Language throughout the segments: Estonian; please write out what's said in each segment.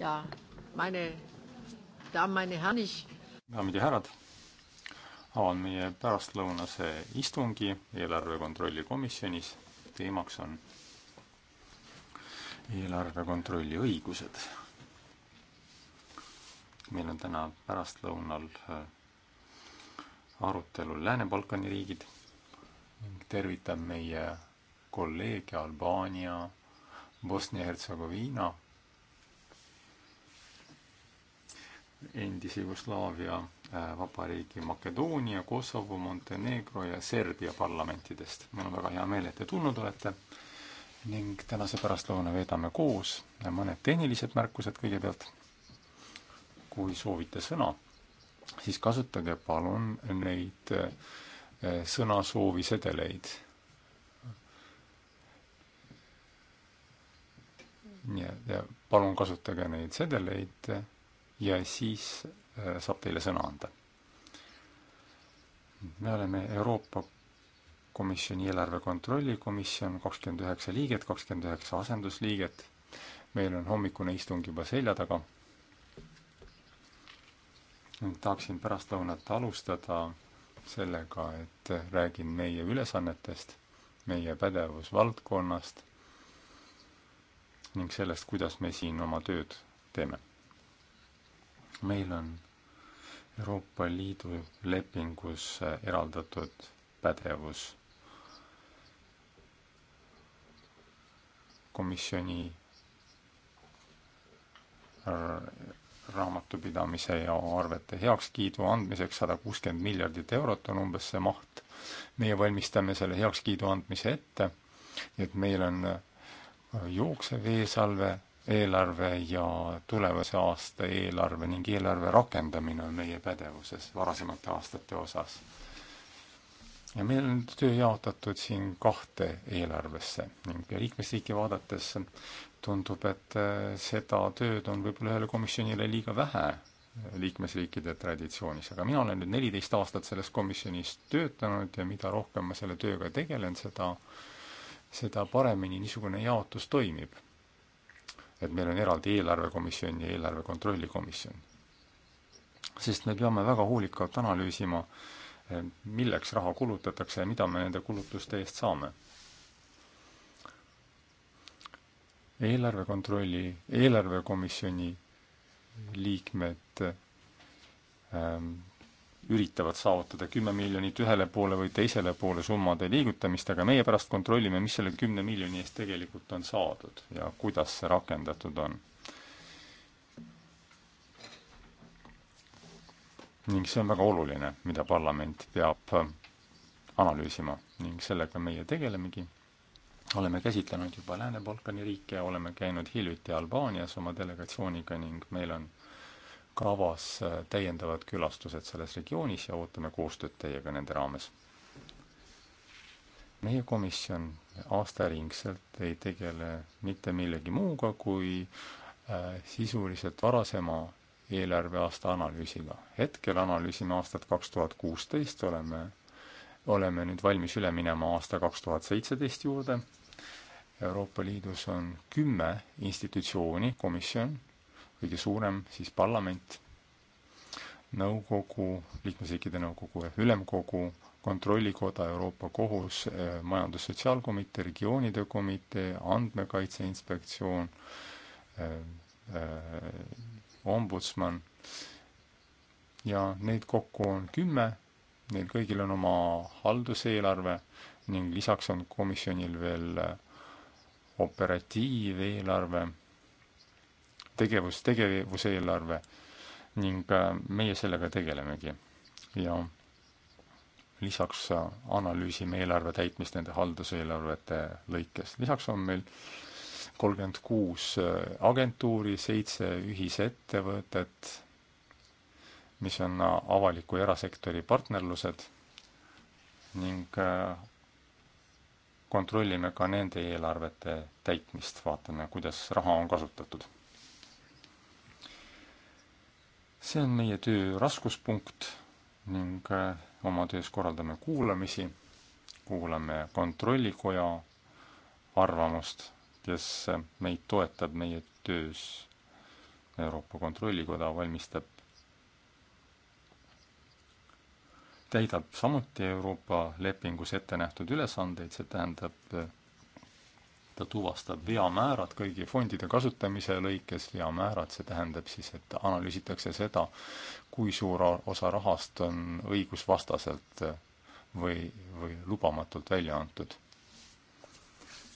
ja meine Damen, meine Herren, ich daamid ja härrad, avan meie pärastlõunase istungi eelarve kontrolli komisjonis. teemaks on eelarve kontrolli õigused. meil on täna pärastlõunal äh, arutelul Lääne-Balkani riigid ning tervitan meie kolleege Albaania, Bosnia-Hertsegoviina endise Jugoslaavia äh, vabariigi Makedoonia, Kosovo, Montenegro ja Serbia parlamentidest. meil on väga hea meel, et te tulnud olete ning tänase pärastlõuna veedame koos mõned tehnilised märkused kõigepealt. kui soovite sõna, siis kasutage palun neid äh, sõnasoovisedeleid nii et palun kasutage neid sedeleid ja siis äh, saab teile sõna anda. me oleme Euroopa Komisjoni eelarve kontrolli komisjon, kakskümmend üheksa liiget, kakskümmend üheksa asendusliiget. meil on hommikune istung juba selja taga. tahaksin pärastlõunat alustada sellega, et räägin meie ülesannetest, meie pädevusvaldkonnast ning sellest, kuidas me siin oma tööd teeme meil on Euroopa Liidu lepingus äh, eraldatud pädevus komisjoni raamatupidamise ja arvete heakskiidu andmiseks sada kuuskümmend miljardit eurot on umbes see maht. meie valmistame selle heakskiidu andmise ette, et meil on äh, jooksev veesalve eelarve ja tulevase aasta eelarve ning eelarve rakendamine on meie pädevuses varasemate aastate osas. ja meil on töö jaotatud siin kahte eelarvesse ning liikmesriiki vaadates tundub, et äh, seda tööd on võib-olla ühele komisjonile liiga vähe liikmesriikide traditsioonis, aga mina olen nüüd neliteist aastat selles komisjonis töötanud ja mida rohkem ma selle tööga tegelen, seda, seda paremini niisugune jaotus toimib et meil on eraldi eelarvekomisjon ja eelarve kontrolli komisjon. sest me peame väga hoolikalt analüüsima, eh, milleks raha kulutatakse ja mida me nende kulutuste eest saame. eelarve kontrolli, eelarvekomisjoni liikmed ähm, üritavad saavutada kümme miljonit ühele poole või teisele poole summade liigutamist, aga meie pärast kontrollime, mis selle kümne miljoni eest tegelikult on saadud ja kuidas see rakendatud on. ning see on väga oluline, mida parlament peab äh, analüüsima ning sellega meie tegelemegi. oleme käsitlenud juba Lääne-Balkani riike, oleme käinud hiljuti Albaanias oma delegatsiooniga ning meil on kavas äh, täiendavad külastused selles regioonis ja ootame koostööd teiega nende raames. meie komisjon aastaringselt ei tegele mitte millegi muuga kui äh, sisuliselt varasema eelarveaasta analüüsiga. hetkel analüüsime aastat kaks tuhat kuusteist, oleme, oleme nüüd valmis üle minema aasta kaks tuhat seitseteist juurde. Euroopa Liidus on kümme institutsiooni, komisjon kõige suurem siis parlament, nõukogu, liikmesriikide nõukogu ja ülemkogu, kontrollikoda, Euroopa Kohus, eh, Majandus-Sotsiaalkomitee, regioonide komitee, Andmekaitse Inspektsioon, eh, eh, ombudsman ja neid kokku on kümme, neil kõigil on oma halduseelarve ning lisaks on komisjonil veel operatiiveelarve tegevus, tegevuseelarve ning äh, meie sellega tegelemegi. ja lisaks äh, analüüsime eelarve täitmist nende halduseelarvete lõikes. lisaks on meil kolmkümmend kuus äh, agentuuri, seitse ühisettevõtet, mis on avaliku ja erasektori partnerlused ning kontrollime ka nende eelarvete täitmist, vaatame, kuidas raha on kasutatud see on meie töö raskuspunkt ning äh, oma töös korraldame kuulamisi, kuulame Kontrollikoja arvamust, kes äh, meid toetab meie töös. Euroopa Kontrollikoda valmistab, täidab samuti Euroopa lepingus ette nähtud ülesandeid, see tähendab äh, ta tuvastab veamäärad kõigi fondide kasutamise lõikes, veamäärad, see tähendab siis, et analüüsitakse seda, kui suur osa rahast on õigusvastaselt või, või lubamatult välja antud.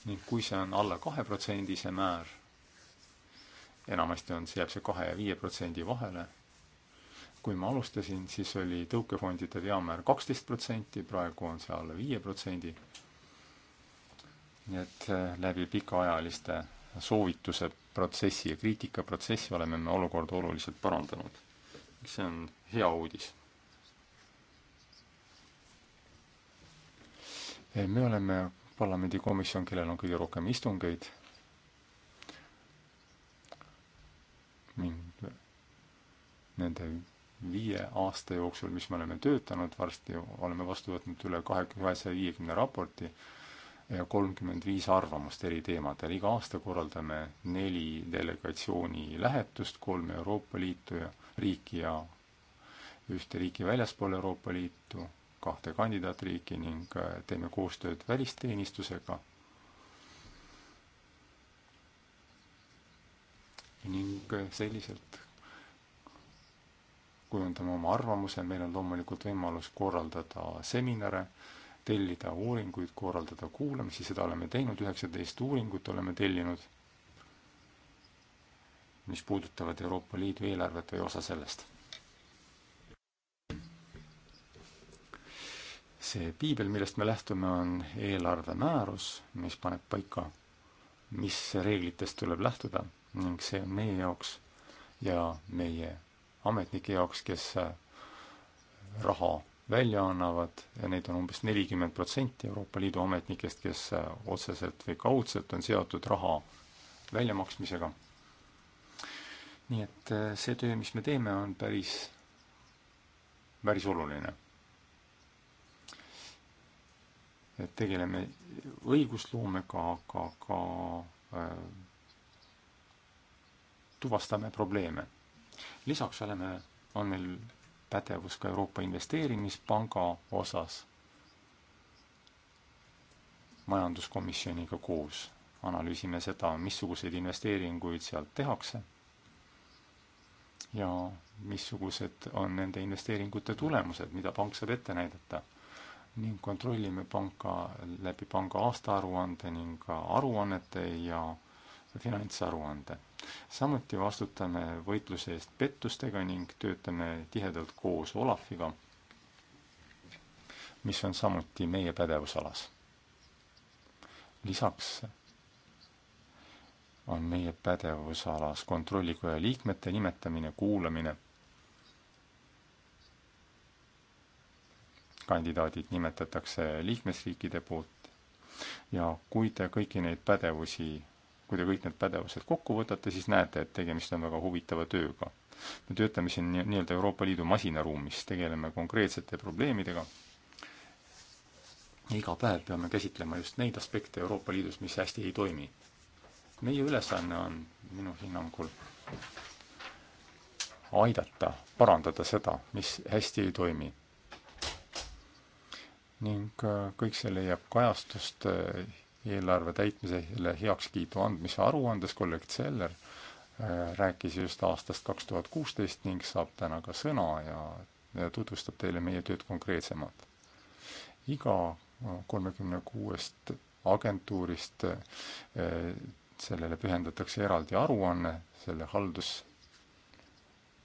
ning kui see on alla kaheprotsendise määr, enamasti on, see jääb see kahe ja viie protsendi vahele, kui ma alustasin, siis oli tõukefondide veamäär kaksteist protsenti, praegu on see alla viie protsendi nii et eh, läbi pikaajaliste soovituse protsessi ja kriitikaprotsessi oleme me olukorda oluliselt parandanud. see on hea uudis. Eh, me oleme parlamendikomisjon, kellel on kõige rohkem istungeid ning eh, nende viie aasta jooksul, mis me oleme töötanud, varsti oleme vastu võtnud üle kahe, kahesaja viiekümne raporti kolmkümmend viis arvamust eri teemadel. iga aasta korraldame neli delegatsiooni lähetust, kolm Euroopa Liitu ja riiki ja ühte riiki väljaspool Euroopa Liitu, kahte kandidaatriiki ning äh, teeme koostööd välisteenistusega ning äh, selliselt kujundame oma arvamuse, meil on loomulikult võimalus korraldada seminare tellida uuringuid, korraldada kuulamisi, seda oleme teinud, üheksateist uuringut oleme tellinud, mis puudutavad Euroopa Liidu eelarvet või osa sellest. see piibel, millest me lähtume, on eelarvemäärus, mis paneb paika, mis reeglitest tuleb lähtuda ning see on meie jaoks ja meie ametnike jaoks, kes äh, raha välja annavad ja neid on umbes nelikümmend protsenti Euroopa Liidu ametnikest, kes äh, otseselt või kaudselt on seotud raha väljamaksmisega. nii et äh, see töö, mis me teeme, on päris, päris oluline. et tegeleme õigusloomega, aga ka äh, tuvastame probleeme. lisaks oleme, on meil pädevus ka Euroopa Investeerimispanga osas majanduskomisjoniga koos. analüüsime seda, missuguseid investeeringuid sealt tehakse ja missugused on nende investeeringute tulemused, mida pank saab ette näidata. ning kontrollime panka läbi panga aastaaruande ning aruannete ja finantsaruande. samuti vastutame võitluse eest pettustega ning töötame tihedalt koos Olafiga, mis on samuti meie pädevusalas. lisaks on meie pädevusalas kontrollikoja liikmete nimetamine, kuulamine, kandidaadid nimetatakse liikmesriikide poolt ja kui te kõiki neid pädevusi kui te kõik need pädevused kokku võtate, siis näete, et tegemist on väga huvitava tööga. me töötame siin nii-öelda nii Euroopa Liidu masinaruumis, tegeleme konkreetsete probleemidega. iga päev peame käsitlema just neid aspekte Euroopa Liidus, mis hästi ei toimi. meie ülesanne on minu hinnangul aidata parandada seda, mis hästi ei toimi ning äh, kõik see leiab kajastust äh, eelarve täitmisele heakskiitu andmise aruandes kolleeg Zeller äh, rääkis just aastast kaks tuhat kuusteist ning saab täna ka sõna ja, ja tutvustab teile meie tööd konkreetsemalt. iga äh, kolmekümne kuuest agentuurist äh, sellele pühendatakse eraldi aruanne selle haldus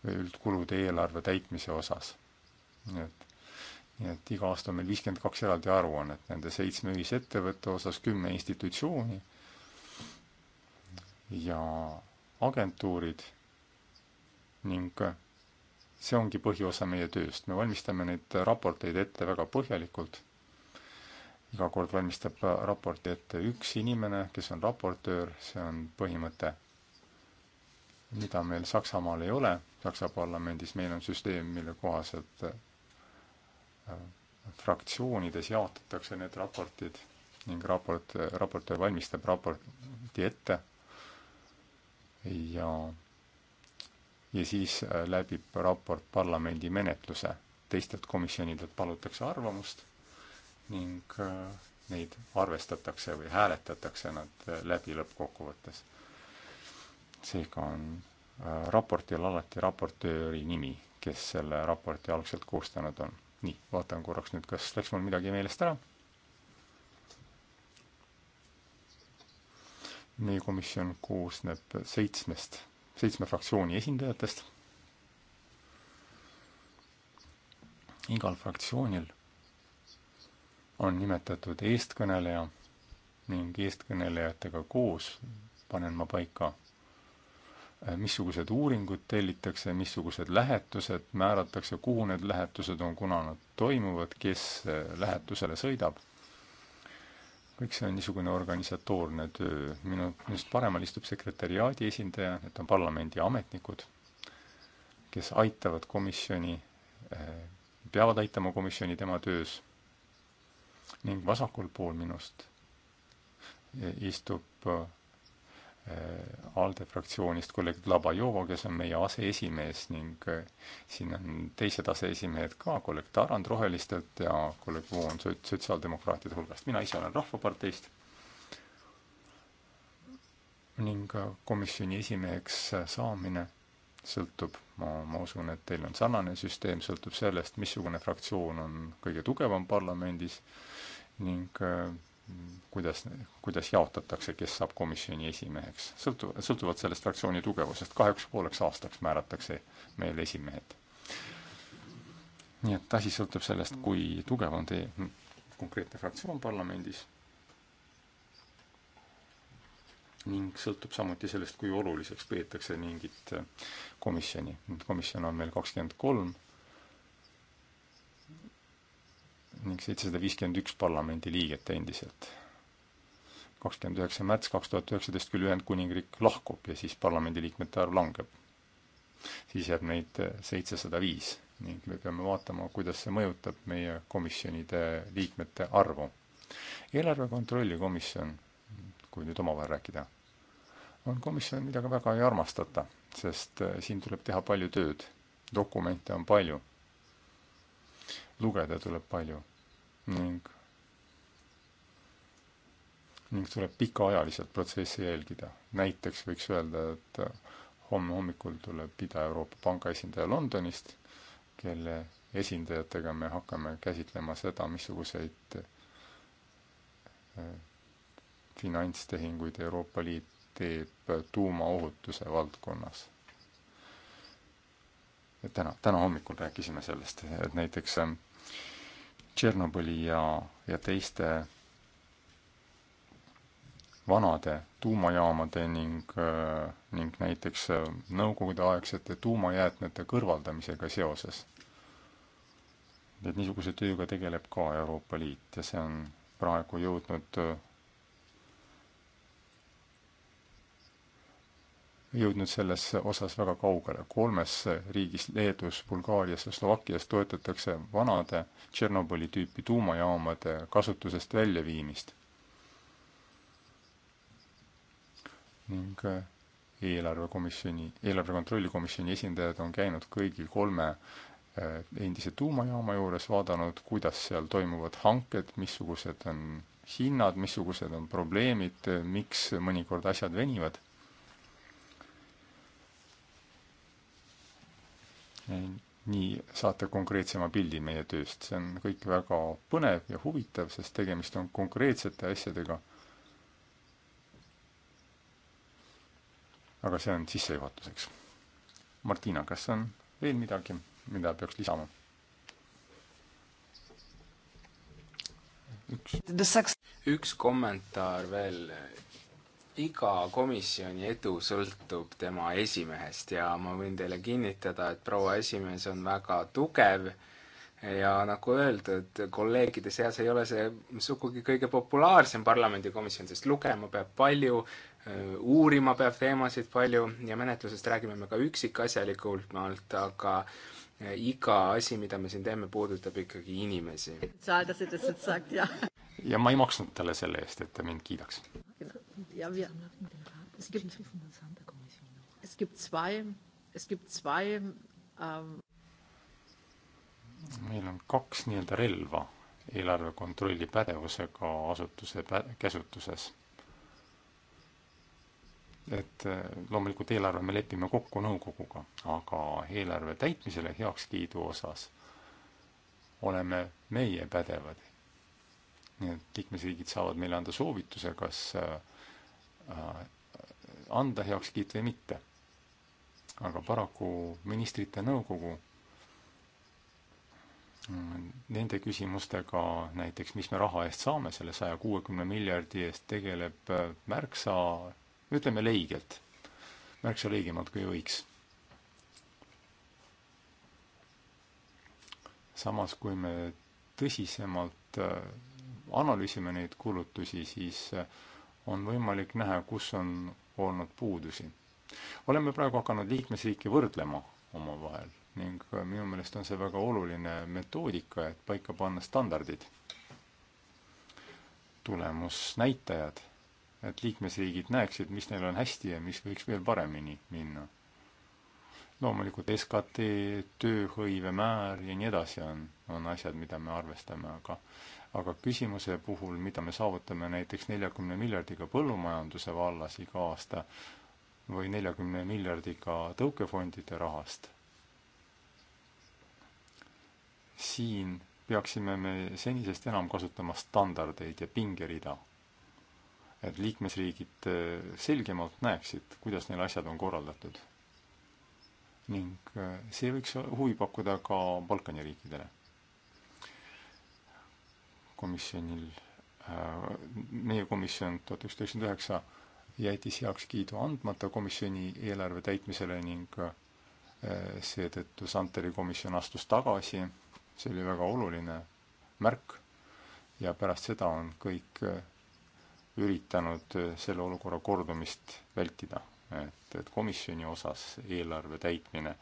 või üldkulude eelarve täitmise osas. nii et nii et iga aasta on meil viiskümmend kaks eraldi aruannet nende seitsme ühisettevõtte osas, kümme institutsiooni ja agentuurid ning see ongi põhiosa meie tööst, me valmistame neid raporteid ette väga põhjalikult, iga kord valmistab raporti ette üks inimene, kes on raportöör, see on põhimõte, mida meil Saksamaal ei ole, Saksa parlamendis meil on süsteem, mille kohaselt Äh, fraktsioonides jaotatakse need raportid ning raport, raportöör valmistab raporti ette ja, ja siis äh, läbib raport parlamendi menetluse. teistelt komisjonidelt palutakse arvamust ning äh, neid arvestatakse või hääletatakse nad läbi lõppkokkuvõttes. seega on raportil alati raportööri nimi, kes selle raporti algselt koostanud on nii, vaatan korraks nüüd, kas läks mul midagi meelest ära. meie komisjon koosneb seitsmest, seitsme fraktsiooni esindajatest. igal fraktsioonil on nimetatud eestkõneleja ning eestkõnelejatega koos panen ma paika Äh, missugused uuringud tellitakse, missugused lähetused määratakse, kuhu need lähetused on, kuna nad toimuvad, kes äh, lähetusele sõidab. kõik see on niisugune organisatoorne töö. minu, minust paremal istub sekretäriaadi esindaja, need on parlamendi ametnikud, kes aitavad komisjoni, äh, peavad aitama komisjoni tema töös. ning vasakul pool minust istub Äh, ALDE fraktsioonist kolleeg Labajova, kes on meie aseesimees ning äh, siin on teised aseesimehed ka, kolleeg Tarand Rohelistelt ja kolleeg Voon sotsiaaldemokraatide hulgast. mina ise olen Rahvaparteist ning äh, komisjoni esimeheks saamine sõltub, ma, ma usun, et teil on sarnane süsteem, sõltub sellest, missugune fraktsioon on kõige tugevam parlamendis ning kuidas, kuidas jaotatakse, kes saab komisjoni esimeheks. sõltu-, sõltuvalt sellest fraktsiooni tugevusest, kaheks pooleks aastaks määratakse meil esimehed. nii et asi sõltub sellest, kui tugev on teie konkreetne fraktsioon parlamendis ning sõltub samuti sellest, kui oluliseks peetakse mingit komisjoni. komisjon on meil kakskümmend kolm ning seitsesada viiskümmend üks parlamendiliiget endiselt. kakskümmend üheksa märts kaks tuhat üheksateist küll Ühendkuningriik lahkub ja siis parlamendiliikmete arv langeb. siis jääb neid seitsesada viis ning me peame vaatama, kuidas see mõjutab meie komisjonide liikmete arvu. eelarve kontrolli komisjon, kui nüüd omavahel rääkida, on komisjon, mida ka väga ei armastata, sest äh, siin tuleb teha palju tööd, dokumente on palju, lugeda tuleb palju ning, ning tuleb pikaajaliselt protsessi jälgida. näiteks võiks öelda, et äh, homme hommikul tuleb Ida-Euroopa Panga esindaja Londonist, kelle esindajatega me hakkame käsitlema seda, missuguseid äh, finantstehinguid Euroopa Liit teeb tuumaohutuse valdkonnas. täna, täna hommikul rääkisime sellest, et näiteks äh, Tšernobõli ja, ja teiste vanade tuumajaamade ning, äh, ning näiteks äh, nõukogudeaegsete tuumajäätmete kõrvaldamisega seoses. et niisuguse tööga tegeleb ka Euroopa Liit ja see on praegu jõudnud äh, jõudnud selles osas väga kaugele. kolmes riigis, Leedus, Bulgaarias ja Slovakkias toetatakse vanade Tšernobõli tüüpi tuumajaamade kasutusest väljaviimist. ning äh, eelarvekomisjoni, eelarve kontrolli komisjoni esindajad on käinud kõigil kolme äh, endise tuumajaama juures, vaadanud, kuidas seal toimuvad hanked, missugused on hinnad, missugused on probleemid, miks mõnikord asjad venivad nii saate konkreetsema pildi meie tööst. see on kõik väga põnev ja huvitav, sest tegemist on konkreetsete asjadega. aga see on sissejuhatuseks. Martina, kas on veel midagi, mida peaks lisama? üks, üks kommentaar veel iga komisjoni edu sõltub tema esimehest ja ma võin teile kinnitada, et proua esimees on väga tugev ja nagu öeldud, kolleegide seas ei ole see sugugi kõige populaarsem parlamendikomisjon, sest lugema peab palju, uurima peab teemasid palju ja menetlusest räägime me ka üksikasjalikumalt, aga e, iga asi, mida me siin teeme, puudutab ikkagi inimesi ja ma ei maksnud talle selle eest, et ta mind kiidaks. Ähm, meil on kaks nii-öelda relva eelarve kontrolli pädevusega asutuse pä käsutuses. et äh, loomulikult eelarve me lepime kokku nõukoguga, aga eelarve täitmisele heakskiidu osas oleme meie pädevad nii et liikmesriigid saavad meile anda soovituse, kas äh, äh, anda heakskiit või mitte. aga paraku ministrite nõukogu mm, nende küsimustega, näiteks mis me raha eest saame selle saja kuuekümne miljardi eest, tegeleb äh, märksa, ütleme leigelt, märksa leigemalt kui võiks. samas, kui me tõsisemalt analüüsime neid kulutusi, siis äh, on võimalik näha, kus on olnud puudusi. oleme praegu hakanud liikmesriike võrdlema omavahel ning äh, minu meelest on see väga oluline metoodika, et paika panna standardid, tulemusnäitajad, et liikmesriigid näeksid, mis neil on hästi ja mis võiks veel paremini minna. loomulikult SKT, tööhõive määr ja nii edasi on, on asjad, mida me arvestame, aga aga küsimuse puhul, mida me saavutame näiteks neljakümne miljardiga põllumajanduse vallas iga aasta või neljakümne miljardiga tõukefondide rahast, siin peaksime me senisest enam kasutama standardeid ja pingerida. et liikmesriigid äh, selgemalt näeksid, kuidas neil asjad on korraldatud. ning äh, see võiks huvi pakkuda ka Balkani riikidele komisjonil, äh, meie komisjon tuhat üheksasada üheksakümmend üheksa jättis heakskiidu andmata komisjoni eelarve täitmisele ning äh, seetõttu Santeri komisjon astus tagasi, see oli väga oluline märk ja pärast seda on kõik äh, üritanud selle olukorra kordumist vältida, et, et komisjoni osas eelarve täitmine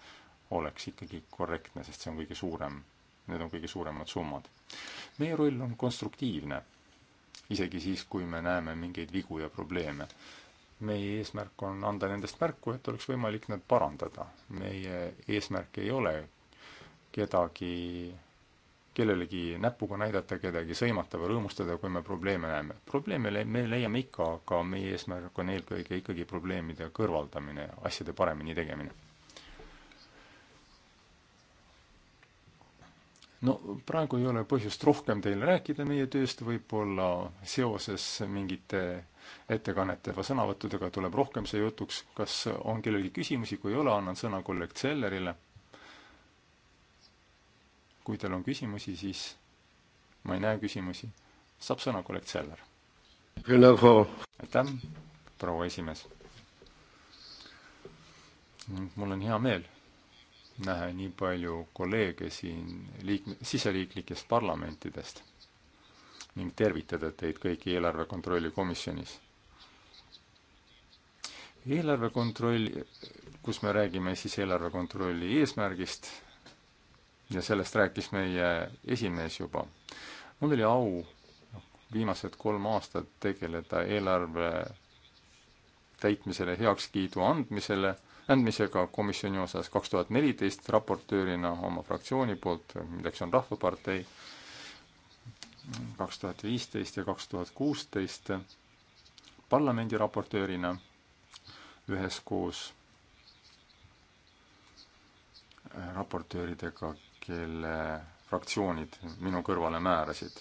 oleks ikkagi korrektne, sest see on kõige suurem need on kõige suuremad summad. meie roll on konstruktiivne, isegi siis, kui me näeme mingeid vigu ja probleeme. meie eesmärk on anda nendest märku, et oleks võimalik nad parandada. meie eesmärk ei ole kedagi, kellelegi näpuga näidata, kedagi sõimata või rõõmustada, kui me probleeme näeme. probleeme me leiame ikka, aga meie eesmärk on eelkõige ikkagi probleemide kõrvaldamine ja asjade paremini tegemine no praegu ei ole põhjust rohkem teile rääkida meie tööst, võib-olla seoses mingite ettekannete või sõnavõttudega tuleb rohkem see jutuks, kas on kellelgi küsimusi, kui ei ole, annan sõna kolleeg Zellerile. kui teil on küsimusi, siis ma ei näe küsimusi, saab sõna kolleeg Zeller. aitäh, proua esimees. mul on hea meel näha nii palju kolleege siin liik-, siseriiklikest parlamentidest ning tervitada teid kõiki eelarve kontrolli komisjonis. eelarve kontroll, kus me räägime siis eelarve kontrolli eesmärgist ja sellest rääkis meie esimees juba. mul oli au viimased kolm aastat tegeleda eelarve täitmisele heakskiidu andmisele andmisega komisjoni osas kaks tuhat neliteist raportöörina oma fraktsiooni poolt, milleks on Rahvapartei, kaks tuhat viisteist ja kaks tuhat kuusteist parlamendi raportöörina üheskoos raportööridega, kelle fraktsioonid minu kõrvale määrasid.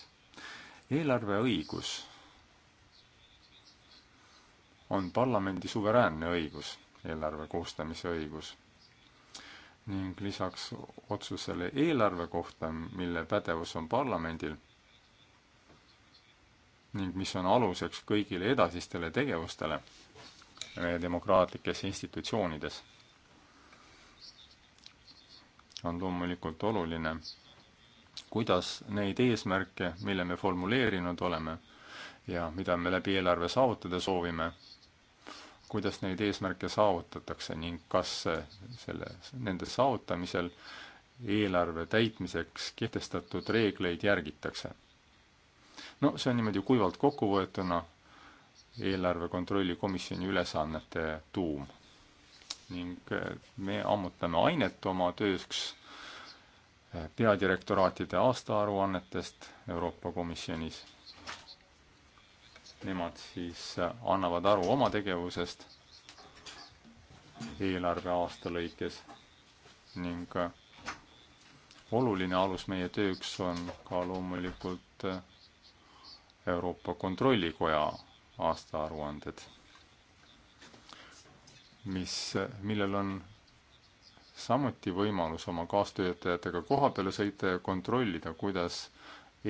eelarveõigus on parlamendi suveräänne õigus eelarve koostamise õigus. ning lisaks otsusele eelarve kohta, mille pädevus on parlamendil ning mis on aluseks kõigile edasistele tegevustele meie demokraatlikes institutsioonides, on loomulikult oluline, kuidas neid eesmärke, mille me formuleerinud oleme ja mida me läbi eelarve saavutada soovime, kuidas neid eesmärke saavutatakse ning kas selle, nende saavutamisel eelarve täitmiseks kehtestatud reegleid järgitakse. no see on niimoodi kuivalt kokku võetuna eelarve kontrolli komisjoni ülesannete tuum. ning eh, me ammutame ainet oma tööks eh, peadirektoraatide aastaaruannetest Euroopa Komisjonis nemad siis äh, annavad aru oma tegevusest eelarveaasta lõikes ning äh, oluline alus meie tööks on ka loomulikult äh, Euroopa Kontrollikoja aastaaruanded, mis, millel on samuti võimalus oma kaastöötajatega koha peale sõita ja kontrollida, kuidas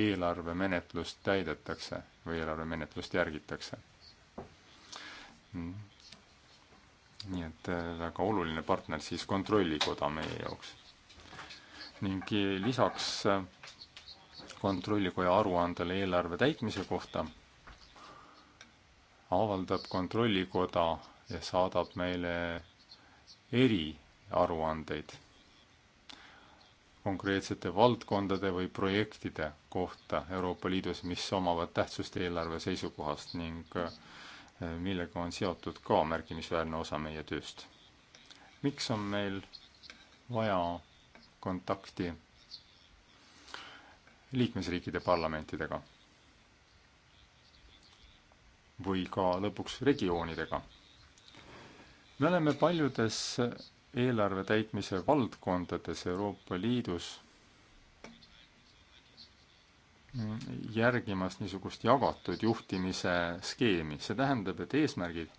eelarvemenetlust täidetakse või eelarvemenetlust järgitakse. nii et äh, väga oluline partner siis Kontrollikoda meie jaoks. ning äh, lisaks äh, Kontrollikoja aruandele eelarve täitmise kohta avaldab Kontrollikoda ja saadab meile eriaruandeid konkreetsete valdkondade või projektide kohta Euroopa Liidus, mis omavad tähtsust eelarve seisukohast ning äh, millega on seotud ka märkimisväärne osa meie tööst. miks on meil vaja kontakti liikmesriikide parlamentidega või ka lõpuks regioonidega? me oleme paljudes eelarve täitmise valdkondades Euroopa Liidus järgimas niisugust jagatud juhtimise skeemi. see tähendab, et eesmärgid,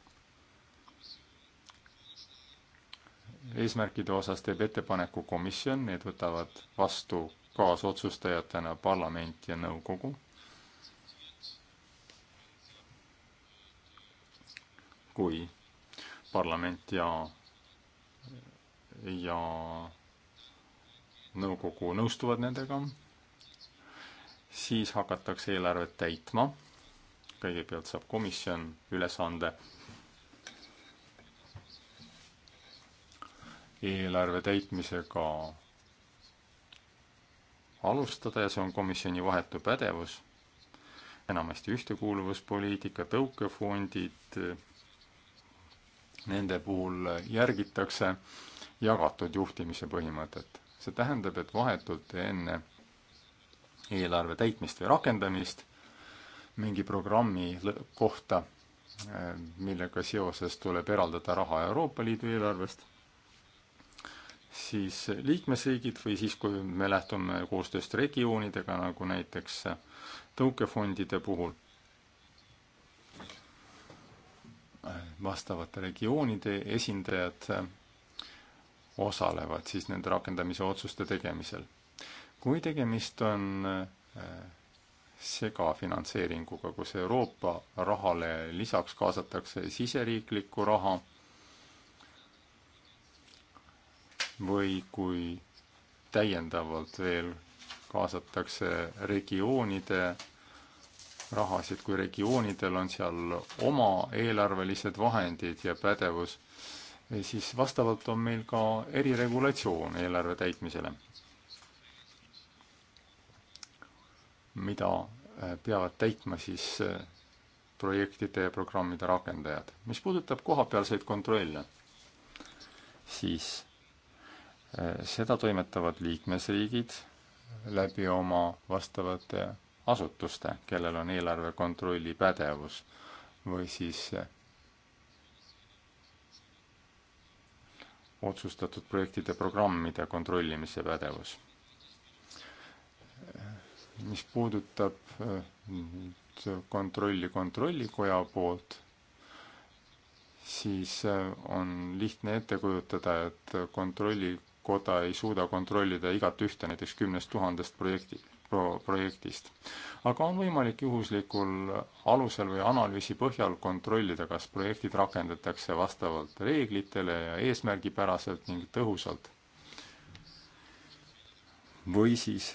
eesmärkide osas teeb ettepaneku komisjon, need võtavad vastu kaasotsustajatena parlament ja nõukogu. kui parlament ja ja nõukogu nõustuvad nendega, siis hakatakse eelarvet täitma. kõigepealt saab komisjon ülesande eelarve täitmisega alustada ja see on komisjoni vahetu pädevus. enamasti ühtekuuluvuspoliitika, tõukefondid, nende puhul järgitakse äh, jagatud juhtimise põhimõtet. see tähendab, et vahetult enne eelarve täitmist või rakendamist mingi programmi kohta, äh, millega seoses tuleb eraldada raha Euroopa Liidu eelarvest, siis liikmesriigid või siis, kui me lähtume koostööst regioonidega, nagu näiteks tõukefondide puhul, äh, vastavate regioonide esindajad osalevad siis nende rakendamise otsuste tegemisel. kui tegemist on äh, segafinantseeringuga, kus Euroopa rahale lisaks kaasatakse siseriiklikku raha või kui täiendavalt veel kaasatakse regioonide rahasid, kui regioonidel on seal oma eelarvelised vahendid ja pädevus, siis vastavalt on meil ka eriregulatsioon eelarve täitmisele, mida äh, peavad täitma siis äh, projektide ja programmide rakendajad. mis puudutab kohapealseid kontrolle, siis äh, seda toimetavad liikmesriigid läbi oma vastavate asutuste, kellel on eelarve kontrolli pädevus või siis otsustatud projektide programmide kontrollimise pädevus. mis puudutab nüüd äh, kontrolli Kontrollikoja poolt, siis äh, on lihtne ette kujutada, et Kontrollikoda ei suuda kontrollida igat ühte näiteks kümnest tuhandest projektist pro-, projektist. aga on võimalik juhuslikul alusel või analüüsi põhjal kontrollida, kas projektid rakendatakse vastavalt reeglitele ja eesmärgipäraselt ning tõhusalt. või siis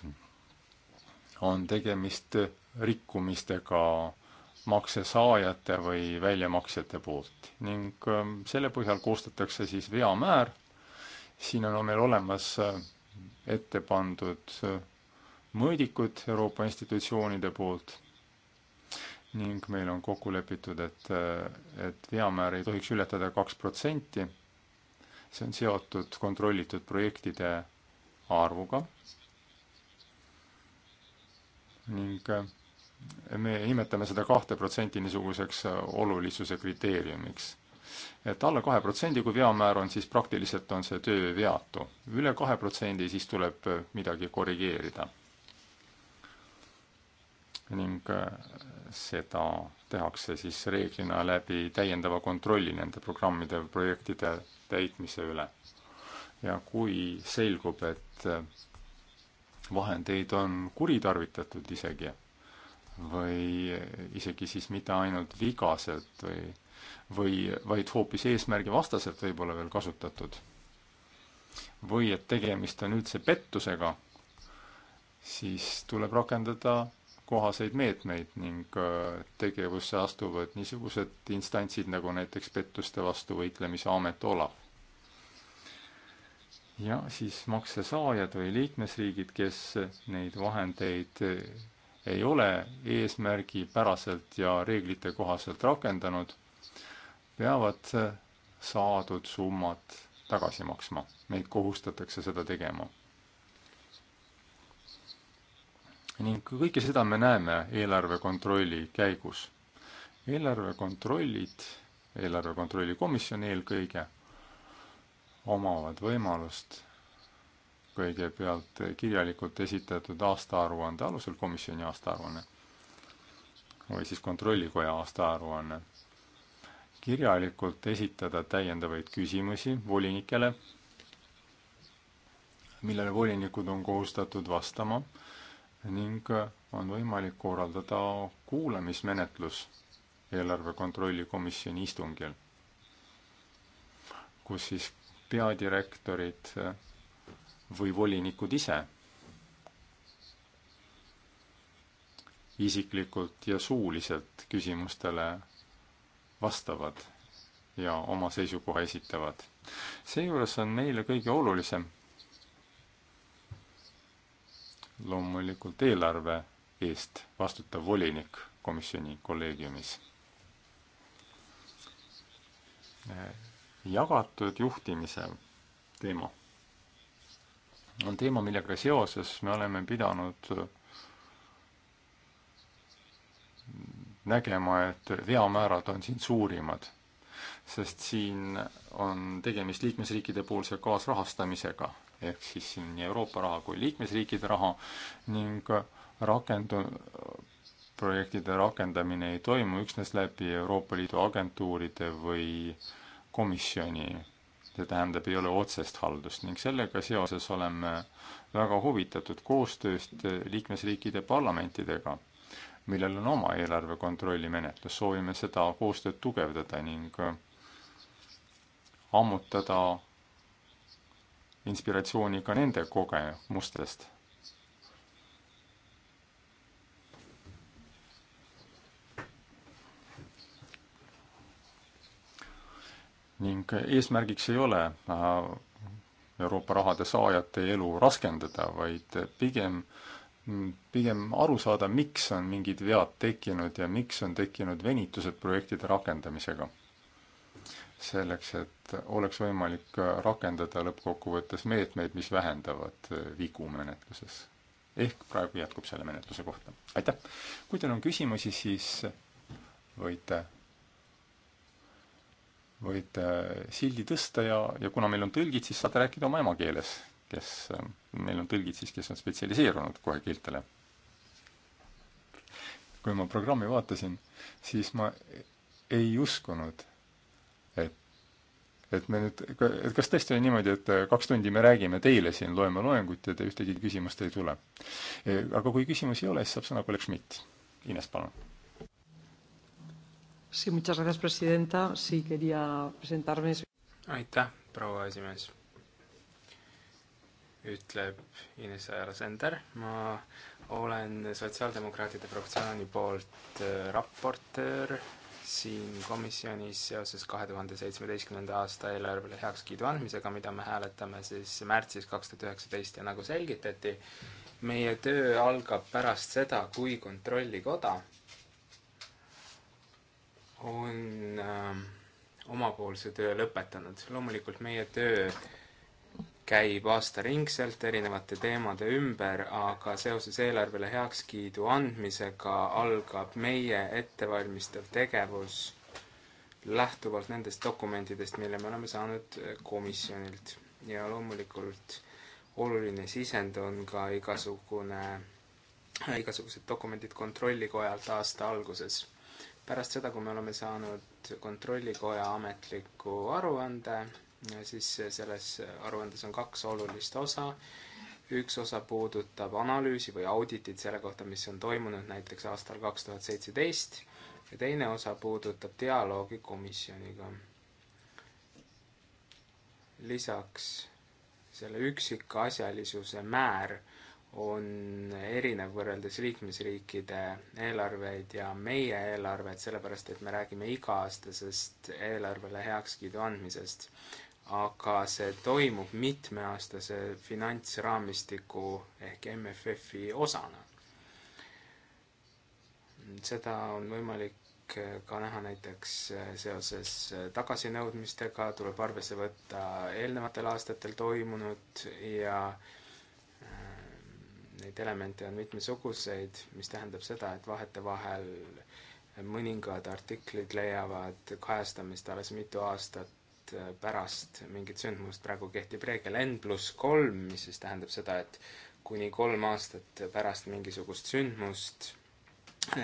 on tegemist rikkumistega maksesaajate või väljamaksjate poolt ning ähm, selle põhjal koostatakse siis veamäär, siin on meil olemas äh, ette pandud äh, mõõdikud Euroopa institutsioonide poolt ning meil on kokku lepitud, et, et veamäär ei tohiks ületada kaks protsenti. see on seotud kontrollitud projektide arvuga. ning me nimetame seda kahte protsenti niisuguseks olulisuse kriteeriumiks. et alla kahe protsendi, kui veamäär on, siis praktiliselt on see töö veatu. üle kahe protsendi, siis tuleb midagi korrigeerida ning äh, seda tehakse siis reeglina läbi täiendava kontrolli nende programmide või projektide täitmise üle. ja kui selgub, et äh, vahendeid on kuritarvitatud isegi või isegi siis mitte ainult vigaselt või, või vaid hoopis eesmärgivastaselt võib-olla veel kasutatud, või et tegemist on üldse pettusega, siis tuleb rakendada kohaseid meetmeid ning äh, tegevusse astuvad niisugused instantsid nagu näiteks pettuste vastu võitlemise amet Olav. ja siis maksesaajad või liikmesriigid, kes neid vahendeid äh, ei ole eesmärgipäraselt ja reeglite kohaselt rakendanud, peavad äh, saadud summad tagasi maksma. meid kohustatakse seda tegema ning kõike seda me näeme eelarve kontrolli käigus. eelarve kontrollid, eelarve kontrolli komisjon eelkõige, omavad võimalust kõigepealt kirjalikult esitatud aastaaruande alusel, komisjoni aastaaruanne või siis Kontrollikoja aastaaruanne, kirjalikult esitada täiendavaid küsimusi volinikele, millele volinikud on kohustatud vastama ning äh, on võimalik korraldada kuulamismenetlus eelarve kontrolli komisjoni istungil, kus siis peadirektorid äh, või volinikud ise isiklikult ja suuliselt küsimustele vastavad ja oma seisukoha esitavad. seejuures on meile kõige olulisem loomulikult eelarve eest vastutav volinik komisjoni kolleegiumis. jagatud juhtimise teema on teema, millega seoses me oleme pidanud nägema, et veamäärad on siin suurimad, sest siin on tegemist liikmesriikide poolse kaasrahastamisega ehk siis siin nii Euroopa raha kui liikmesriikide raha ning rakendu-, projektide rakendamine ei toimu üksnes läbi Euroopa Liidu agentuuride või komisjoni, see tähendab, ei ole otsest haldust ning sellega seoses oleme väga huvitatud koostööst liikmesriikide parlamentidega, millel on oma eelarve kontrolli menetlus, soovime seda koostööd tugevdada ning ammutada inspiratsiooni ka nende kogemustest. ning eesmärgiks ei ole äh, Euroopa rahade saajate elu raskendada, vaid pigem, mm, pigem aru saada, miks on mingid vead tekkinud ja miks on tekkinud venitused projektide rakendamisega selleks, et oleks võimalik rakendada lõppkokkuvõttes meetmeid, mis vähendavad vigu menetluses. ehk praegu jätkub selle menetluse kohta. aitäh! kui teil on küsimusi, siis võite, võite sildi tõsta ja, ja kuna meil on tõlgid, siis saate rääkida oma emakeeles, kes, meil on tõlgid siis, kes on spetsialiseerunud kohe keeltele. kui ma programmi vaatasin, siis ma ei uskunud et et me nüüd, et kas tõesti on niimoodi, et äh, kaks tundi me räägime teile siin, loeme loengut ja te ühtegi küsimust ei tule? Äh, aga kui küsimusi ei ole, siis saab sõna kolleeg Schmidt. Ines, palun. aitäh, proua esimees, ütleb Ines Ajala-Sender. ma olen Sotsiaaldemokraatide fraktsiooni poolt äh, raportöör siin komisjonis seoses kahe tuhande seitsmeteistkümnenda aasta eelarvele heakskiidu andmisega, mida me hääletame siis märtsis kaks tuhat üheksateist ja nagu selgitati, meie töö algab pärast seda, kui Kontrollikoda on äh, omapoolse töö lõpetanud. loomulikult meie töö äh, käib aastaringselt erinevate teemade ümber, aga seoses eelarvele heakskiidu andmisega algab meie ettevalmistav tegevus lähtuvalt nendest dokumentidest, mille me oleme saanud komisjonilt. ja loomulikult oluline sisend on ka igasugune, igasugused dokumendid Kontrollikojalt aasta alguses. pärast seda, kui me oleme saanud Kontrollikoja ametliku aruande, siis äh, selles äh, aruandes on kaks olulist osa. üks osa puudutab analüüsi või auditit selle kohta, mis on toimunud näiteks aastal kaks tuhat seitseteist ja teine osa puudutab dialoogi komisjoniga. lisaks selle üksikasjalisuse määr on erinev võrreldes liikmesriikide eelarveid ja meie eelarvet, sellepärast et me räägime iga-aastasest eelarvele heakskiidu andmisest aga see toimub mitmeaastase finantsraamistiku ehk MFF-i osana. seda on võimalik eh, ka näha näiteks eh, seoses eh, tagasinõudmistega, tuleb arvesse võtta eelnevatel aastatel toimunut ja neid elemente on mitmesuguseid, mis tähendab seda, et vahetevahel mõningad artiklid leiavad kajastamist alles mitu aastat aastat pärast mingit sündmust, praegu kehtib reegel N pluss kolm, mis siis tähendab seda, et kuni kolm aastat pärast mingisugust sündmust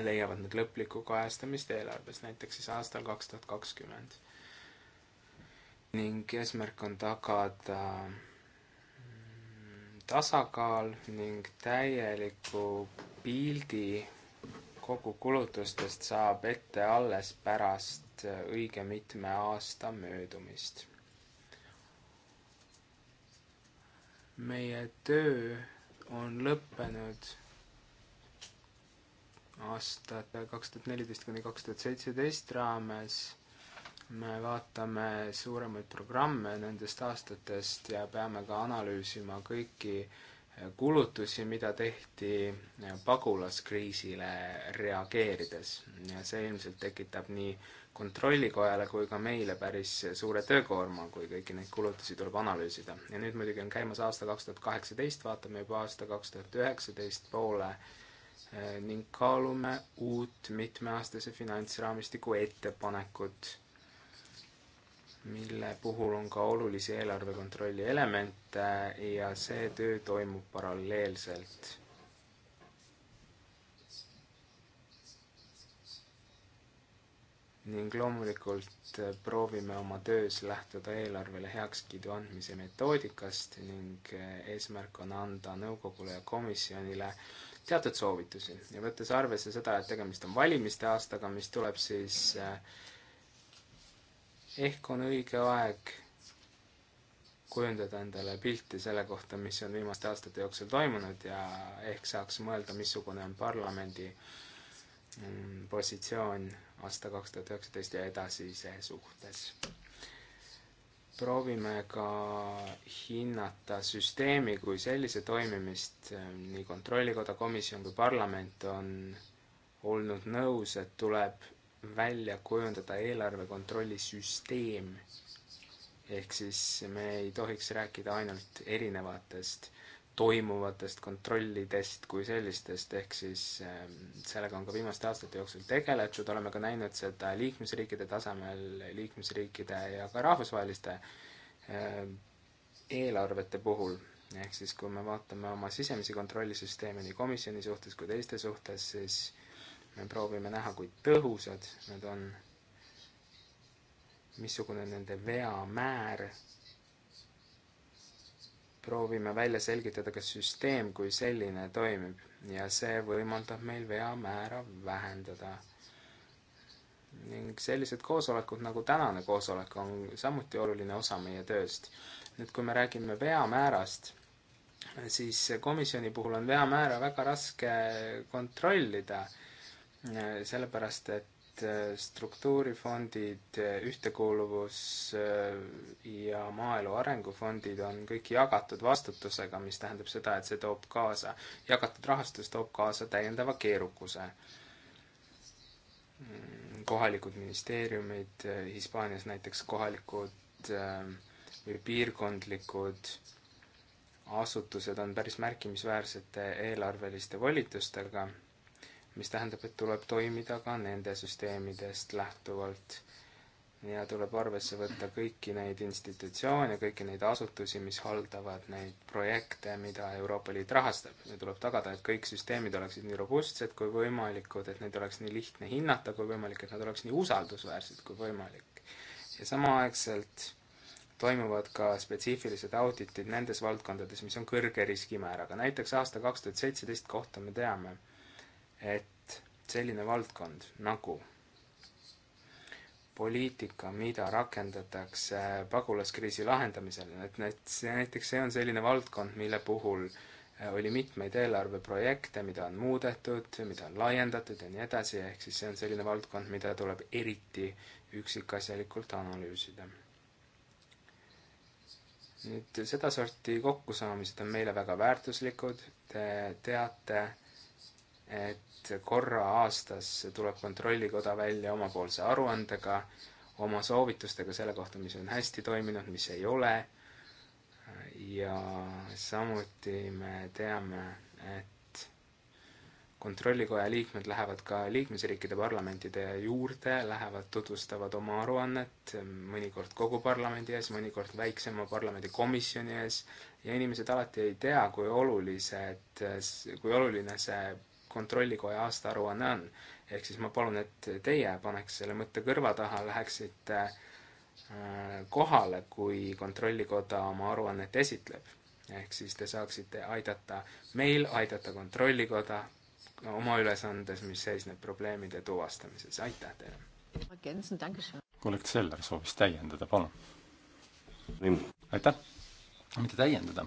leiavad need lõplikku kajastamist eelarves, näiteks siis aastal kaks tuhat kakskümmend. ning eesmärk on tagada tasakaal ning täieliku pildi kogukulutustest saab ette alles pärast äh, õige mitme aasta möödumist. meie töö on lõppenud aastat kaks tuhat neliteist kuni kaks tuhat seitseteist raames me vaatame suuremaid programme nendest aastatest ja peame ka analüüsima kõiki äh, kulutusi, mida tehti pagulaskriisile reageerides. see ilmselt tekitab nii kontrollikojale kui ka meile päris suure töökoorma, kui kõiki neid kulutusi tuleb analüüsida. ja nüüd muidugi on käimas aasta kaks tuhat kaheksateist, vaatame juba aasta kaks tuhat üheksateist poole eh, ning kaalume uut mitmeaastase finantsraamistiku ettepanekut mille puhul on ka olulisi eelarvekontrolli elemente ja see töö toimub paralleelselt. ning loomulikult proovime oma töös lähtuda eelarvele heakskiidu andmise metoodikast ning eesmärk on anda nõukogule ja komisjonile teatud soovitusi ja võttes arvesse seda, et tegemist on valimiste aastaga, mis tuleb siis äh, ehk on õige aeg kujundada endale pilti selle kohta, mis on viimaste aastate jooksul toimunud ja ehk saaks mõelda, missugune on parlamendi mm, positsioon aasta kaks tuhat üheksateist ja edasise suhtes. proovime ka hinnata süsteemi kui sellise toimimist, nii Kontrollikoda, komisjon kui parlament on olnud nõus, et tuleb välja kujundada eelarvekontrollisüsteem. ehk siis me ei tohiks rääkida ainult erinevatest toimuvatest kontrollidest kui sellistest, ehk siis ähm, sellega on ka viimaste aastate jooksul tegeletud, oleme ka näinud seda liikmesriikide tasemel, liikmesriikide ja ka rahvusvaheliste ähm, eelarvete puhul. ehk siis, kui me vaatame oma sisemisi kontrollisüsteeme nii komisjoni suhtes kui teiste suhtes, siis me proovime näha, kui tõhusad nad on, missugune on nende veamäär, proovime välja selgitada, kas süsteem kui selline toimib ja see võimaldab meil veamäära vähendada. ning sellised koosolekud nagu tänane koosolek on samuti oluline osa meie tööst. nüüd, kui me räägime veamäärast, siis komisjoni puhul on veamäära väga raske kontrollida Äh, sellepärast et äh, struktuurifondid, äh, ühtekuuluvus ja maaelu arengufondid on kõik jagatud vastutusega, mis tähendab seda, et see toob kaasa, jagatud rahastus toob kaasa täiendava keerukuse. Mm, kohalikud ministeeriumid, Hispaanias näiteks kohalikud või piirkondlikud asutused on päris märkimisväärsete eelarveliste volitustega mis tähendab, et tuleb toimida ka nende süsteemidest lähtuvalt. ja tuleb arvesse võtta kõiki neid institutsioone, kõiki neid asutusi, mis haldavad neid projekte, mida Euroopa Liit rahastab. ja tuleb tagada, et kõik süsteemid oleksid nii robustsed kui võimalikud, et neid oleks nii lihtne hinnata kui võimalik, et nad oleks nii usaldusväärsed kui võimalik. ja samaaegselt toimuvad ka spetsiifilised auditid nendes valdkondades, mis on kõrge riskimääraga. näiteks aasta kaks tuhat seitseteist kohta me teame, et selline valdkond nagu poliitika, mida rakendatakse pagulaskriisi lahendamisel, et näiteks, näiteks see on selline valdkond, mille puhul äh, oli mitmeid eelarveprojekte, mida on muudetud, mida on laiendatud ja nii edasi, ehk siis see on selline valdkond, mida tuleb eriti üksikasjalikult analüüsida. nüüd sedasorti kokkusaamised on meile väga väärtuslikud, te teate, et korra aastas tuleb Kontrollikoda välja omapoolse aruandega, oma soovitustega selle kohta, mis on hästi toiminud, mis ei ole, ja samuti me teame, et kontrollikoja liikmed lähevad ka liikmesriikide parlamentide juurde, lähevad, tutvustavad oma aruannet, mõnikord kogu parlamendi ees, mõnikord väiksema parlamendikomisjoni ees, ja inimesed alati ei tea, kui olulised, kui oluline see kontrollikoja aastaaruanne on. ehk siis ma palun, et teie paneks selle mõtte kõrva taha, läheksite äh, kohale, kui kontrollikoda oma aruannet esitleb. ehk siis te saaksite aidata meil, aidata kontrollikoda oma ülesandes, mis seisneb probleemide tuvastamises. aitäh teile! kolleeg Seller soovis täiendada, palun. aitäh! mitte täiendada,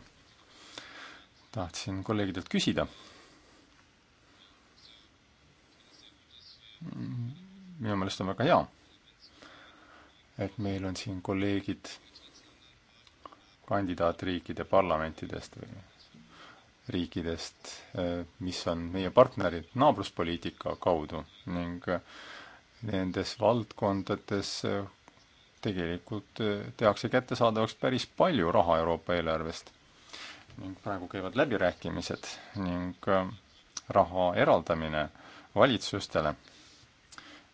tahtsin kolleegidelt küsida minu meelest on väga hea, et meil on siin kolleegid kandidaatriikide parlamentidest või riikidest, mis on meie partnerid naabruspoliitika kaudu ning nendes valdkondades tegelikult tehakse kättesaadavaks päris palju raha Euroopa eelarvest. ning praegu käivad läbirääkimised ning raha eraldamine valitsustele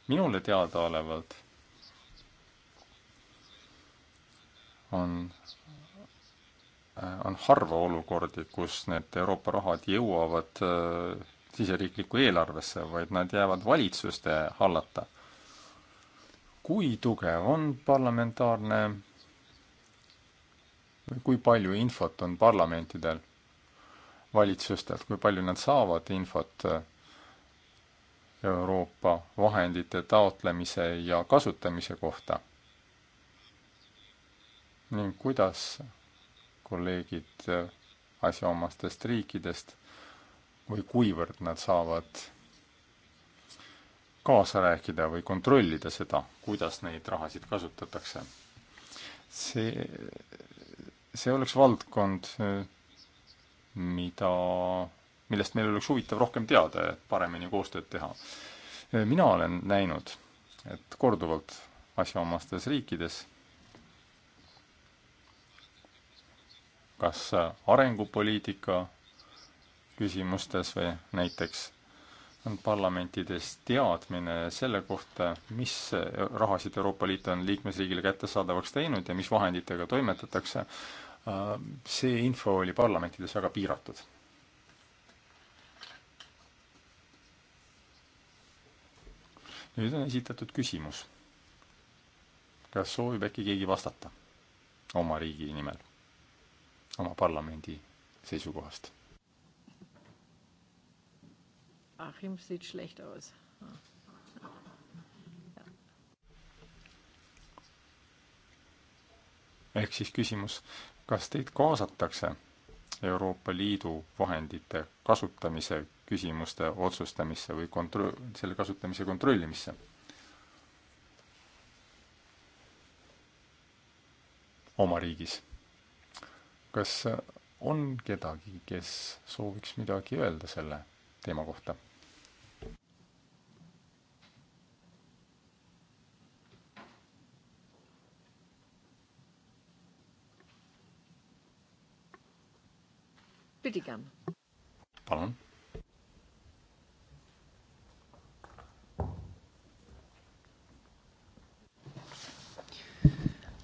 minule teadaolevalt on, äh, on harva olukordi, kus need Euroopa rahad jõuavad äh, siseriiklikku eelarvesse, vaid nad jäävad valitsuste hallata. kui tugev on parlamentaarne või kui palju infot on parlamentidel valitsustelt, kui palju nad saavad infot äh, Euroopa vahendite taotlemise ja kasutamise kohta ning kuidas kolleegid asjaomastest riikidest või kuivõrd nad saavad kaasa rääkida või kontrollida seda, kuidas neid rahasid kasutatakse. see, see oleks valdkond, mida millest meil oleks huvitav rohkem teada, et paremini koostööd teha. mina olen näinud, et korduvalt asjaomastes riikides kas arengupoliitika küsimustes või näiteks on parlamentides teadmine selle kohta, mis rahasid Euroopa Liit on liikmesriigile kättesaadavaks teinud ja mis vahenditega toimetatakse, see info oli parlamentides väga piiratud nüüd on esitatud küsimus. kas soovib äkki keegi vastata oma riigi nimel, oma parlamendi seisukohast? Achim sieht schlecht aus. ehk siis küsimus, kas teid kaasatakse Euroopa Liidu vahendite kasutamise küsimuste otsustamisse või kontro-, selle kasutamise kontrollimisse. oma riigis. kas on kedagi, kes sooviks midagi öelda selle teema kohta? Püdigan. palun.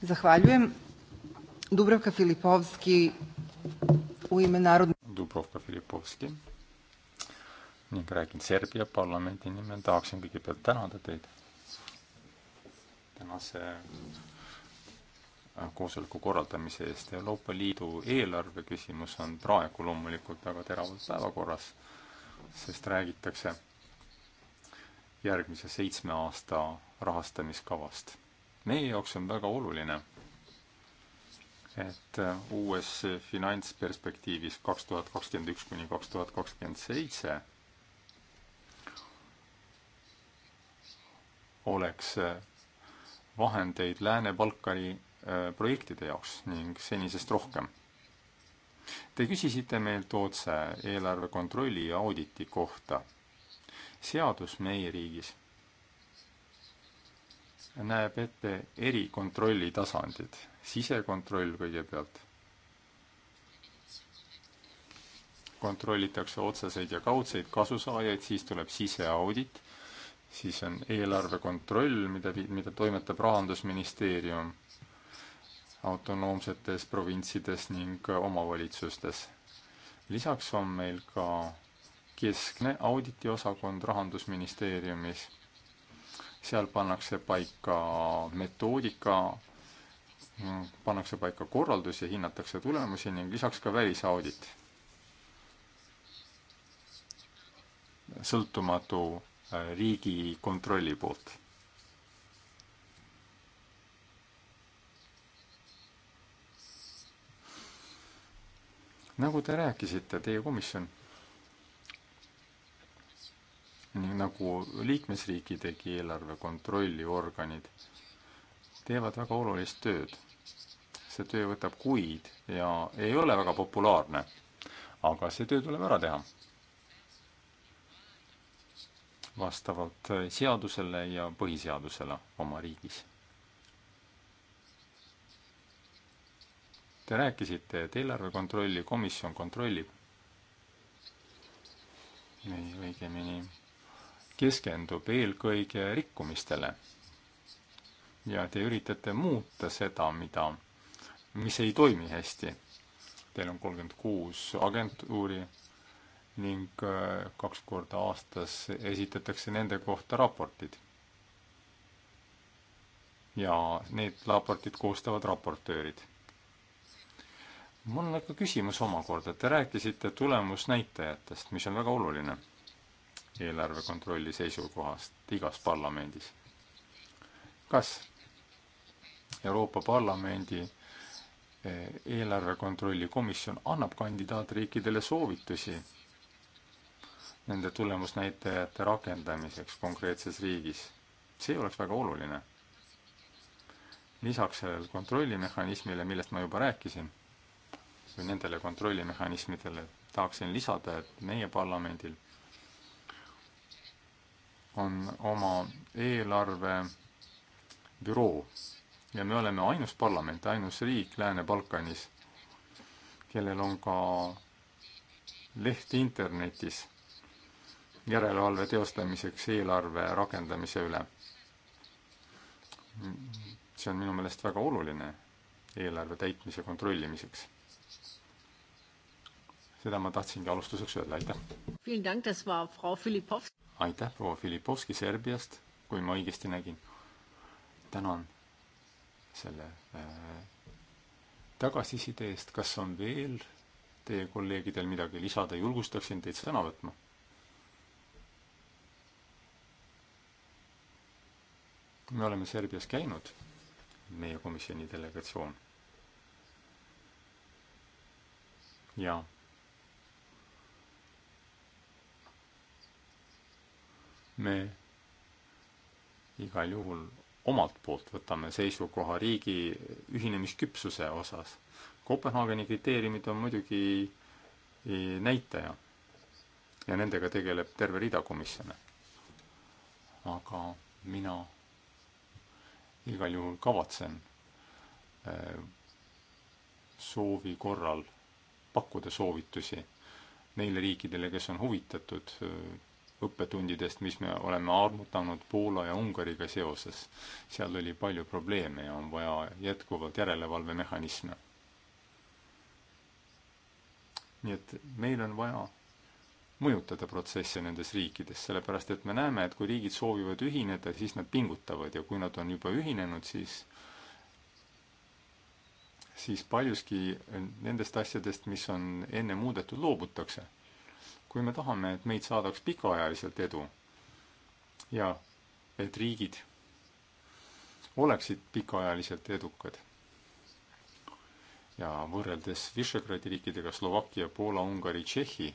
Zahvaljujem. Dubravka Filipovski u ime Narodne... Dubrovka Filipovski ning räägin Serbia parlamendi nimel, tahaksin kõigepealt tänada teid tänase koosoleku korraldamise eest. Euroopa Liidu eelarve küsimus on praegu loomulikult väga teravalt päevakorras, sest räägitakse järgmise seitsme aasta rahastamiskavast. meie jaoks on väga oluline, et uues finantsperspektiivis kaks tuhat kakskümmend üks kuni kaks tuhat kakskümmend seitse oleks vahendeid Lääne-Balkani Äh, projektide jaoks ning senisest rohkem. Te küsisite meilt otse eelarve kontrolli ja auditi kohta. seadus meie riigis näeb ette erikontrolli tasandid, sisekontroll kõigepealt kontrollitakse otseseid ja kaudseid kasusaajaid, siis tuleb siseaudit, siis on eelarve kontroll, mida, mida toimetab Rahandusministeerium autonoomsetes provintsides ning omavalitsustes. lisaks on meil ka keskne auditiosakond Rahandusministeeriumis. seal pannakse paika metoodika, pannakse paika korraldus ja hinnatakse tulemusi ning lisaks ka välisaudit. sõltumatu äh, riigikontrolli poolt nagu te rääkisite, teie komisjon, nagu liikmesriikidegi eelarve kontrolliorganid, teevad väga olulist tööd. see töö võtab kuid ja ei ole väga populaarne, aga see töö tuleb ära teha vastavalt seadusele ja põhiseadusele oma riigis Te rääkisite, et eelarve kontrolli komisjon kontrollib või õigemini keskendub eelkõige rikkumistele. ja te üritate muuta seda, mida, mis ei toimi hästi. Teil on kolmkümmend kuus agentuuri ning äh, kaks korda aastas esitatakse nende kohta raportid ja need raportid koostavad raportöörid mul on ikka küsimus omakorda, te rääkisite tulemusnäitajatest, mis on väga oluline eelarve kontrolli seisukohast igas parlamendis. kas Euroopa Parlamendi eh, eelarve kontrolli komisjon annab kandidaatriikidele soovitusi nende tulemusnäitajate rakendamiseks konkreetses riigis? see oleks väga oluline. lisaks sellele kontrollimehhanismile, millest ma juba rääkisin või nendele kontrollimehhanismidele tahaksin lisada, et meie parlamendil on oma eelarvebüroo ja me oleme ainus parlament, ainus riik Lääne-Balkanis, kellel on ka leht internetis järelevalve teostamiseks eelarve rakendamise üle. see on minu meelest väga oluline eelarve täitmise kontrollimiseks seda ma tahtsingi alustuseks öelda, aitäh! aitäh, proua Filipovski Serbiast, kui ma õigesti nägin. tänan selle äh, tagasiside eest, kas on veel teie kolleegidel midagi lisada, julgustaksin teid sõna võtma. me oleme Serbias käinud, meie komisjoni delegatsioon. ja me igal juhul omalt poolt võtame seisukoha riigi ühinemisküpsuse osas. Kopenhaageni kriteeriumid on muidugi e, näitaja ja nendega tegeleb terve rida komisjone. aga mina igal juhul kavatsen e, soovi korral pakkuda soovitusi neile riikidele, kes on huvitatud e, õppetundidest, mis me oleme armutanud Poola ja Ungariga seoses. seal oli palju probleeme ja on vaja jätkuvalt järelevalvemehhanisme. nii et meil on vaja mõjutada protsesse nendes riikides, sellepärast et me näeme, et kui riigid soovivad ühineda, siis nad pingutavad ja kui nad on juba ühinenud, siis siis paljuski nendest asjadest, mis on enne muudetud, loobutakse kui me tahame, et meid saadaks pikaajaliselt edu ja et riigid oleksid pikaajaliselt edukad ja võrreldes Visegradi riikidega Slovakkia, Poola, Ungari, Tšehhi,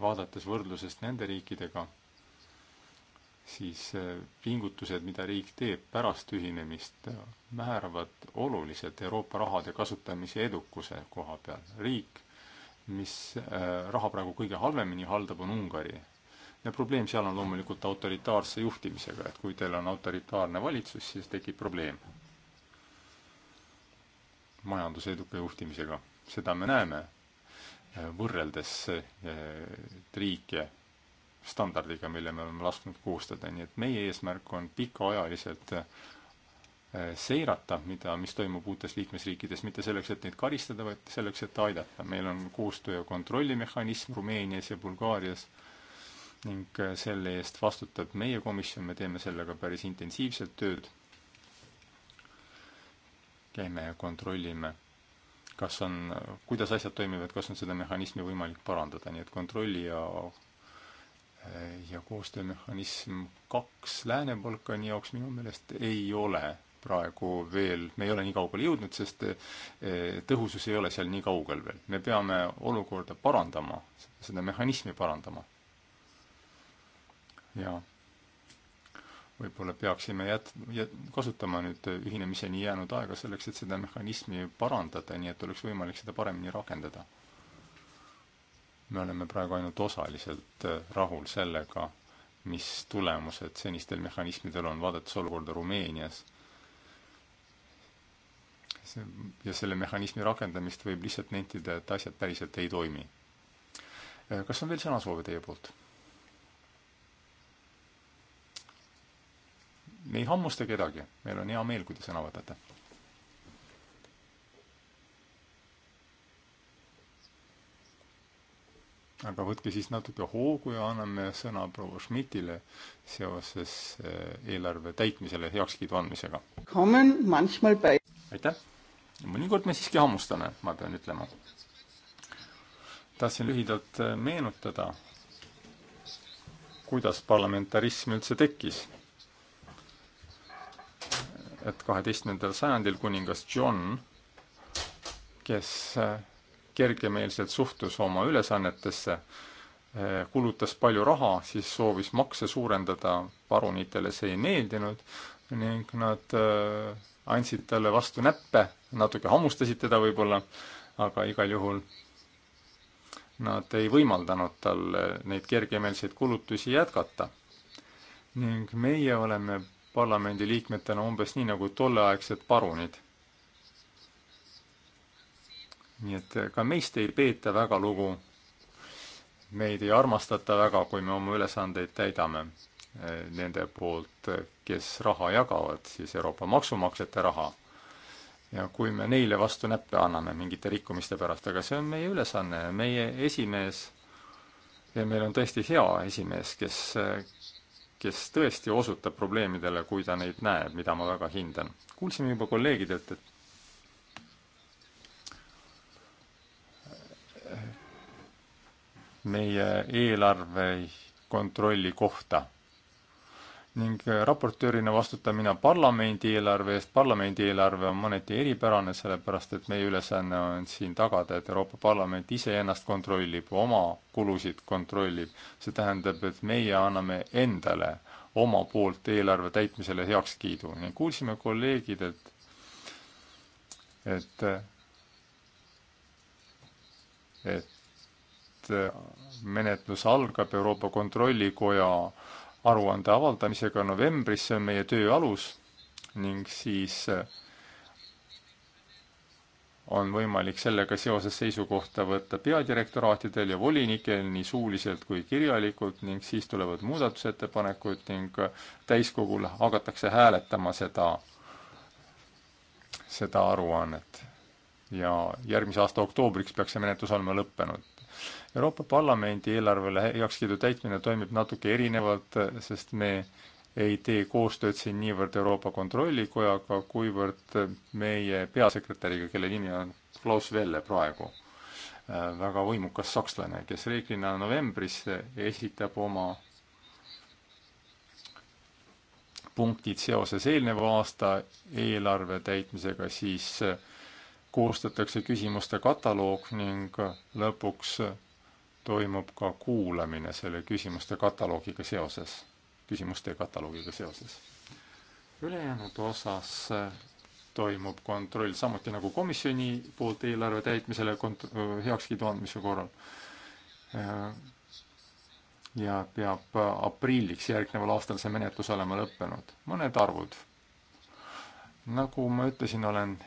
vaadates võrdlusest nende riikidega, siis eh, pingutused, mida riik teeb pärast ühinemist, määravad oluliselt Euroopa rahade kasutamise edukuse koha peal. riik mis äh, raha praegu kõige halvemini haldab, on Ungari. ja probleem seal on loomulikult autoritaarse juhtimisega, et kui teil on autoritaarne valitsus, siis tekib probleem majanduseduka juhtimisega. seda me näeme äh, võrreldes äh, riike standardiga, mille me oleme lasknud koostada, nii et meie eesmärk on pikaajaliselt seirata, mida, mis toimub uutes liikmesriikides, mitte selleks, et neid karistada, vaid selleks, et aidata. meil on koostöö- ja kontrollimehhanism Rumeenias ja Bulgaarias ning äh, selle eest vastutab meie komisjon, me teeme sellega päris intensiivselt tööd. käime ja kontrollime, kas on, kuidas asjad toimivad, kas on seda mehhanismi võimalik parandada, nii et kontrolli ja äh, ja koostöömehhanism kaks Lääne-Balkani jaoks minu meelest ei ole praegu veel, me ei ole nii kaugele jõudnud, sest eh, tõhusus ei ole seal nii kaugel veel. me peame olukorda parandama, seda mehhanismi parandama. ja võib-olla peaksime jät-, jät-, kasutama nüüd ühinemiseni jäänud aega selleks, et seda mehhanismi parandada, nii et oleks võimalik seda paremini rakendada. me oleme praegu ainult osaliselt eh, rahul sellega, mis tulemused senistel mehhanismidel on, vaadates olukorda Rumeenias ja selle mehhanismi rakendamist võib lihtsalt nentida, et asjad päriselt ei toimi. Äh, kas on veel sõnasoove teie poolt? me ei hammusta kedagi, meil on hea meel, kui te sõna võtate. aga võtke siis natuke hoogu ja anname sõna proua Schmidtile seoses äh, eelarve täitmisele heakskiidu andmisega. aitäh! mõnikord me siiski hammustame, ma pean ütlema. tahtsin lühidalt äh, meenutada, kuidas parlamentarism üldse tekkis. et kaheteistkümnendal sajandil kuningas John, kes äh, kergemeelselt suhtus oma ülesannetesse, äh, kulutas palju raha, siis soovis makse suurendada, parunitele see ei meeldinud ning nad andsid talle vastu näppe, natuke hammustasid teda võib-olla, aga igal juhul nad ei võimaldanud tal neid kergemeelseid kulutusi jätkata. ning meie oleme parlamendiliikmetena umbes nii nagu tolleaegsed parunid. nii et ka meist ei peeta väga lugu, meid ei armastata väga, kui me oma ülesandeid täidame nende poolt, kes raha jagavad, siis Euroopa maksumaksjate raha, ja kui me neile vastu näppe anname mingite rikkumiste pärast, aga see on meie ülesanne, meie esimees, ja meil on tõesti hea esimees, kes, kes tõesti osutab probleemidele, kui ta neid näeb, mida ma väga hindan. kuulsime juba kolleegidelt, et meie eelarve kontrolli kohta ning äh, raportöörina vastutan mina parlamendi eelarve eest, parlamendi eelarve on mõneti eripärane, sellepärast et meie ülesanne on siin tagada, et Euroopa Parlament iseennast kontrollib, oma kulusid kontrollib. see tähendab, et meie anname endale oma poolt eelarve täitmisele heakskiidu. kuulsime kolleegidelt, et, et äh, menetlus algab Euroopa Kontrollikoja äh, aruande avaldamisega novembris, see on meie töö alus ning siis eh, on võimalik sellega seoses seisukohta võtta peadirektoraatidel ja volinikel nii suuliselt kui kirjalikult ning siis tulevad muudatusettepanekud ning eh, täiskogul hakatakse hääletama seda, seda aruannet. ja järgmise aasta oktoobriks peaks see menetlus olema lõppenud Euroopa Parlamendi eelarvele heakskiidu täitmine toimib natuke erinevalt, sest me ei tee koostööd siin niivõrd Euroopa Kontrollikojaga, kuivõrd meie peasekretäriga, kelle nimi on Klaus Velle praegu, äh, väga võimukas sakslane, kes reeglina novembris esitab oma punktid seoses eelneva aasta eelarve täitmisega, siis äh, koostatakse küsimuste kataloog ning äh, lõpuks toimub ka kuulamine selle küsimuste kataloogiga seoses, küsimuste kataloogiga seoses. ülejäänud osas äh, toimub kontroll samuti nagu komisjoni poolt eelarve täitmisele kont-, äh, heakskiidu andmise korral. Äh, ja peab aprilliks järgneval aastal see menetlus olema lõppenud. mõned arvud. nagu ma ütlesin, olen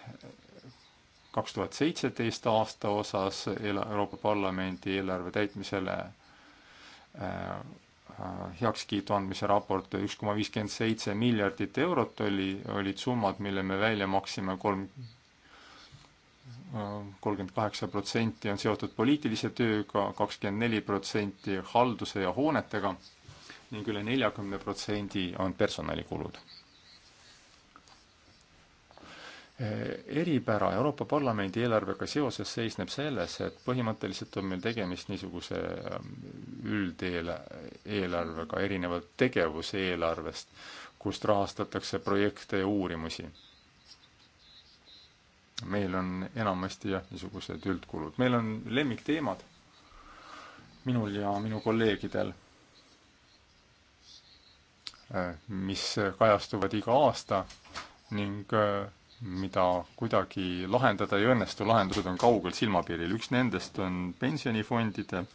kaks tuhat seitseteist aasta osas Euroopa Parlamendi eelarve täitmisele äh, äh, heakskiitu andmise raport, üks koma viiskümmend seitse miljardit eurot oli, olid summad, mille me välja maksime kolm, äh, kolmkümmend kaheksa protsenti on seotud poliitilise tööga, kakskümmend neli protsenti halduse ja hoonetega ning üle neljakümne protsendi on personalikulud Eh, eripära Euroopa Parlamendi eelarvega seoses seisneb selles, et põhimõtteliselt on meil tegemist niisuguse ähm, üldeelarvega, erinevalt tegevuseelarvest, kust rahastatakse projekte ja uurimusi. meil on enamasti jah, niisugused üldkulud. meil on lemmikteemad minul ja minu kolleegidel, äh, mis kajastuvad iga aasta ning äh, mida kuidagi lahendada ei õnnestu, lahendused on kaugel silmapiiril, üks nendest on pensionifondide,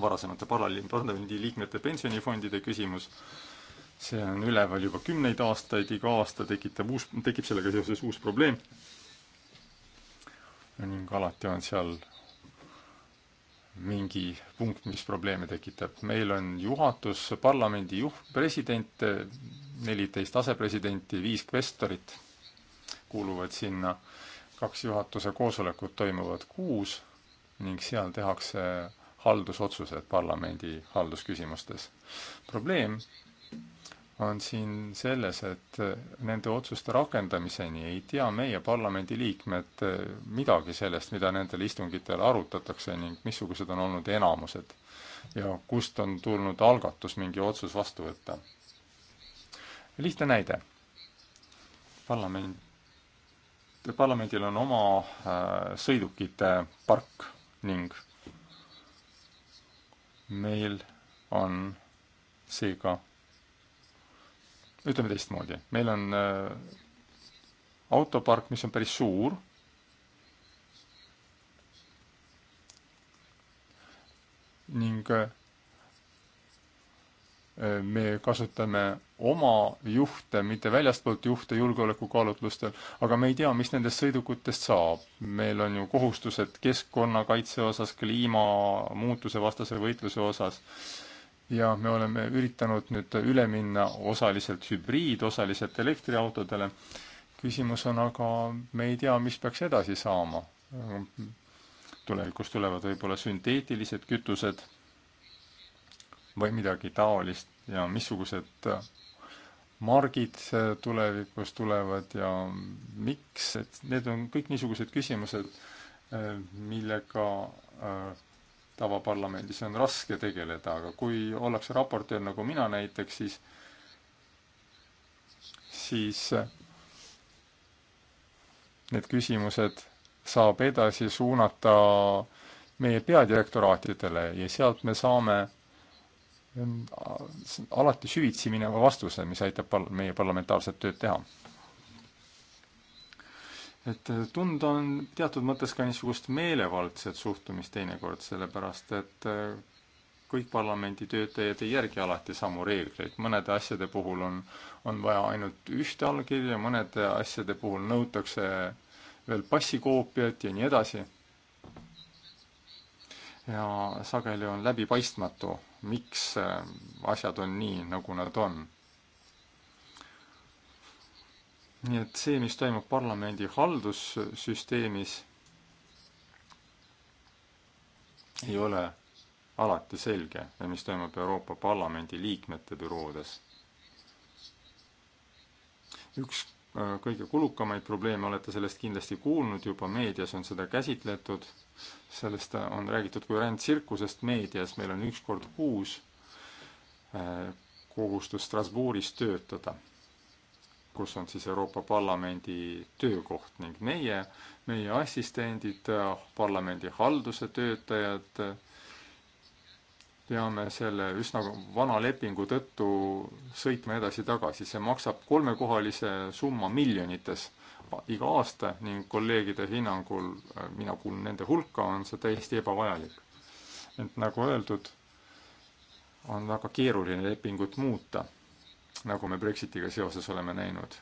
varasemate parlamendi liikmete pensionifondide küsimus, see on üleval juba kümneid aastaid, iga aasta tekitab uus, tekib sellega seoses uus probleem ning alati on seal mingi punkt, mis probleeme tekitab. meil on juhatus, parlamendi juht, president, neliteist asepresidenti, viis kvestorit kuuluvad sinna. kaks juhatuse koosolekut toimuvad kuus ning seal tehakse haldusotsused parlamendi haldusküsimustes. probleem on siin selles, et nende otsuste rakendamiseni ei tea meie parlamendiliikmed midagi sellest, mida nendel istungitel arutatakse ning missugused on olnud enamused ja kust on tulnud algatus mingi otsus vastu võtta. lihtne näide. parlament parlamendil on oma äh, sõidukite park ning meil on seega, ütleme teistmoodi, meil on äh, autopark, mis on päris suur ning äh, me kasutame oma juhte, mitte väljastpoolt juhte julgeolekukaalutlustel, aga me ei tea, mis nendest sõidukutest saab. meil on ju kohustused keskkonnakaitse osas, kliimamuutuse vastase võitluse osas ja me oleme üritanud nüüd üle minna osaliselt hübriid, osaliselt elektriautodele. küsimus on aga, me ei tea, mis peaks edasi saama. tulevikus tulevad võib-olla sünteetilised kütused või midagi taolist ja missugused margid äh, tulevikus tulevad ja miks, et need on kõik niisugused küsimused, äh, millega äh, tavaparlamendis on raske tegeleda, aga kui ollakse raportöör nagu mina näiteks, siis, siis need küsimused saab edasi suunata meie peadirektoraatidele ja sealt me saame alati süvitsi mineva vastuse, mis aitab par-, meie parlamentaarset tööd teha. et eh, tunda on teatud mõttes ka niisugust meelevaldset suhtumist teinekord, sellepärast et eh, kõik parlamendi töötajad ei järgi alati samu reegleid, mõnede asjade puhul on, on vaja ainult ühte allkirja, mõnede asjade puhul nõutakse veel passikoopiat ja nii edasi. ja sageli on läbipaistmatu miks äh, asjad on nii, nagu nad on. nii et see, mis toimub parlamendi haldussüsteemis, ei ole alati selge ja mis toimub Euroopa Parlamendi liikmete büroodes. üks Äh, kõige kulukamaid probleeme, olete sellest kindlasti kuulnud juba, meedias on seda käsitletud, sellest äh, on räägitud kui rändtsirkusest meedias, meil on üks kord kuus äh, kohustus Strasbourgis töötada, kus on siis Euroopa Parlamendi töökoht ning meie, meie assistendid, parlamendi halduse töötajad, peame selle üsna vana lepingu tõttu sõitma edasi-tagasi. see maksab kolmekohalise summa miljonites iga aasta ning kolleegide hinnangul, äh, mina kuulun nende hulka, on see täiesti ebavajalik. ent nagu öeldud, on väga keeruline lepingut muuta, nagu me Brexitiga seoses oleme näinud.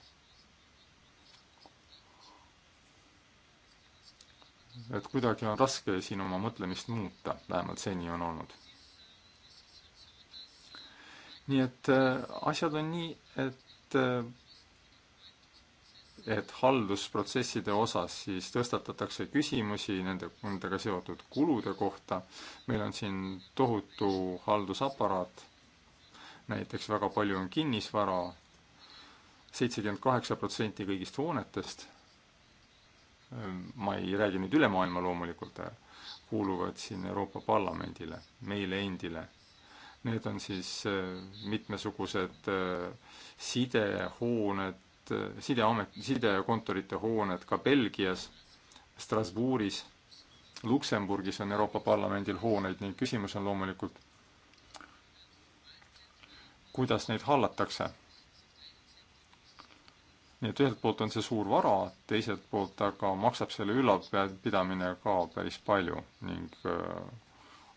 et kuidagi on raske siin oma mõtlemist muuta, vähemalt seni on olnud nii et äh, asjad on nii, et, äh, et haldusprotsesside osas siis tõstatatakse küsimusi nende, nendega seotud kulude kohta. meil on siin tohutu haldusaparaat, näiteks väga palju on kinnisvara, seitsekümmend kaheksa protsenti kõigist hoonetest, äh, ma ei räägi nüüd üle maailma loomulikult, kuuluvad siin Euroopa Parlamendile, meile endile Need on siis äh, mitmesugused äh, sidehooned, äh, sideamet, sidekontorite hooned ka Belgias, Strasbourgis, Luksemburgis on Euroopa Parlamendil hooneid ning küsimus on loomulikult, kuidas neid hallatakse. nii et ühelt poolt on see suur vara, teiselt poolt aga maksab selle ülalpidamine ka päris palju ning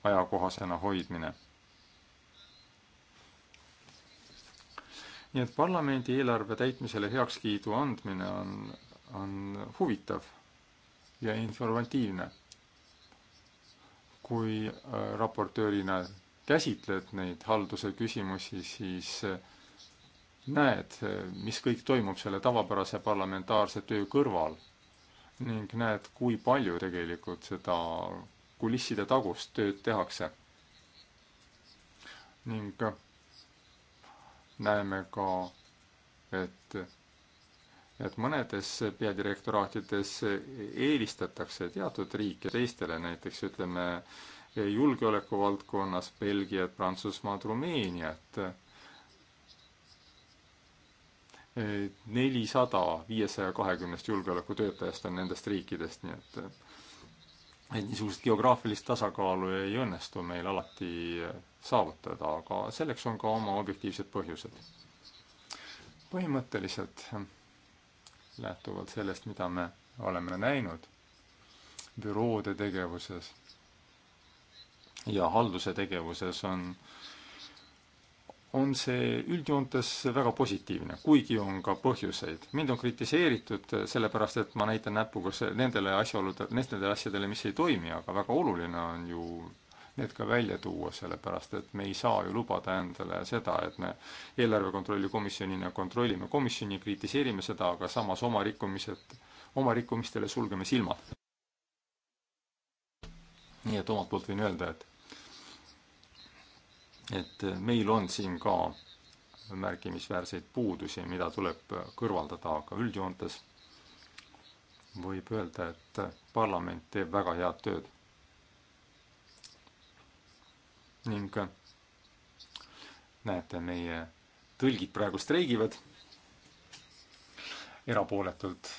ajakohasena hoidmine nii et parlamendi eelarve täitmisele heakskiidu andmine on, on huvitav ja informatiivne. kui äh, raportöörina käsitled neid halduse küsimusi, siis äh, näed, äh, mis kõik toimub selle tavapärase parlamentaarse töö kõrval ning näed, kui palju tegelikult seda kulisside tagust tööd tehakse. ning näeme ka, et, et mõnedes peadirektoraatides eelistatakse teatud riike teistele, näiteks ütleme, julgeoleku valdkonnas Belgiat, Prantsusmaad, Rumeeniat. nelisada viiesaja kahekümnest julgeolekutöötajast on nendest riikidest, nii et et niisugust geograafilist tasakaalu ei õnnestu meil alati saavutada, aga selleks on ka oma objektiivsed põhjused. põhimõtteliselt lähtuvalt sellest, mida me oleme näinud büroode tegevuses ja halduse tegevuses, on äh, on see üldjoontes väga positiivne, kuigi on ka põhjuseid. mind on kritiseeritud eh, sellepärast, et ma näitan näpuga nendele asjaoludele, nendele asjadele, mis ei toimi, aga väga oluline on ju need ka välja tuua, sellepärast et me ei saa ju lubada endale seda, et me eelarve kontrolli komisjonina kontrollime komisjoni, kritiseerime seda, aga samas oma rikkumised, oma rikkumistele sulgeme silmad. nii et omalt poolt võin öelda, et et eh, meil on siin ka märkimisväärseid puudusi, mida tuleb kõrvaldada, aga üldjoontes võib öelda, et parlament teeb väga head tööd. ning eh, näete, meie tõlgid praegu streigivad erapooletult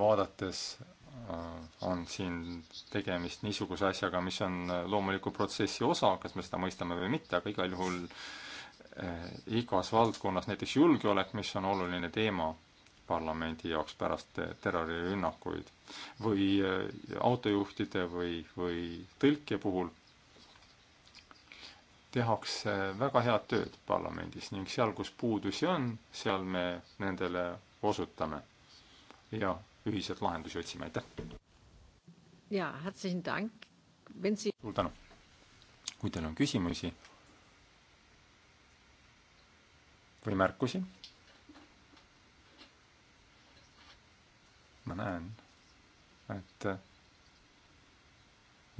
vaadates Äh, on siin tegemist niisuguse asjaga, mis on äh, loomuliku protsessi osa, kas me seda mõistame või mitte, aga igal juhul äh, igas valdkonnas, näiteks julgeolek, mis on oluline teema parlamendi jaoks pärast terrorirünnakuid või autojuhtide või, või tõlke puhul, tehakse väga head tööd parlamendis ning seal, kus puudusi on, seal me nendele osutame. ja ühiselt lahendusi otsime, aitäh! jaa, herzlichen Dank, Bensi. suur tänu! kui teil on küsimusi või märkusi, ma näen, et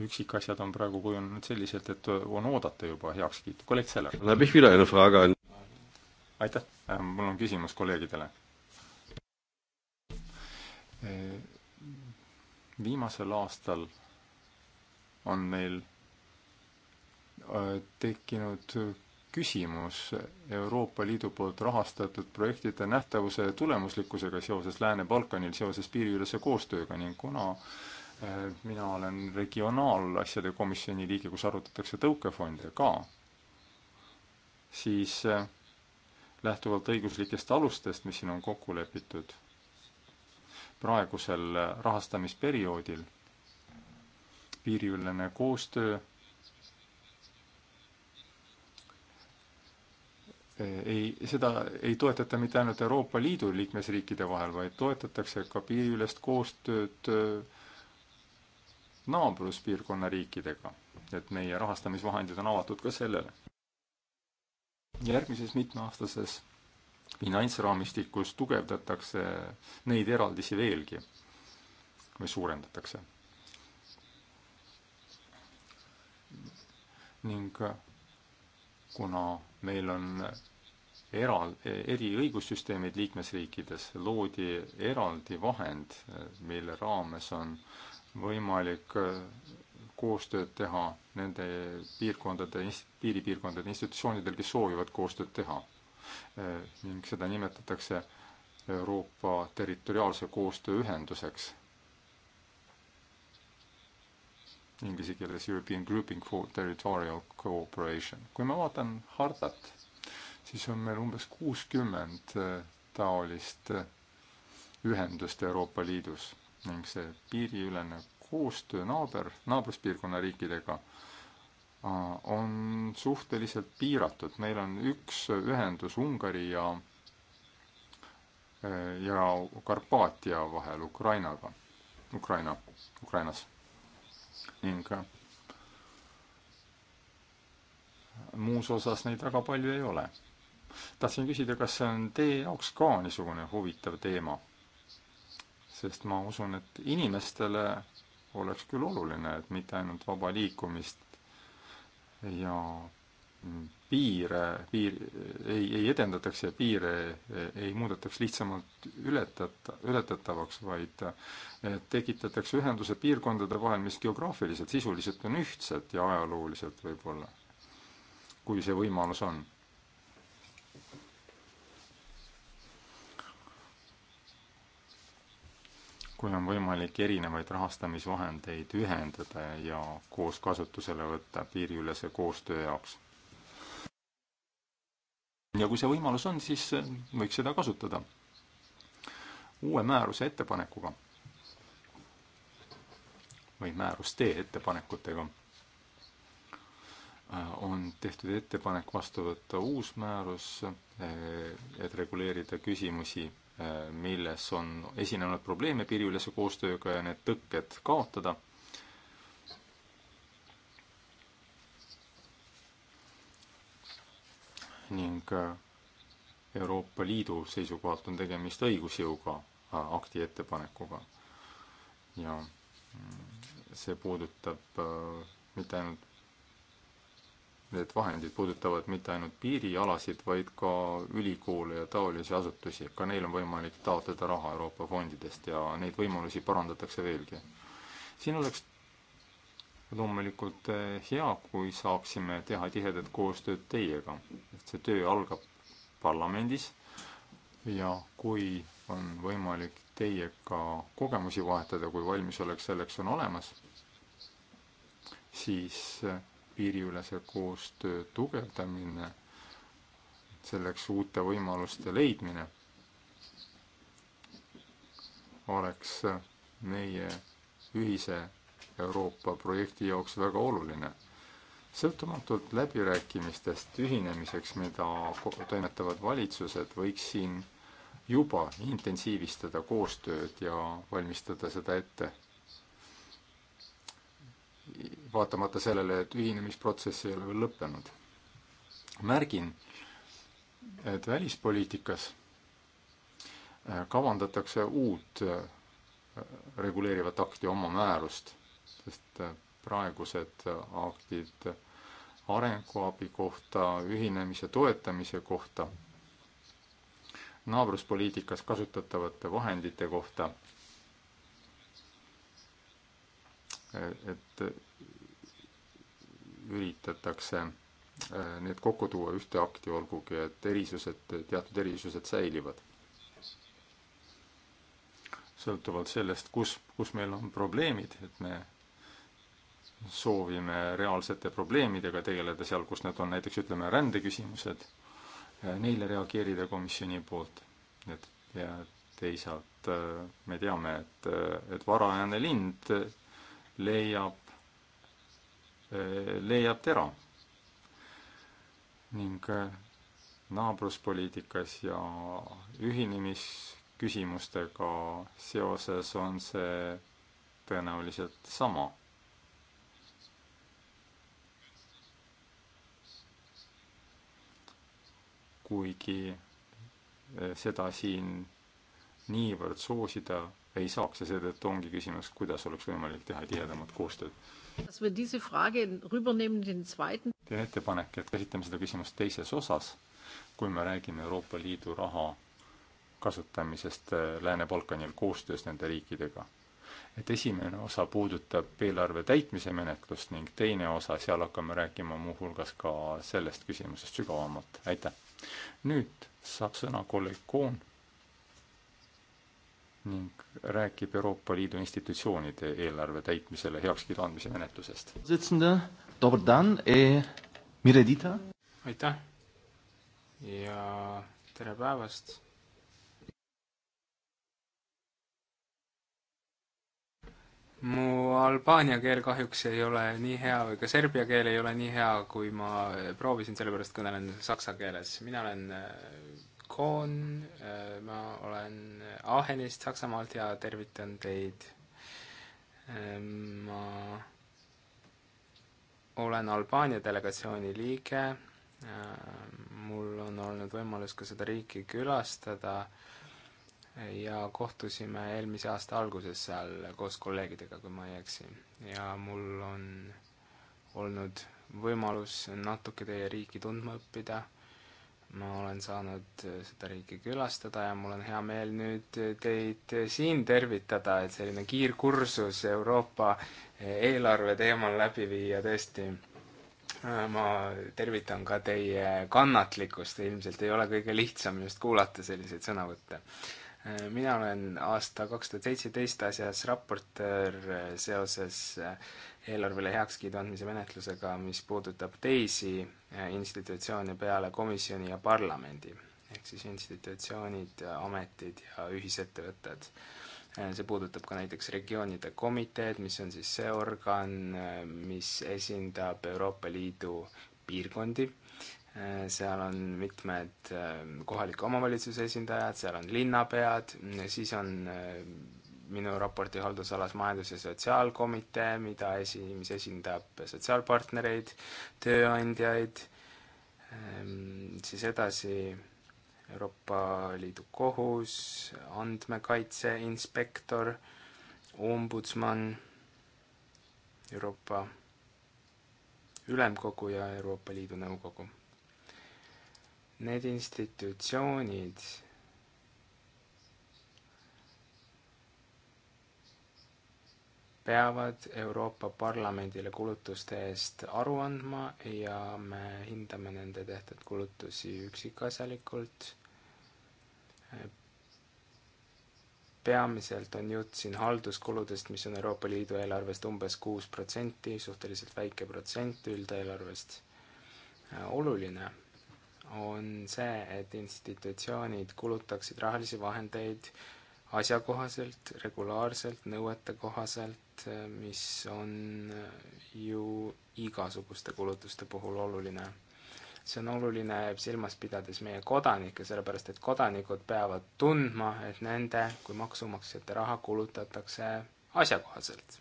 üksikasjad on praegu kujunenud selliselt, et on oodata juba heakskiitu. kolleeg Seller. aitäh, mul on küsimus kolleegidele viimasel aastal on meil äh, tekkinud küsimus Euroopa Liidu poolt rahastatud projektide nähtavuse ja tulemuslikkusega seoses Lääne-Balkanil, seoses piiriülese koostööga ning kuna äh, mina olen regionaalasjade komisjoni liige, kus arutatakse tõukefonde ka, siis äh, lähtuvalt õiguslikest alustest, mis siin on kokku lepitud praegusel rahastamisperioodil piiriülene koostöö ei, seda ei toetata mitte ainult Euroopa Liidu liikmesriikide vahel, vaid toetatakse ka piiriülest koostööd äh, naabruspiirkonna riikidega. et meie rahastamisvahendid on avatud ka sellele. järgmises mitmeaastases finantsraamistikus tugevdatakse neid eraldisi veelgi või suurendatakse. ning kuna meil on eral-, eri õigussüsteemid liikmesriikides, loodi eraldi vahend, mille raames on võimalik koostööd teha nende piirkondade, piiripiirkondade institutsioonidel, kes soovivad koostööd teha Eh, ning seda nimetatakse Euroopa territoriaalse koostöö ühenduseks. Inglise keeles European Grouping for Territorial Cooperation. kui ma vaatan hardat, siis on meil umbes kuuskümmend eh, taolist eh, ühendust Euroopa Liidus ning see piiriülene koostöö naaber, naabruspiirkonna riikidega äh, on suhteliselt piiratud. meil on üks ühendus Ungari ja, äh, ja Karpaatia vahel Ukrainaga, Ukraina, Ukrainas. ning äh, muus osas neid väga palju ei ole. tahtsin küsida, kas see on teie jaoks ka niisugune huvitav teema? sest ma usun, et inimestele oleks küll oluline, et mitte ainult vaba liikumist ja piire, piir ei, ei edendataks ja piire ei muudetaks lihtsamalt ületata, ületatavaks, vaid tekitatakse ühenduse piirkondade vahel, mis geograafiliselt sisuliselt on ühtsed ja ajalooliselt võib-olla, kui see võimalus on kui on võimalik erinevaid rahastamisvahendeid ühendada ja koos kasutusele võtta piiriülese koostöö jaoks. ja kui see võimalus on, siis äh, võiks seda kasutada. uue määruse ettepanekuga või määrustee ettepanekutega äh, on tehtud ettepanek vastu võtta uus määrus, äh, et reguleerida küsimusi milles on esinenud probleeme piiriülese koostööga ja need tõkked kaotada. ning äh, Euroopa Liidu seisukohalt on tegemist õigusjõuga äh, akti ettepanekuga. ja mm, see puudutab äh, mitte ainult need vahendid puudutavad mitte ainult piirialasid, vaid ka ülikoole ja taolisi asutusi. ka neil on võimalik taotleda raha Euroopa fondidest ja neid võimalusi parandatakse veelgi. siin oleks loomulikult eh, hea, kui saaksime teha tihedat koostööd teiega, et see töö algab parlamendis ja kui on võimalik teiega kogemusi vahetada, kui valmisolek selleks on olemas, siis eh, piiriülese koostöö tugevdamine, selleks uute võimaluste leidmine oleks meie ühise Euroopa projekti jaoks väga oluline. sõltumatult läbirääkimistest ühinemiseks, mida toimetavad valitsused, võiks siin juba intensiivistada koostööd ja valmistada seda ette vaatamata sellele, et ühinemisprotsess ei ole veel lõppenud. märgin, et välispoliitikas äh, kavandatakse uut äh, reguleerivat akti oma määrust, sest äh, praegused aktid arenguabi kohta, ühinemise toetamise kohta, naabruspoliitikas kasutatavate vahendite kohta, et üritatakse äh, need kokku tuua ühte akti, olgugi et erisused, teatud erisused säilivad. sõltuvalt sellest, kus, kus meil on probleemid, et me soovime reaalsete probleemidega tegeleda seal, kus need on, näiteks ütleme, rändeküsimused, äh, neile reageerida komisjoni poolt, et ja teisalt äh, me teame, et, et varajane lind leiab Äh, leiab tera. ning äh, naabruspoliitikas ja ühinemisküsimustega seoses on see tõenäoliselt sama kuigi äh, seda siin niivõrd soosida ei saaks ja seetõttu ongi küsimus, kuidas oleks võimalik teha tihedamat koostööd teen ettepanek, et käsitleme seda küsimust teises osas, kui me räägime Euroopa Liidu raha kasutamisest äh, Lääne-Balkanil koostöös nende riikidega. et esimene osa puudutab eelarve täitmise menetlust ning teine osa, seal hakkame rääkima muuhulgas ka sellest küsimusest sügavamalt, aitäh! nüüd saab sõna kolleeg Koon ning räägib Euroopa Liidu institutsioonide eelarve täitmisele heakskiidu andmise menetlusest. E aitäh ja tere päevast! mu albaania keel kahjuks ei ole nii hea või ka serbia keel ei ole nii hea, kui ma proovisin, sellepärast kõnelen saksa keeles. mina olen äh, Kohn, äh, ma olen Aachenist Saksamaalt ja tervitan teid. Ähm, ma olen Albaania delegatsiooni liige, ähm, mul on olnud võimalus ka seda riiki külastada ja kohtusime eelmise aasta alguses seal koos kolleegidega, kui ma ei eksi. ja mul on olnud võimalus natuke teie riiki tundma õppida ma olen saanud äh, seda riiki külastada ja mul on hea meel nüüd äh, teid äh, siin tervitada, et selline kiirkursus Euroopa eelarve teemal läbi viia, tõesti. ma tervitan ka teie kannatlikkust, ilmselt ei ole kõige lihtsam just kuulata selliseid sõnavõtte. mina olen aasta kaks tuhat seitseteist asjas raportöör seoses eelarvele heakskiidu andmise menetlusega, mis puudutab teisi Äh, institutsioone peale komisjoni ja parlamendi, ehk siis institutsioonid, ametid ja ühisettevõtted. Äh, see puudutab ka näiteks regioonide komiteed, mis on siis see organ, äh, mis esindab Euroopa Liidu piirkondi, seal on mitmed kohaliku omavalitsuse esindajad, seal on linnapead, siis on minu raporti haldusalas Majandus- ja Sotsiaalkomitee, mida esi, mis esindab sotsiaalpartnereid, tööandjaid, ehm, siis edasi Euroopa Liidu Kohus, andmekaitse inspektor, ombudsman, Euroopa Ülemkogu ja Euroopa Liidu Nõukogu. Need institutsioonid peavad Euroopa Parlamendile kulutuste eest aru andma ja me hindame nende tehtud kulutusi üksikasjalikult. peamiselt on jutt siin halduskuludest, mis on Euroopa Liidu eelarvest umbes kuus protsenti, suhteliselt väike protsent üldeelarvest. oluline on see, et institutsioonid kulutaksid rahalisi vahendeid äh, asjakohaselt, regulaarselt, nõuete kohaselt, äh, mis on äh, ju igasuguste kulutuste puhul oluline. see on oluline silmas pidades meie kodanikke, sellepärast et kodanikud peavad tundma, et nende kui maksumaksjate raha kulutatakse asjakohaselt.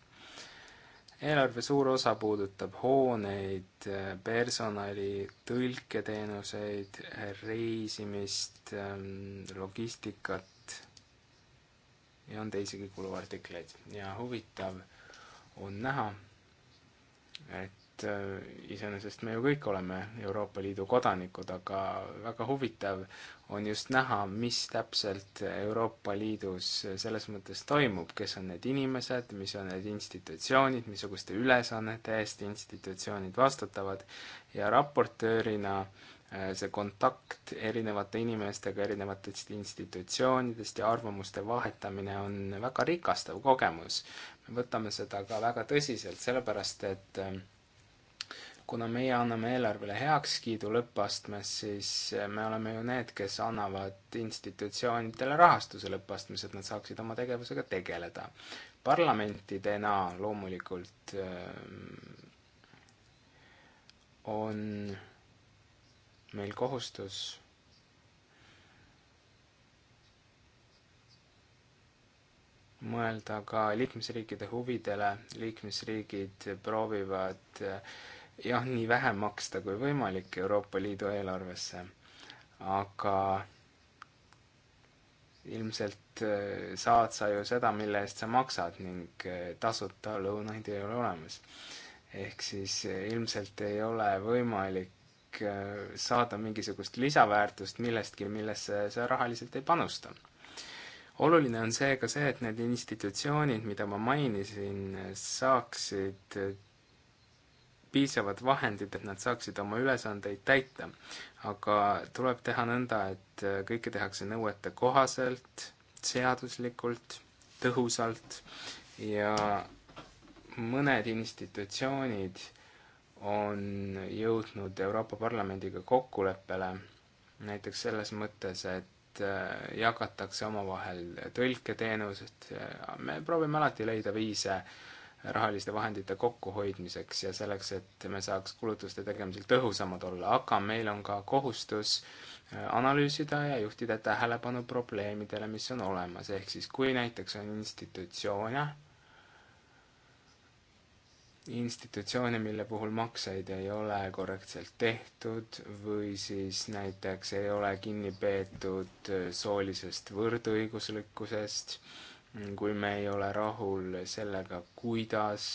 eelarve suur osa puudutab hooneid, personali, tõlketeenuseid, reisimist, ähm, logistikat, ja on teisigi kuluartikleid ja huvitav on näha, et äh, iseenesest me ju kõik oleme Euroopa Liidu kodanikud, aga väga huvitav on just näha, mis täpselt Euroopa Liidus selles mõttes toimub, kes on need inimesed, mis on need institutsioonid, missuguste ülesannete eest institutsioonid vastutavad ja raportöörina äh, Äh, see kontakt erinevate inimestega erinevatest institutsioonidest ja arvamuste vahetamine on väga rikastav kogemus. me võtame seda ka väga tõsiselt, sellepärast et ähm, kuna meie anname eelarvele heakskiidu lõppastmes, siis äh, me oleme ju need, kes annavad institutsioonidele rahastuse lõppastmes, et nad saaksid oma tegevusega tegeleda. parlamentidena loomulikult ähm, on meil kohustus mõelda ka liikmesriikide huvidele, liikmesriigid proovivad jah, nii vähe maksta kui võimalik Euroopa Liidu eelarvesse, aga ilmselt äh, saad sa ju seda, mille eest sa maksad ning äh, tasuta lõunaid ei ole olemas. ehk siis äh, ilmselt ei ole võimalik Äh, saada mingisugust lisaväärtust millestki, millesse sa rahaliselt ei panusta. oluline on seega see, see, et need institutsioonid, mida ma mainisin, saaksid äh, piisavad vahendid, et nad saaksid oma ülesandeid täita. aga tuleb teha nõnda, et äh, kõike tehakse nõuete kohaselt, seaduslikult, tõhusalt ja mõned institutsioonid on jõudnud Euroopa Parlamendiga kokkuleppele, näiteks selles mõttes, et äh, jagatakse omavahel tõlketeenused, me proovime alati leida viise rahaliste vahendite kokkuhoidmiseks ja selleks, et me saaks kulutuste tegemisel tõhusamad olla, aga meil on ka kohustus äh, analüüsida ja juhtida tähelepanu probleemidele, mis on olemas, ehk siis kui näiteks on institutsioone, institutsioone, mille puhul makseid ei ole korrektselt tehtud või siis näiteks ei ole kinni peetud soolisest võrdõiguslikkusest, kui me ei ole rahul sellega, kuidas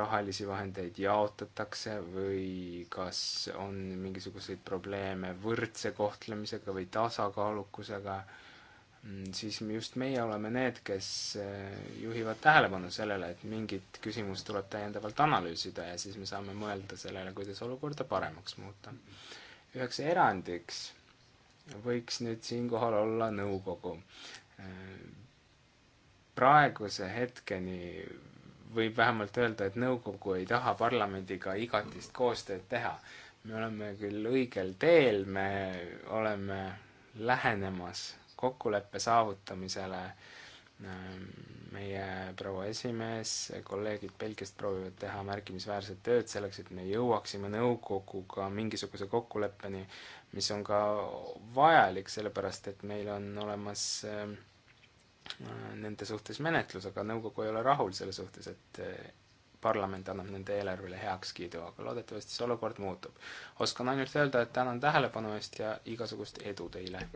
rahalisi vahendeid jaotatakse või kas on mingisuguseid probleeme võrdse kohtlemisega või tasakaalukusega Mm, siis just meie oleme need, kes eh, juhivad tähelepanu sellele, et mingit küsimust tuleb täiendavalt analüüsida ja siis me saame mõelda sellele, kuidas olukorda paremaks muuta. üheks erandiks võiks nüüd siinkohal olla nõukogu. Eh, praeguse hetkeni võib vähemalt öelda, et nõukogu ei taha parlamendiga igatist koostööd teha. me oleme küll õigel teel, me oleme lähenemas kokkuleppe saavutamisele ähm, meie proua esimees, kolleegid Belgiast proovivad teha märkimisväärset tööd selleks, et me jõuaksime nõukoguga mingisuguse kokkuleppeni, mis on ka vajalik, sellepärast et meil on olemas ähm, äh, nende suhtes menetlus, aga nõukogu ei ole rahul selle suhtes, et äh, parlament annab nende eelarvele heakskiidu, aga loodetavasti see olukord muutub. oskan ainult öelda, et tänan tähelepanu eest ja igasugust edu teile!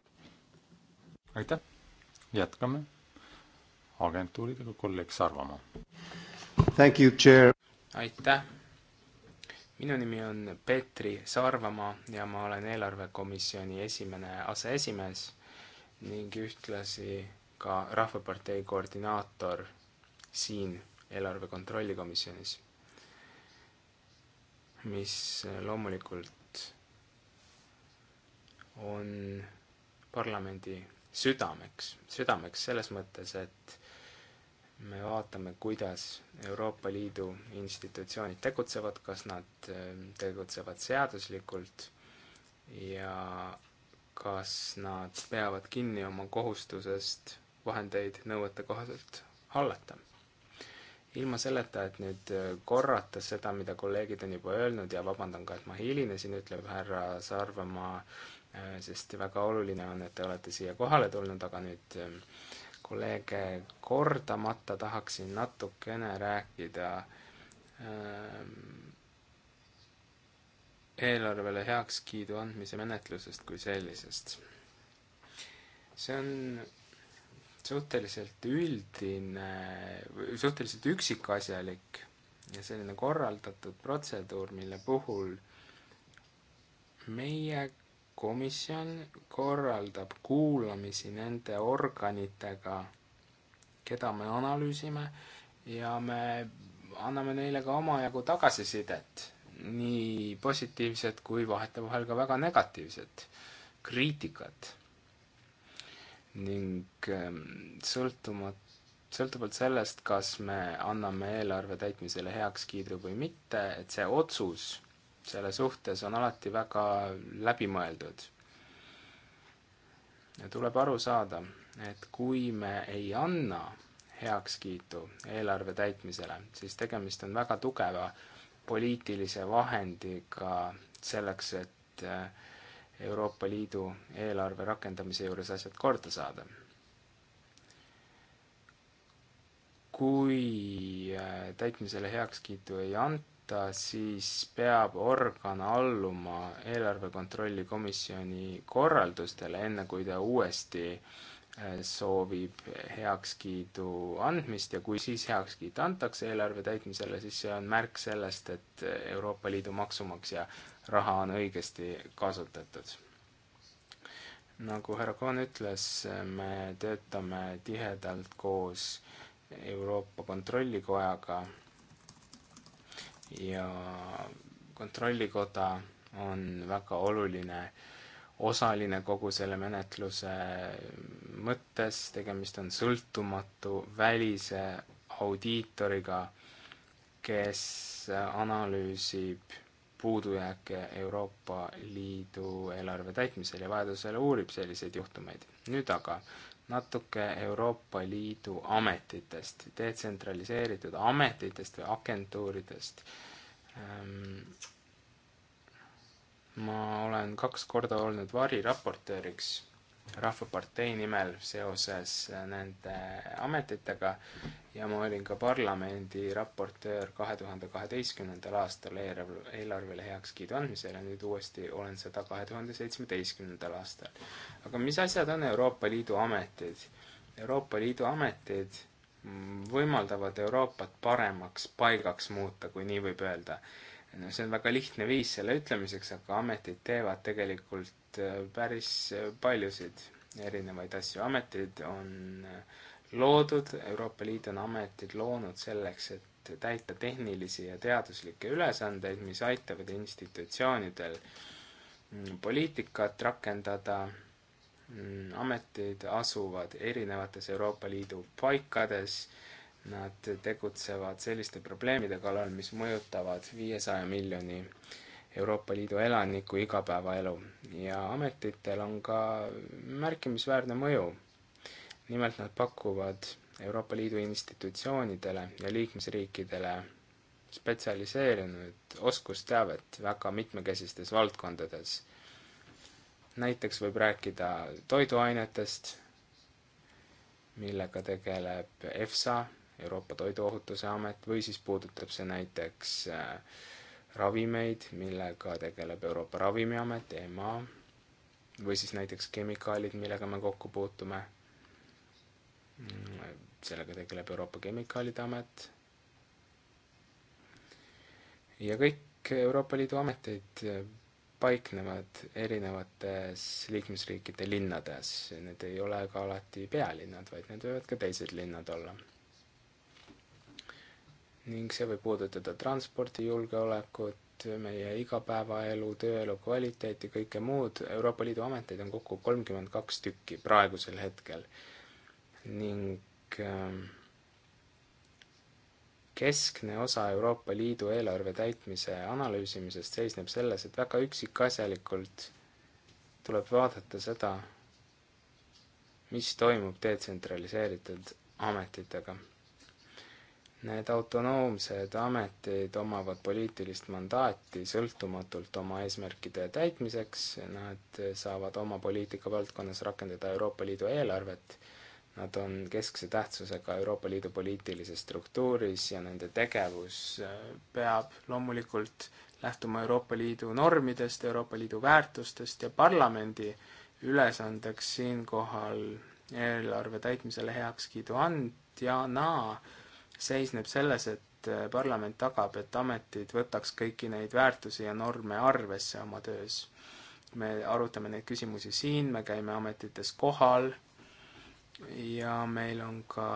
aitäh, jätkame agentuuridega, kolleeg Sarvamaa. aitäh, minu nimi on Peetri Sarvamaa ja ma olen eelarvekomisjoni esimene aseesimees ning ühtlasi ka Rahvapartei koordinaator siin eelarve kontrolli komisjonis, mis loomulikult on parlamendi südameks, südameks selles mõttes, et me vaatame, kuidas Euroopa Liidu institutsioonid tegutsevad, kas nad ähm, tegutsevad seaduslikult ja kas nad peavad kinni oma kohustusest vahendeid nõuetekohaselt hallata. ilma selleta, et nüüd äh, korrata seda, mida kolleegid on juba öelnud ja vabandan ka, et ma hilinesin, ütleb härra Sarvamaa Äh, sest väga oluline on, et te olete siia kohale tulnud, aga nüüd ähm, kolleege kordamata tahaksin natukene rääkida ähm, eelarvele heakskiidu andmise menetlusest kui sellisest. see on suhteliselt üldine, suhteliselt üksikasjalik ja selline korraldatud protseduur, mille puhul meie komisjon korraldab kuulamisi nende organitega, keda me analüüsime ja me anname neile ka omajagu tagasisidet, nii positiivset kui vahetevahel ka väga negatiivset kriitikat. ning ehm, sõltumata sõltuvalt sellest, kas me anname eelarve täitmisele heakskiidu või mitte, et see otsus selle suhtes on alati väga läbimõeldud. ja tuleb aru saada, et kui me ei anna heakskiitu eelarve täitmisele, siis tegemist on väga tugeva poliitilise vahendiga selleks, et eh, Euroopa Liidu eelarve rakendamise juures asjad korda saada. kui eh, täitmisele heakskiitu ei anta, kohta, siis peab organ alluma eelarve kontrolli komisjoni korraldustele, enne kui ta uuesti äh, soovib heakskiidu andmist ja kui siis heakskiit antakse eelarve täitmisele, siis see on märk sellest, et äh, Euroopa Liidu maksumaksja raha on õigesti kasutatud nagu härra Kohn ütles, me töötame tihedalt koos Euroopa Kontrollikojaga ja Kontrollikoda on väga oluline osaline kogu selle menetluse mõttes, tegemist on sõltumatu välise audiitoriga, kes analüüsib puudujääke Euroopa Liidu eelarve täitmisel ja vajadusel uurib selliseid juhtumeid. nüüd aga natuke Euroopa Liidu ametitest, detsentraliseeritud ametitest või agentuuridest. Ehm, ma olen kaks korda olnud variraportööriks Rahvapartei nimel seoses nende ametitega ja ma olin ka parlamendi raportöör kahe tuhande kaheteistkümnendal aastal eelarv, eelarvele heakskiidu andmisel ja nüüd uuesti olen seda kahe tuhande seitsmeteistkümnendal aastal. aga mis asjad on Euroopa Liidu ametid? Euroopa Liidu ametid võimaldavad Euroopat paremaks paigaks muuta, kui nii võib öelda no see on väga lihtne viis selle ütlemiseks, aga ametid teevad tegelikult Äh, päris äh, paljusid erinevaid asju. ametid on äh, loodud, Euroopa Liit on ametid loonud selleks, et täita tehnilisi ja teaduslikke ülesandeid, mis aitavad institutsioonidel mm, poliitikat rakendada. Mm, ametid asuvad erinevates Euroopa Liidu paikades Nad tegutsevad selliste probleemide kallal, mis mõjutavad viiesaja miljoni Euroopa Liidu elaniku igapäevaelu ja ametitel on ka märkimisväärne mõju. nimelt nad pakuvad Euroopa Liidu institutsioonidele ja liikmesriikidele spetsialiseerunud oskusteavet väga mitmekesistes valdkondades. näiteks võib rääkida toiduainetest, millega tegeleb EFSA, Euroopa Toiduohutuse Amet, või siis puudutab see näiteks äh, ravimeid, millega tegeleb Euroopa Ravimiamet, EMA, või siis näiteks kemikaalid, millega me kokku puutume, sellega tegeleb Euroopa Kemikaalide Amet ja kõik Euroopa Liidu ameteid paiknevad erinevates liikmesriikide linnades, need ei ole ka alati pealinnad, vaid need võivad ka teised linnad olla ning see võib puudutada transporti, julgeolekut, meie igapäevaelu, tööelu kvaliteeti, kõike muud. Euroopa Liidu ameteid on kokku kolmkümmend kaks tükki praegusel hetkel ning ähm, keskne osa Euroopa Liidu eelarve täitmise analüüsimisest seisneb selles, et väga üksikasjalikult tuleb vaadata seda, mis toimub detsentraliseeritud ametitega Need autonoomsed ametid omavad poliitilist mandaati sõltumatult oma eesmärkide täitmiseks, nad saavad oma poliitikavaldkonnas rakendada Euroopa Liidu eelarvet, nad on keskse tähtsusega Euroopa Liidu poliitilises struktuuris ja nende tegevus äh, peab loomulikult lähtuma Euroopa Liidu normidest, Euroopa Liidu väärtustest ja parlamendi ülesandeks siinkohal eelarve täitmisele heakskiidu andjana no, seisneb selles, et äh, parlament tagab, et ametid võtaks kõiki neid väärtusi ja norme arvesse oma töös. me arutame neid küsimusi siin, me käime ametites kohal ja meil on ka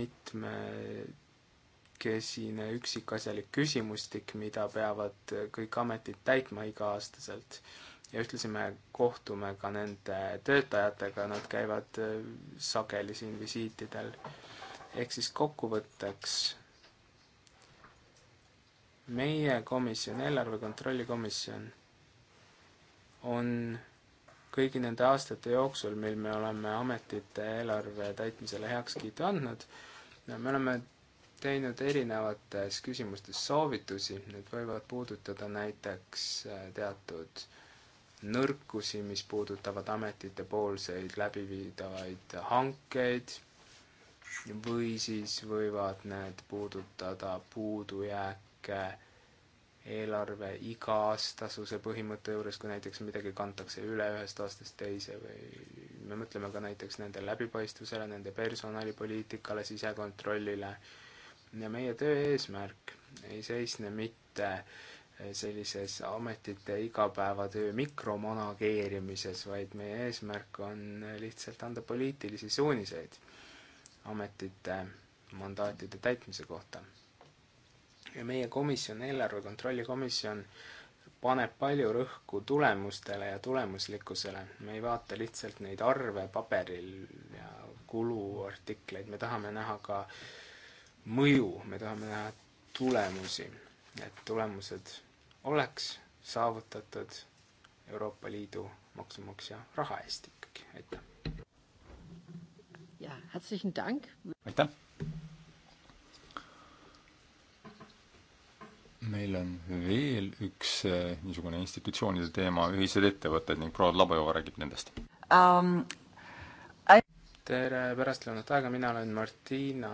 mitmekesine üksikasjalik küsimustik, mida peavad kõik ametid täitma iga-aastaselt ja ühtlasi me kohtume ka nende töötajatega, nad käivad äh, sageli siin visiitidel ehk siis kokkuvõtteks, meie komisjon, eelarve kontrolli komisjon, on kõigi nende aastate jooksul, mil me oleme ametite eelarve täitmisele heakskiitu andnud, me oleme teinud erinevates küsimustes soovitusi, need võivad puudutada näiteks äh, teatud nõrkusi, mis puudutavad ametite poolseid läbiviidavaid hankeid või siis võivad need puudutada puudujääke eelarve iga-aastasuse põhimõtte juures, kui näiteks midagi kantakse üle ühest aastast teise või me mõtleme ka näiteks nende läbipaistvusele, nende personalipoliitikale, sisekontrollile. ja meie töö eesmärk ei seisne mitte sellises ametite igapäevatöö mikromanageerimises, vaid meie eesmärk on lihtsalt anda poliitilisi suuniseid ametite mandaatide täitmise kohta. ja meie komisjon, eelarve kontrolli komisjon, paneb palju rõhku tulemustele ja tulemuslikkusele. me ei vaata lihtsalt neid arve paberil ja kuluartikleid, me tahame näha ka mõju, me tahame näha tulemusi, et tulemused oleks saavutatud Euroopa Liidu maksumaksja raha eest ikkagi, aitäh! aitäh! meil on veel üks eh, niisugune institutsioonide teema, ühised ettevõtted ning proua Labajova räägib nendest um,. I... tere pärastlõunat aega, mina olen Martina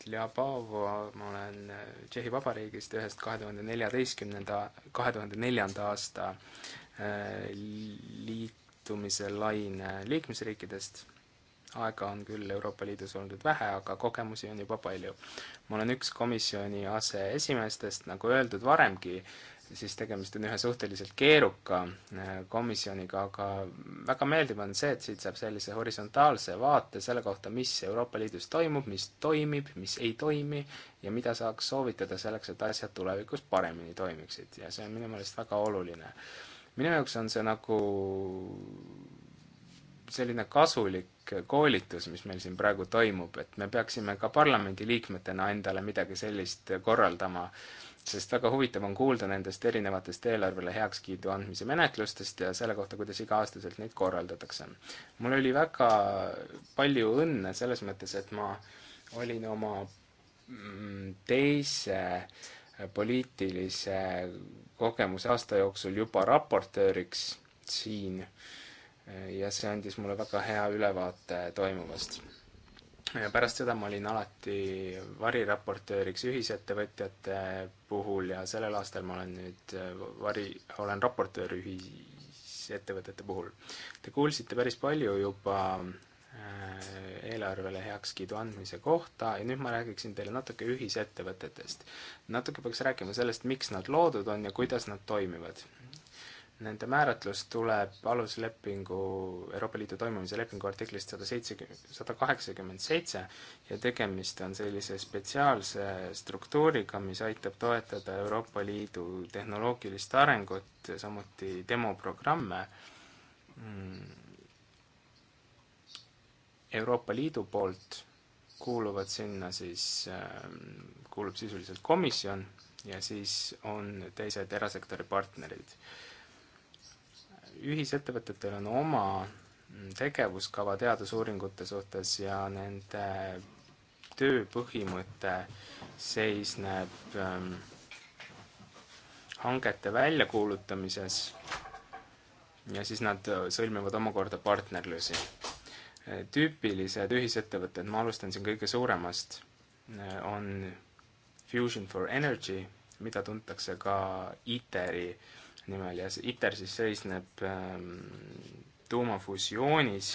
Tljabova, eh, ma olen eh, Tšehhi Vabariigist ühest kahe tuhande neljateistkümnenda, kahe tuhande neljanda aasta liitumise laine liikmesriikidest aega on küll Euroopa Liidus olnud vähe, aga kogemusi on juba palju. ma olen üks komisjoni aseesimeestest, nagu öeldud varemgi, siis tegemist on ühe suhteliselt keeruka äh, komisjoniga, aga väga meeldiv on see, et siit saab sellise horisontaalse vaate selle kohta, mis Euroopa Liidus toimub, mis toimib, mis ei toimi ja mida saaks soovitada selleks, et asjad tulevikus paremini toimiksid ja see on minu meelest väga oluline. minu jaoks on see nagu selline kasulik koolitus, mis meil siin praegu toimub, et me peaksime ka parlamendiliikmetena endale midagi sellist korraldama, sest väga huvitav on kuulda nendest erinevatest eelarvele heakskiidu andmise menetlustest ja selle kohta, kuidas iga-aastaselt neid korraldatakse. mul oli väga palju õnne selles mõttes, et ma olin oma mm, teise poliitilise kogemuse aasta jooksul juba raportööriks siin äh, ja see andis mulle väga hea ülevaate toimuvast. ja pärast seda ma olin alati variraportööriks ühisettevõtjate puhul ja sellel aastal ma olen nüüd äh, vari, olen raportöör ühisettevõtete puhul. Te kuulsite päris palju juba äh, eelarvele heakskiidu andmise kohta ja nüüd ma räägiksin teile natuke ühisettevõtetest. natuke peaks rääkima sellest, miks nad loodud on ja kuidas nad toimivad Nende määratlus tuleb aluslepingu, Euroopa Liidu toimimise lepingu artiklist sada seitsekümmend, sada kaheksakümmend seitse ja tegemist on sellise spetsiaalse struktuuriga, mis aitab toetada Euroopa Liidu tehnoloogilist arengut, samuti demoprogramme mm. Euroopa Liidu poolt kuuluvad sinna siis, kuulub sisuliselt komisjon ja siis on teised erasektori partnerid ühisettevõtetel on oma tegevuskava teadusuuringute suhtes ja nende töö põhimõte seisneb ähm, hangete väljakuulutamises ja siis nad sõlmivad omakorda partnerlusi. tüüpilised ühisettevõtted, ma alustan siin kõige suuremast, äh, on Fusion for Energy, mida tuntakse ka ITER-i äh, nimel ja see ITER siis seisneb ähm, tuumafusioonis.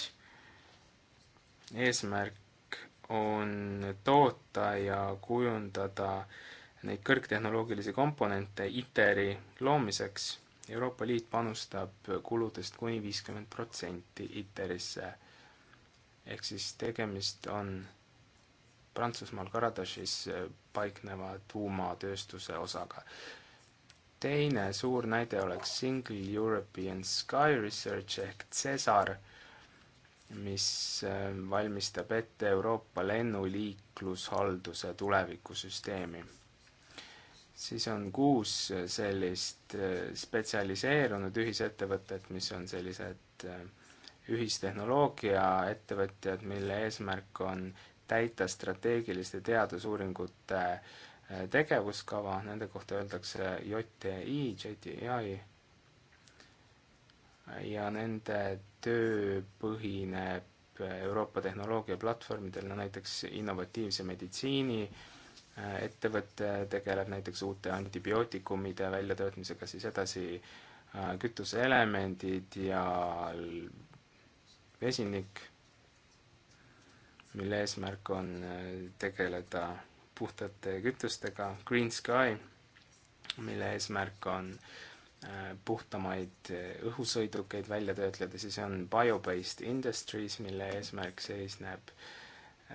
eesmärk on toota ja kujundada neid kõrgtehnoloogilisi komponente ITER-i loomiseks. Euroopa Liit panustab kuludest kuni viiskümmend protsenti ITER-isse. ehk siis tegemist on Prantsusmaal Karadashis paikneva tuumatööstuse osaga teine suur näide oleks Single European Sky Research ehk CESAR, mis äh, valmistab ette Euroopa lennuliiklushalduse tulevikusüsteemi. siis on kuus sellist äh, spetsialiseerunud ühisettevõtet, mis on sellised äh, ühistehnoloogia ettevõtjad, mille eesmärk on täita strateegiliste teadusuuringute äh, tegevuskava, nende kohta öeldakse JTI, JTI, ja nende töö põhineb Euroopa tehnoloogiaplatvormidel, no näiteks innovatiivse meditsiini äh, ettevõte tegeleb näiteks uute antibiootikumide väljatöötmisega, siis edasi äh, kütuseelemendid ja vesinik, mille eesmärk on äh, tegeleda puhtate kütustega, Green Sky, mille eesmärk on äh, puhtamaid äh, õhusõidukeid välja töötleda, siis on Biobased Industries, mille eesmärk seisneb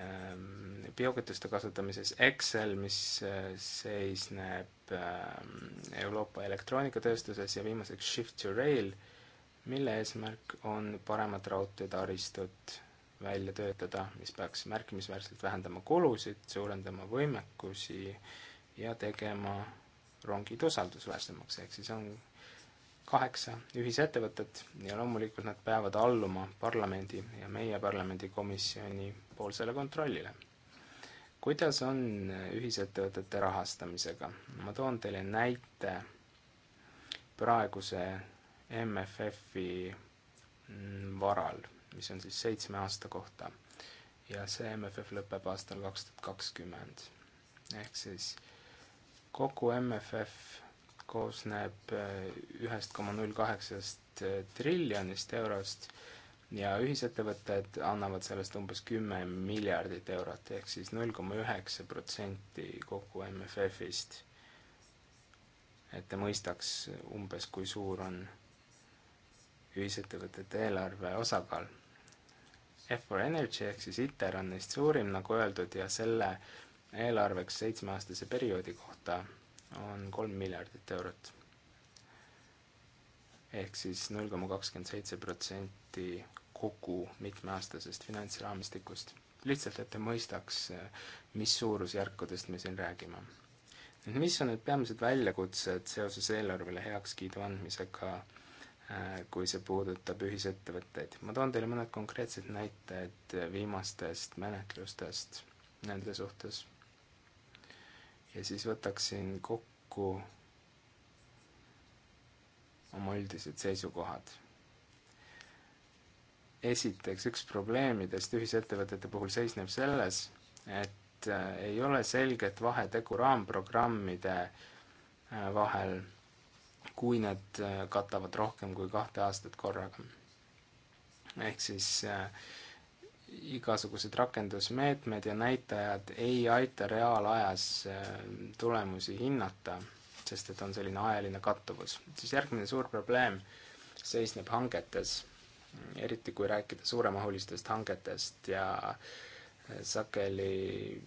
ähm, biokütuste kasutamises, Excel, mis äh, seisneb ähm, Euroopa elektroonikatööstuses ja viimaseks Shift to Rail, mille eesmärk on paremat raudteetaristut välja töötada, mis peaks märkimisväärselt vähendama kulusid, suurendama võimekusi ja tegema rongid usaldusväärsemaks, ehk siis on kaheksa ühisettevõtet ja loomulikult nad peavad alluma parlamendi ja meie parlamendikomisjoni poolsele kontrollile. kuidas on ühisettevõtete rahastamisega? ma toon teile näite praeguse MFF-i varal mis on siis seitsme aasta kohta. ja see MFF lõpeb aastal kaks tuhat kakskümmend. ehk siis kogu MFF koosneb äh, ühest koma null kaheksast äh, triljonist eurost ja ühisettevõtted annavad sellest umbes kümme miljardit eurot, ehk siis null koma üheksa protsenti kogu MFF-ist. et ta mõistaks umbes, kui suur on ühisettevõtete eelarve osakaal F4 Energy ehk siis ITER on neist suurim, nagu öeldud, ja selle eelarveks seitsmeaastase perioodi kohta on kolm miljardit eurot. ehk siis null koma kakskümmend seitse protsenti kogu mitmeaastasest finantsraamistikust. lihtsalt, et te mõistaks, mis suurusjärkudest me siin räägime. mis on need peamised väljakutsed seoses eelarvele heakskiidu andmisega Äh, kui see puudutab ühisettevõtteid. ma toon teile mõned konkreetsed näited viimastest menetlustest nende suhtes. ja siis võtaksin kokku oma üldised seisukohad. esiteks, üks probleemidest ühisettevõtete puhul seisneb selles, et äh, ei ole selget vahetegu raamprogrammide äh, vahel kui need äh, katavad rohkem kui kahte aastat korraga. ehk siis äh, igasugused rakendusmeetmed ja näitajad ei aita reaalajas äh, tulemusi hinnata, sest et on selline ajaline kattuvus. siis järgmine suur probleem seisneb hangetes, eriti kui rääkida suuremahulistest hangetest ja äh, sageli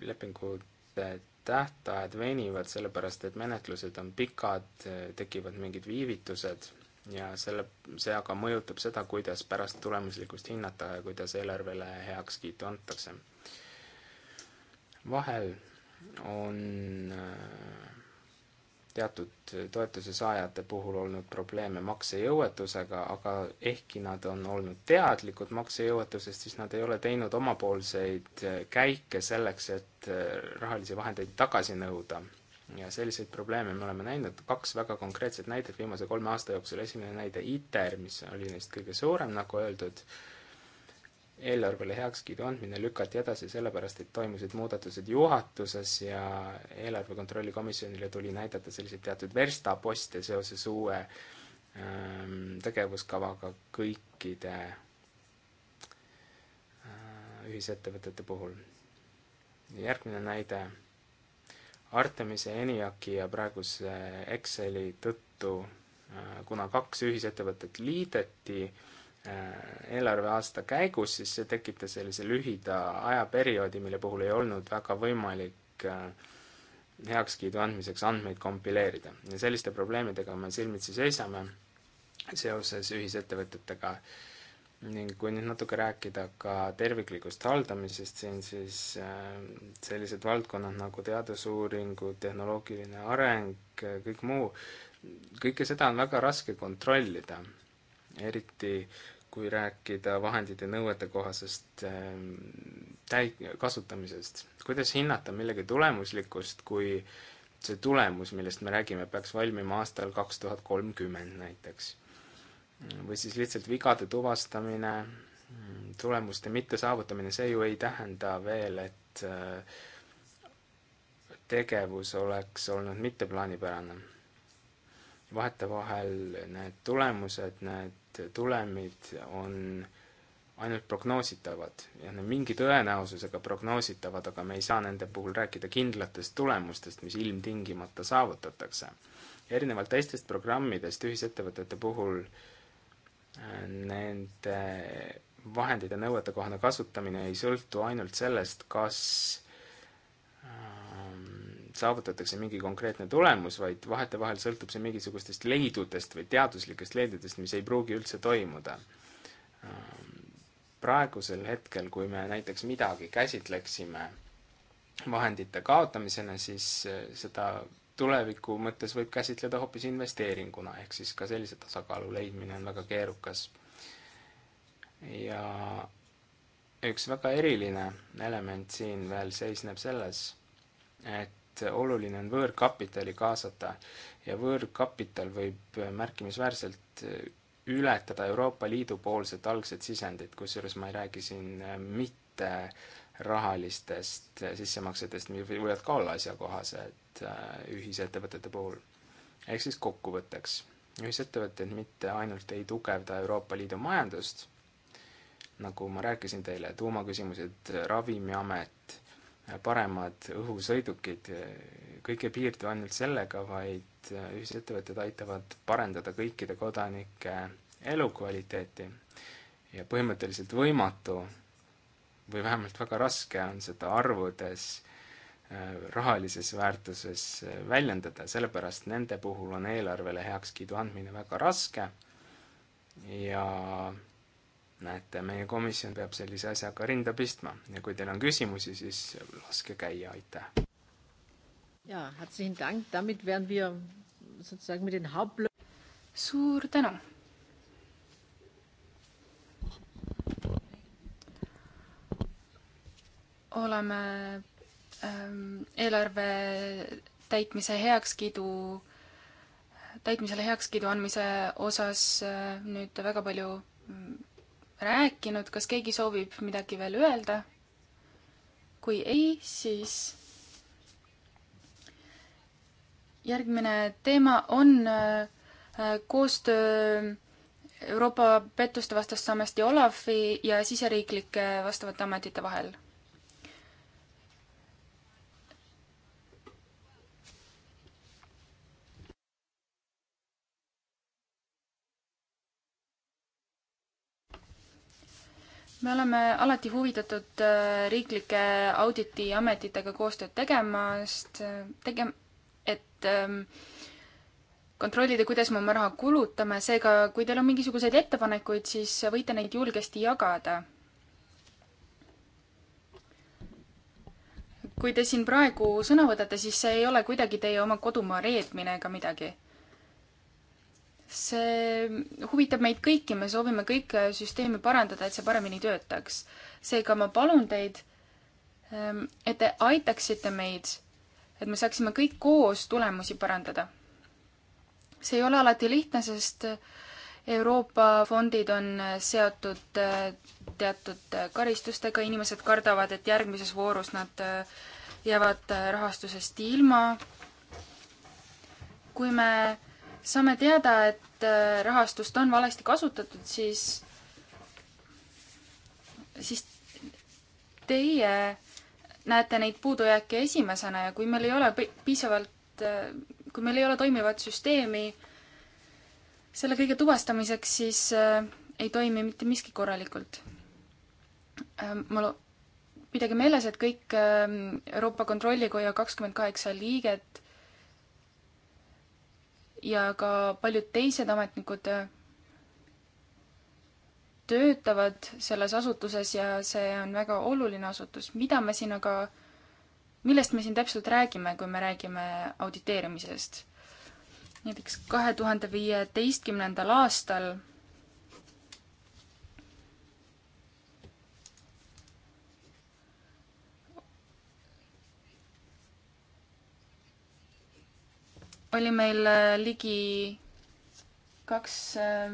lepingute tähtajad venivad, sellepärast et menetlused on pikad, tekivad mingid viivitused ja selle, see aga mõjutab seda, kuidas pärast tulemuslikkust hinnata ja kuidas eelarvele heakskiitu antakse. vahel on äh, teatud toetuse saajate puhul olnud probleeme maksejõuetusega, aga ehkki nad on olnud teadlikud maksejõuetusest, siis nad ei ole teinud omapoolseid käike selleks, et rahalisi vahendeid tagasi nõuda. ja selliseid probleeme me oleme näinud, kaks väga konkreetset näidet viimase kolme aasta jooksul, esimene näide ITER, mis oli neist kõige suurem, nagu öeldud, eelarvele heakskiidu andmine lükati edasi sellepärast, et toimusid muudatused juhatuses ja eelarve kontrolli komisjonile tuli näidata selliseid teatud verstaposte seoses uue ähm, tegevuskavaga kõikide äh, ühisettevõtete puhul. järgmine näide. Artemise, ENIAC-i ja praeguse Exceli tõttu äh,, kuna kaks ühisettevõtet liideti äh,, Äh, eelarveaasta käigus, siis see tekitas sellise lühida ajaperioodi, mille puhul ei olnud väga võimalik äh, heakskiidu andmiseks andmeid kompileerida. ja selliste probleemidega me silmitsi seisame seoses ühisettevõtetega. ning kui nüüd natuke rääkida ka terviklikust haldamisest siin, siis äh, sellised valdkonnad nagu teadusuuringud, tehnoloogiline areng, kõik muu, kõike seda on väga raske kontrollida eriti kui rääkida vahendite nõuetekohasest ähm, täi-, kasutamisest. kuidas hinnata millegi tulemuslikkust, kui see tulemus, millest me räägime, peaks valmima aastal kaks tuhat kolmkümmend näiteks? või siis lihtsalt vigade tuvastamine, mm, tulemuste mittesaavutamine, see ju ei tähenda veel, et äh, tegevus oleks olnud mitteplaanipärane. vahetevahel need tulemused, need tulemid on ainult prognoositavad ja need mingi tõenäosusega prognoositavad, aga me ei saa nende puhul rääkida kindlatest tulemustest, mis ilmtingimata saavutatakse. erinevalt teistest programmidest ühisettevõtete puhul äh, nende vahendite nõuetekohane kasutamine ei sõltu ainult sellest, kas äh, saavutatakse mingi konkreetne tulemus, vaid vahetevahel sõltub see mingisugustest leidudest või teaduslikest leidudest, mis ei pruugi üldse toimuda. Ähm, praegusel hetkel, kui me näiteks midagi käsitleksime vahendite kaotamisena, siis äh, seda tuleviku mõttes võib käsitleda hoopis investeeringuna, ehk siis ka sellise tasakaalu leidmine on väga keerukas. ja üks väga eriline element siin veel seisneb selles, et et oluline on võõrkapitali kaasata ja võõrkapital võib märkimisväärselt ületada Euroopa Liidu poolset algset sisendit, kusjuures ma ei räägi siin mitte rahalistest sissemaksetest, mis võivad ka olla asjakohased äh, ühisettevõtete puhul. ehk siis kokkuvõtteks, ühisettevõtted mitte ainult ei tugevda Euroopa Liidu majandust, nagu ma rääkisin teile, tuumaküsimused, Ravimiamet paremad õhusõidukid, kõik ei piirdu ainult sellega, vaid äh, ühisettevõtted aitavad parendada kõikide kodanike elukvaliteeti. ja põhimõtteliselt võimatu või vähemalt väga raske on seda arvudes, äh, rahalises väärtuses äh, väljendada, sellepärast nende puhul on eelarvele heakskiidu andmine väga raske ja näete, meie komisjon peab sellise asjaga rinda pistma ja kui teil on küsimusi, siis laske käia, aitäh. ja, suur tänu. oleme ähm, eelarve täitmise heakskiidu täitmisele heakskiidu andmise osas äh, nüüd väga palju mm, rääkinud, kas keegi soovib midagi veel öelda? kui ei, siis järgmine teema on äh, koostöö Euroopa pettuste vastast sammest ja Olafi ja siseriiklike vastavate ametite vahel me oleme alati huvitatud äh, riiklike auditiametitega koostööd tegemast, äh, tegem-, et ähm, kontrollida, kuidas me oma raha kulutame, seega kui teil on mingisuguseid ettepanekuid, siis võite neid julgesti jagada kui te siin praegu sõna võtate, siis see ei ole kuidagi teie oma kodumaa reetmine ega midagi see huvitab meid kõiki, me soovime kõike süsteemi parandada, et see paremini töötaks. seega ma palun teid, ehm, et te aitaksite meid, et me saaksime kõik koos tulemusi parandada. see ei ole alati lihtne, sest Euroopa fondid on seotud eh, teatud karistustega, inimesed kardavad, et järgmises voorus nad eh, jäävad eh, rahastusest ilma. kui me saame teada, et äh, rahastust on valesti kasutatud, siis, siis teie näete neid puudujääke esimesena ja kui meil ei ole piisavalt, äh, kui meil ei ole toimivat süsteemi selle kõige tuvastamiseks, siis äh, ei toimi mitte miski korralikult. ma lo-, pidage meeles, et kõik ähm, Euroopa Kontrollikoja kakskümmend kaheksa liiget ja ka paljud teised ametnikud äh, töötavad selles asutuses ja see on väga oluline asutus. mida me siin aga, millest me siin täpselt räägime, kui me räägime auditeerimisest? näiteks kahe tuhande viieteistkümnendal aastal oli meil äh, ligi kaks äh,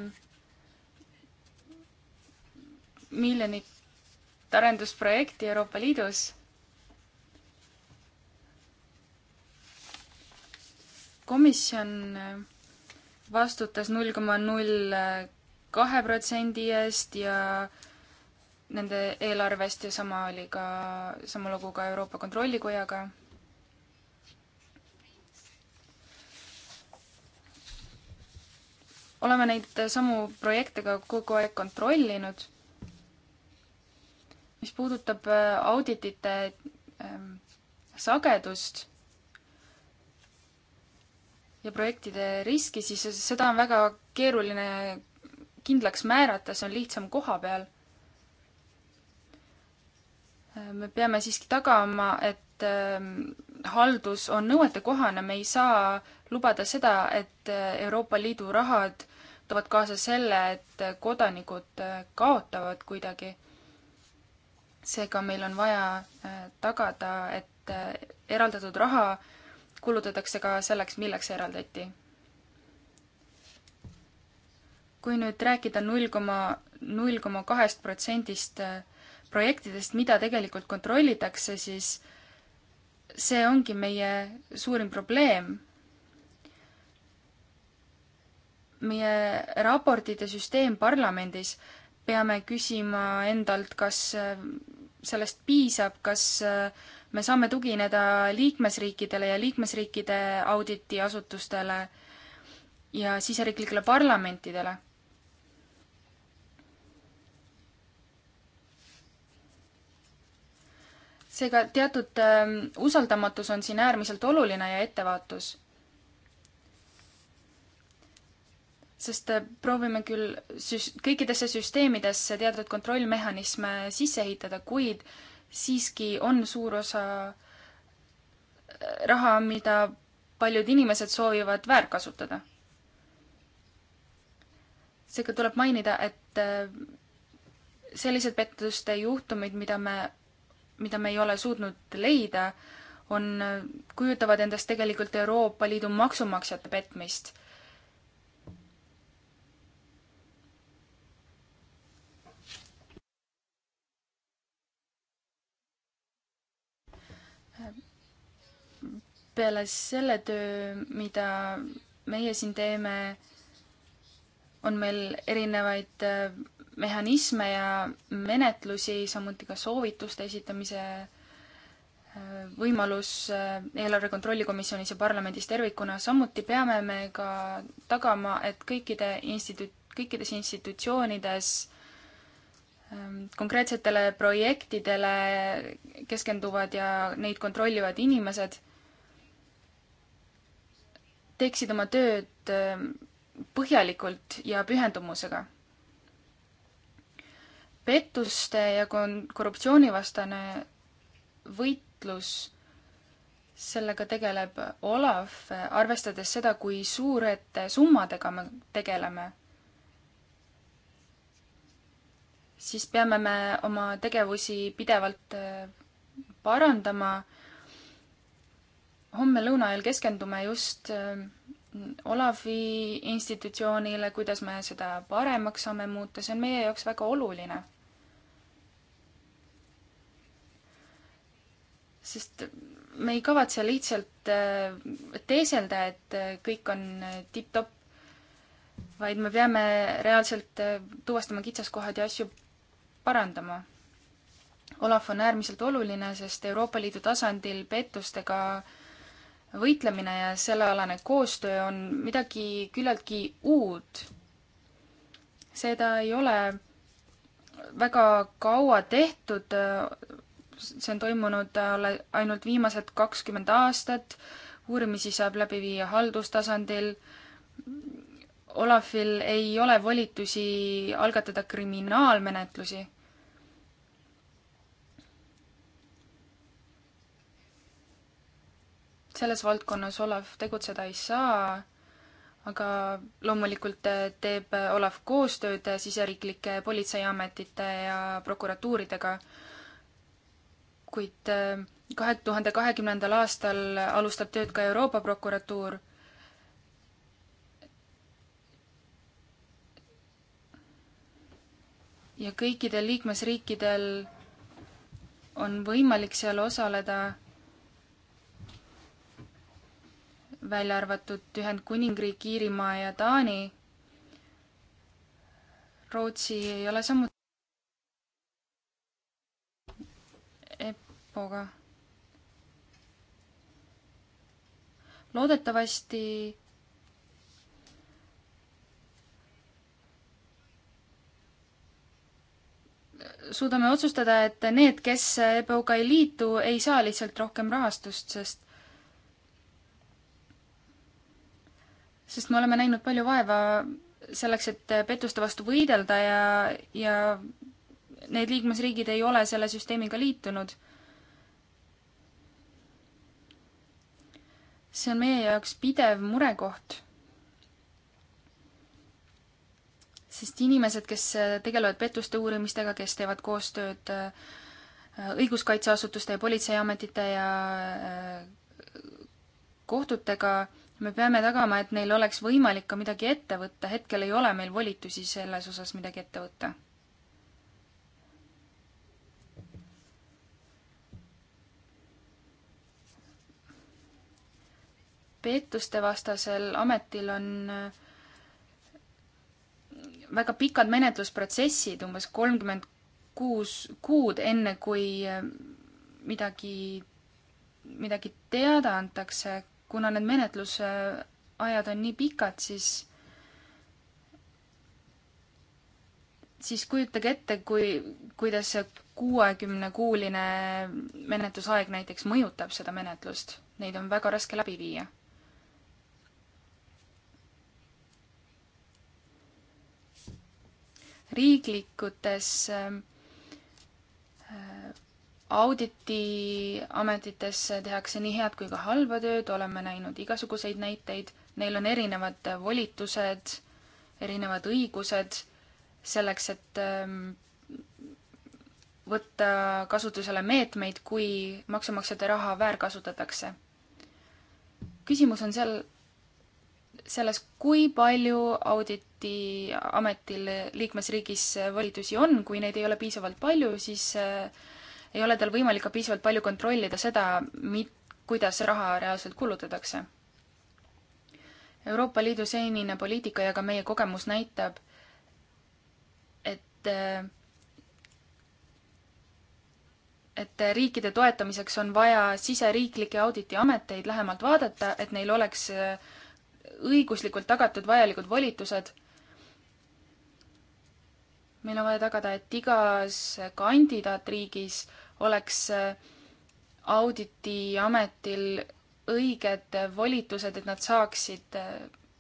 miljonit arendusprojekti Euroopa Liidus. komisjon äh, vastutas null koma null kahe protsendi eest ja nende eelarvest ja sama oli ka, sama lugu ka Euroopa Kontrollikojaga oleme neid samu projekte ka kogu aeg kontrollinud. mis puudutab äh, auditite ähm, sagedust ja projektide riski, siis seda on väga keeruline kindlaks määrata, see on lihtsam koha peal. Äh, me peame siiski tagama, et ähm, haldus on nõuetekohane, me ei saa lubada seda, et äh, Euroopa Liidu rahad toovad kaasa selle, et äh, kodanikud äh, kaotavad kuidagi. seega meil on vaja tagada, et eraldatud raha kulutatakse ka selleks, milleks eraldati. kui nüüd rääkida null koma, null koma kahest protsendist projektidest, mida tegelikult kontrollitakse, siis see ongi meie suurim probleem meie raportide süsteem parlamendis, peame küsima endalt, kas äh, sellest piisab, kas äh, me saame tugineda liikmesriikidele ja liikmesriikide auditiasutustele ja siseriiklikele parlamentidele seega teatud äh, usaldamatus on siin äärmiselt oluline ja ettevaatus. sest äh, proovime küll süs-, kõikidesse süsteemidesse teatud kontrollmehhanisme sisse ehitada, kuid siiski on suur osa äh, raha, mida paljud inimesed soovivad väärkasutada. seega tuleb mainida, et äh, sellised pettuste juhtumid, mida me, mida me ei ole suutnud leida, on, kujutavad endast tegelikult Euroopa Liidu maksumaksjate petmist peale selle töö, mida meie siin teeme, on meil erinevaid äh, mehhanisme ja menetlusi, samuti ka soovituste esitamise äh, võimalus äh, eelarve kontrolli komisjonis ja parlamendis tervikuna. samuti peame me ka tagama, et kõikide instituut, kõikides institutsioonides ähm, konkreetsetele projektidele keskenduvad ja neid kontrollivad inimesed teeksid oma tööd ähm, põhjalikult ja pühendumusega. pettuste ja korruptsioonivastane võitlus, sellega tegeleb Olav, arvestades seda, kui suurete summadega me tegeleme, siis peame me oma tegevusi pidevalt äh, parandama homme lõuna ajal keskendume just äh, Olavi institutsioonile, kuidas me seda paremaks saame muuta, see on meie jaoks väga oluline. sest me ei kavatse lihtsalt äh, teeselda, et äh, kõik on tipp-topp, vaid me peame reaalselt tuvastama kitsaskohad ja asju parandama. Olav on äärmiselt oluline, sest Euroopa Liidu tasandil pettustega äh, võitlemine ja sellealane koostöö on midagi küllaltki uut. seda ei ole väga kaua tehtud, see on toimunud ainult viimased kakskümmend aastat, uurimisi saab läbi viia haldustasandil, Olafil ei ole volitusi algatada kriminaalmenetlusi selles valdkonnas Olav tegutseda ei saa, aga loomulikult eh, teeb eh, Olav koostööd eh, siseriiklike politseiametite ja prokuratuuridega, kuid kahe tuhande kahekümnendal aastal alustab tööd ka Euroopa prokuratuur. ja kõikidel liikmesriikidel on võimalik seal osaleda välja arvatud Ühendkuningriik, Iirimaa ja Taani. Rootsi ei ole samuti EPPO-ga. loodetavasti suudame otsustada, et need, kes EPO-ga ei liitu, ei saa lihtsalt rohkem rahastust, sest sest me oleme näinud palju vaeva selleks, et pettuste vastu võidelda ja, ja need liikmesriigid ei ole selle süsteemiga liitunud. see on meie jaoks pidev murekoht. sest inimesed, kes tegelevad pettuste uurimistega, kes teevad koostööd äh, õiguskaitseasutuste ja politseiametite ja äh, kohtutega, me peame tagama, et neil oleks võimalik ka midagi ette võtta, hetkel ei ole meil volitusi selles osas midagi ette võtta. peetuste vastasel ametil on äh, väga pikad menetlusprotsessid, umbes kolmkümmend kuus kuud, enne kui äh, midagi, midagi teada antakse kuna need menetluse ajad on nii pikad, siis, siis kujutage ette, kui, kuidas see kuuekümnekuuline menetlusaeg näiteks mõjutab seda menetlust. Neid on väga raske läbi viia riiklikutes ähm, auditiametites tehakse nii head kui ka halba tööd, oleme näinud igasuguseid näiteid, neil on erinevad volitused, erinevad õigused selleks, et ähm, võtta kasutusele meetmeid, kui maksumaksjate raha väärkasutatakse. küsimus on seal, selles, kui palju auditiametil liikmesriigis volitusi on, kui neid ei ole piisavalt palju, siis äh, ei ole tal võimalik ka piisavalt palju kontrollida seda, mi-, kuidas raha reaalselt kulutatakse. Euroopa Liidu senine poliitika ja ka meie kogemus näitab, et et riikide toetamiseks on vaja siseriiklikke auditiameteid lähemalt vaadata, et neil oleks õiguslikult tagatud vajalikud volitused meil on vaja tagada, et igas kandidaatriigis oleks äh, auditiametil õiged volitused, et nad saaksid äh,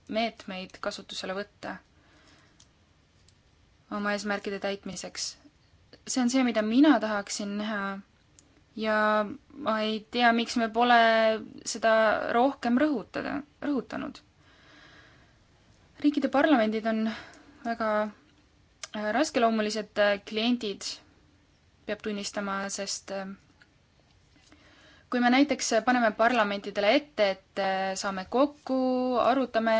meetmeid kasutusele võtta oma eesmärkide täitmiseks. see on see, mida mina tahaksin näha ja ma ei tea, miks me pole seda rohkem rõhutada, rõhutanud. riikide parlamendid on väga Äh, raskeloomulised äh, kliendid, peab tunnistama, sest äh, kui me näiteks paneme parlamentidele ette, et saame kokku, arutame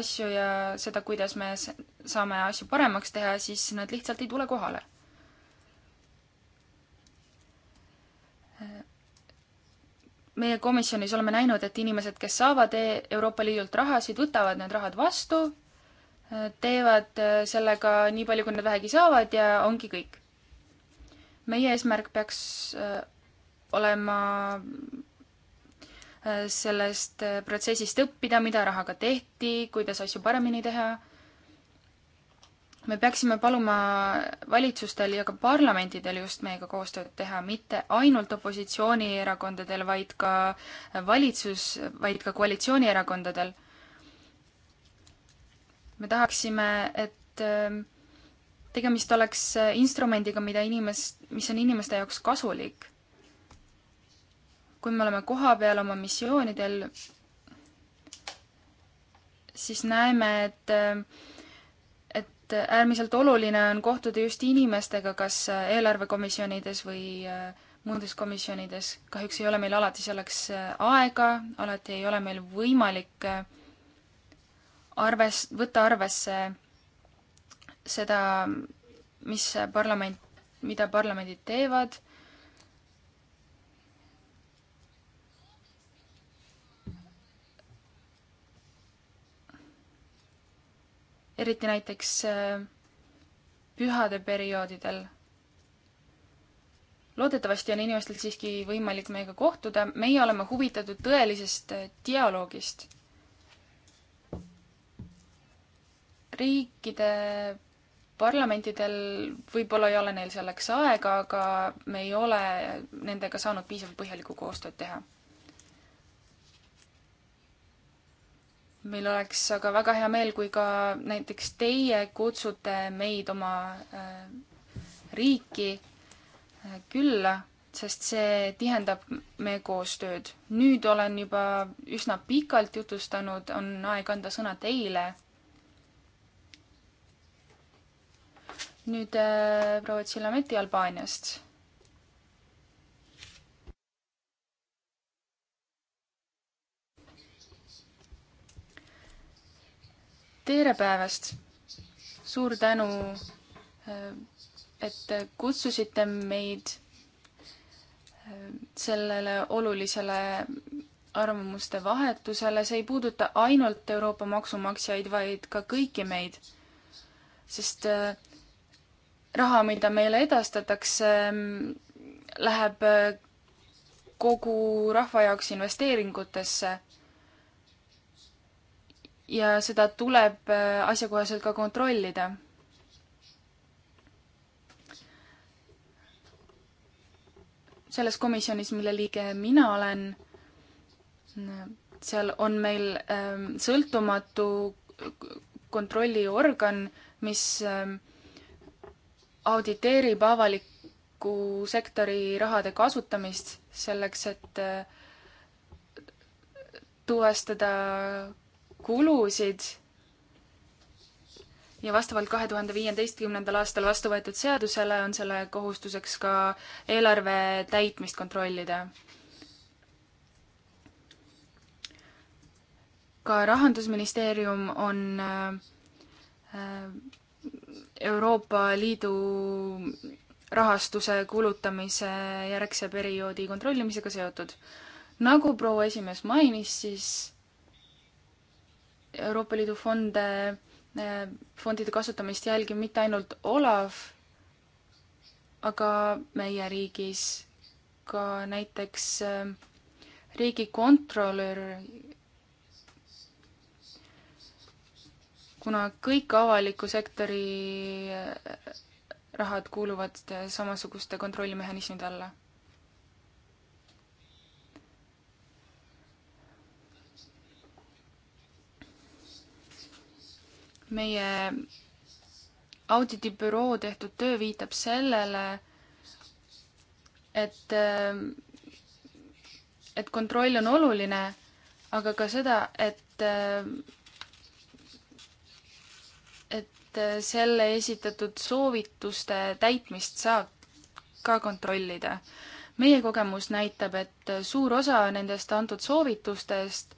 asju ja seda, kuidas me saame asju paremaks teha, siis nad lihtsalt ei tule kohale. meie komisjonis oleme näinud, et inimesed, kes saavad e, Euroopa Liidult rahasid, võtavad need rahad vastu teevad äh, sellega nii palju, kui nad vähegi saavad ja ongi kõik. meie eesmärk peaks äh, olema äh, sellest protsessist õppida, mida rahaga tehti, kuidas asju paremini teha. me peaksime paluma valitsustel ja ka parlamentidel just meiega koostööd teha, mitte ainult opositsioonierakondadel, vaid ka valitsus, vaid ka koalitsioonierakondadel me tahaksime, et ähm, tegemist oleks äh, instrumendiga, mida inimes-, mis on inimeste jaoks kasulik. kui me oleme kohapeal oma missioonidel, siis näeme, et, ähm, et äärmiselt oluline on kohtuda just inimestega, kas äh, eelarvekomisjonides või äh, muudes komisjonides. kahjuks ei ole meil alati selleks aega, alati ei ole meil võimalik arves, võtta arvesse seda, mis parlament, mida parlamendid teevad. eriti näiteks äh, pühade perioodidel. loodetavasti on inimestel siiski võimalik meiega kohtuda, meie oleme huvitatud tõelisest äh, dialoogist riikide parlamentidel võib-olla ei ole neil selleks aega, aga me ei ole nendega saanud piisavalt põhjalikku koostööd teha. meil oleks aga väga hea meel, kui ka näiteks teie kutsute meid oma äh, riiki äh, külla, sest see tihendab meie koostööd. nüüd olen juba üsna pikalt jutustanud, on aeg anda sõna teile nüüd äh, proua Tsillameti Albaaniast. tere päevast! suur tänu äh,, et kutsusite meid äh, sellele olulisele arvamuste vahetusele, see ei puuduta ainult Euroopa maksumaksjaid, vaid ka kõiki meid. sest äh, raha, mida meile edastatakse, läheb kogu rahva jaoks investeeringutesse. ja seda tuleb äh, asjakohaselt ka kontrollida. selles komisjonis, mille liige mina olen, seal on meil ähm, sõltumatu kontrolliorgan, mis ähm, auditeerib avaliku sektori rahade kasutamist selleks, et äh, tuvastada kulusid ja vastavalt kahe tuhande viieteistkümnendal aastal vastu võetud seadusele on selle kohustuseks ka eelarve täitmist kontrollida. ka Rahandusministeerium on äh, äh, Euroopa Liidu rahastuse kulutamise järgse perioodi kontrollimisega seotud. nagu proua esimees mainis, siis Euroopa Liidu fonde, fondide kasutamist jälgib mitte ainult Olav, aga meie riigis ka näiteks äh, riigikontrolör kuna kõik avaliku sektori eh, rahad kuuluvad samasuguste kontrollimehhanismide alla. meie auditibüroo tehtud töö viitab sellele, et, eh, et kontroll on oluline, aga ka seda, et eh, et selle esitatud soovituste täitmist saab ka kontrollida. meie kogemus näitab, et suur osa nendest antud soovitustest,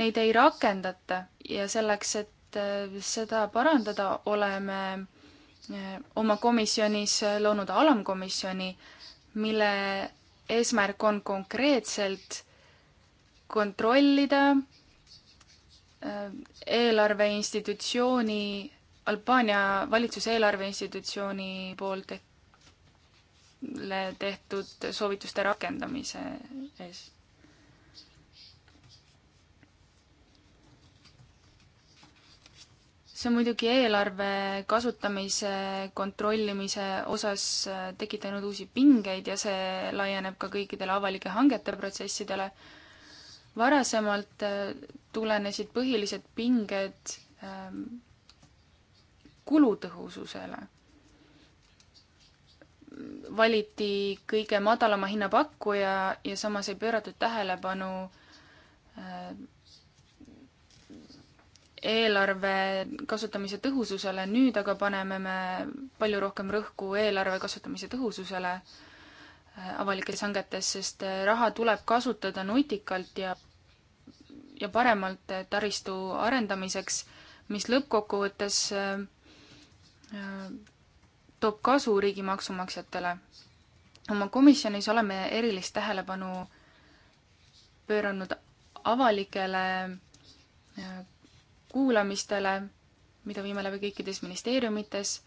neid ei rakendata ja selleks, et äh, seda parandada, oleme äh, oma komisjonis loonud alamkomisjoni, mille eesmärk on konkreetselt kontrollida eelarveinstitutsiooni, Albaania valitsuse eelarveinstitutsiooni poolt tehtud soovituste rakendamise ees. see on muidugi eelarve kasutamise kontrollimise osas äh, tekitanud uusi pingeid ja see laieneb ka kõikidele avalike hangete protsessidele varasemalt äh, tulenesid põhilised pinged ähm, kulutõhususele. valiti kõige madalama hinna pakkuja ja samas ei pööratud tähelepanu äh, eelarve kasutamise tõhususele, nüüd aga paneme me palju rohkem rõhku eelarve kasutamise tõhususele avalikes hangetes, sest äh, raha tuleb kasutada nutikalt ja, ja paremalt äh, taristu arendamiseks, mis lõppkokkuvõttes äh, toob kasu riigi maksumaksjatele. oma komisjonis oleme erilist tähelepanu pööranud avalikele kuulamistele, mida viime läbi kõikides ministeeriumites.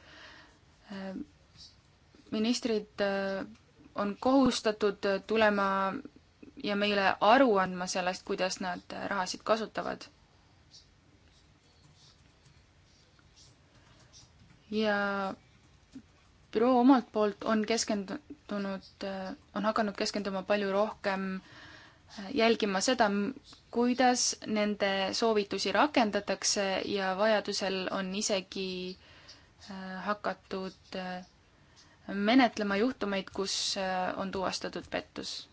ministrid on kohustatud tulema ja meile aru andma sellest, kuidas nad rahasid kasutavad. ja büroo omalt poolt on keskendunud, on hakanud keskenduma palju rohkem jälgima seda, kuidas nende soovitusi rakendatakse ja vajadusel on isegi äh, hakatud äh, menetlema juhtumeid, kus äh, on tuvastatud pettus.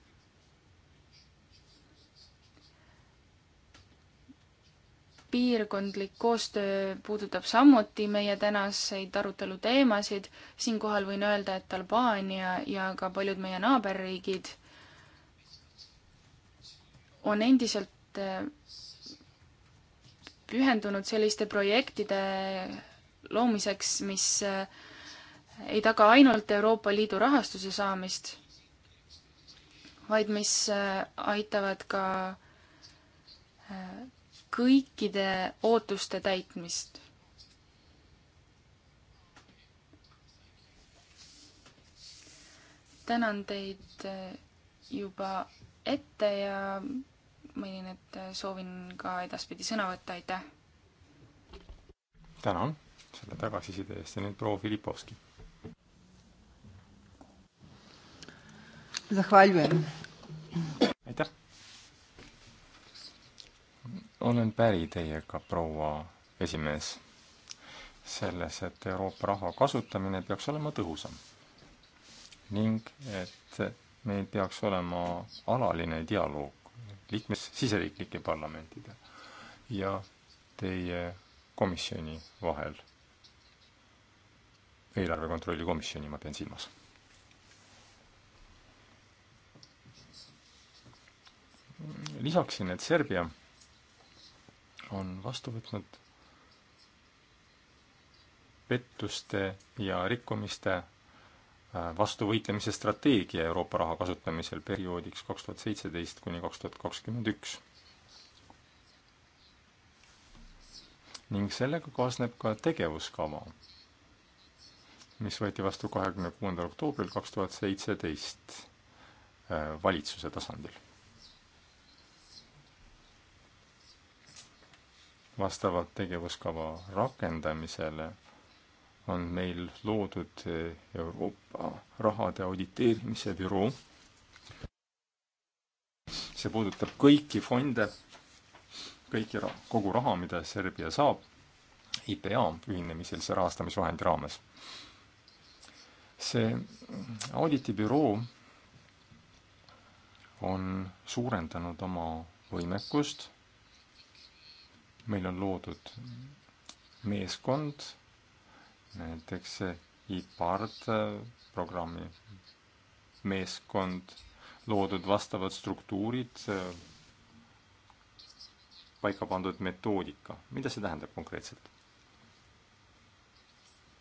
piirkondlik koostöö puudutab samuti meie tänaseid arutelu teemasid, siinkohal võin öelda, et Albaania ja ka paljud meie naaberriigid on endiselt äh, pühendunud selliste projektide loomiseks, mis äh, ei taga ainult Euroopa Liidu rahastuse saamist, vaid mis äh, aitavad ka äh, kõikide ootuste täitmist. tänan teid äh, juba ette ja mainin, et soovin ka edaspidi sõna võtta, aitäh! tänan selle tagasiside eest ja nüüd proua Filipovski Zahvaljujem. aitäh. olen päri teiega, proua esimees, selles, et Euroopa raha kasutamine peaks olema tõhusam ning et meil peaks olema alaline dialoog liikmes, siseriiklike parlamentide ja teie komisjoni vahel, eelarve kontrolli komisjoni ma pean silmas lisaksin, et Serbia on vastu võtnud pettuste ja rikkumiste äh, vastu võitlemise strateegia Euroopa raha kasutamisel perioodiks kaks tuhat seitseteist kuni kaks tuhat kakskümmend üks. ning sellega kaasneb ka tegevuskava, mis võeti vastu kahekümne kuuendal oktoobril kaks tuhat seitseteist äh, valitsuse tasandil vastavalt tegevuskava rakendamisele on meil loodud Euroopa rahade auditeerimise büroo. see puudutab kõiki fonde, kõiki, kogu raha, mida Serbia saab IPA ühinemisel see rahastamisvahendi raames. see auditibüroo on suurendanud oma võimekust meil on loodud meeskond, näiteks IPARD programmi meeskond, loodud vastavad struktuurid, äh, paika pandud metoodika. mida see tähendab konkreetselt?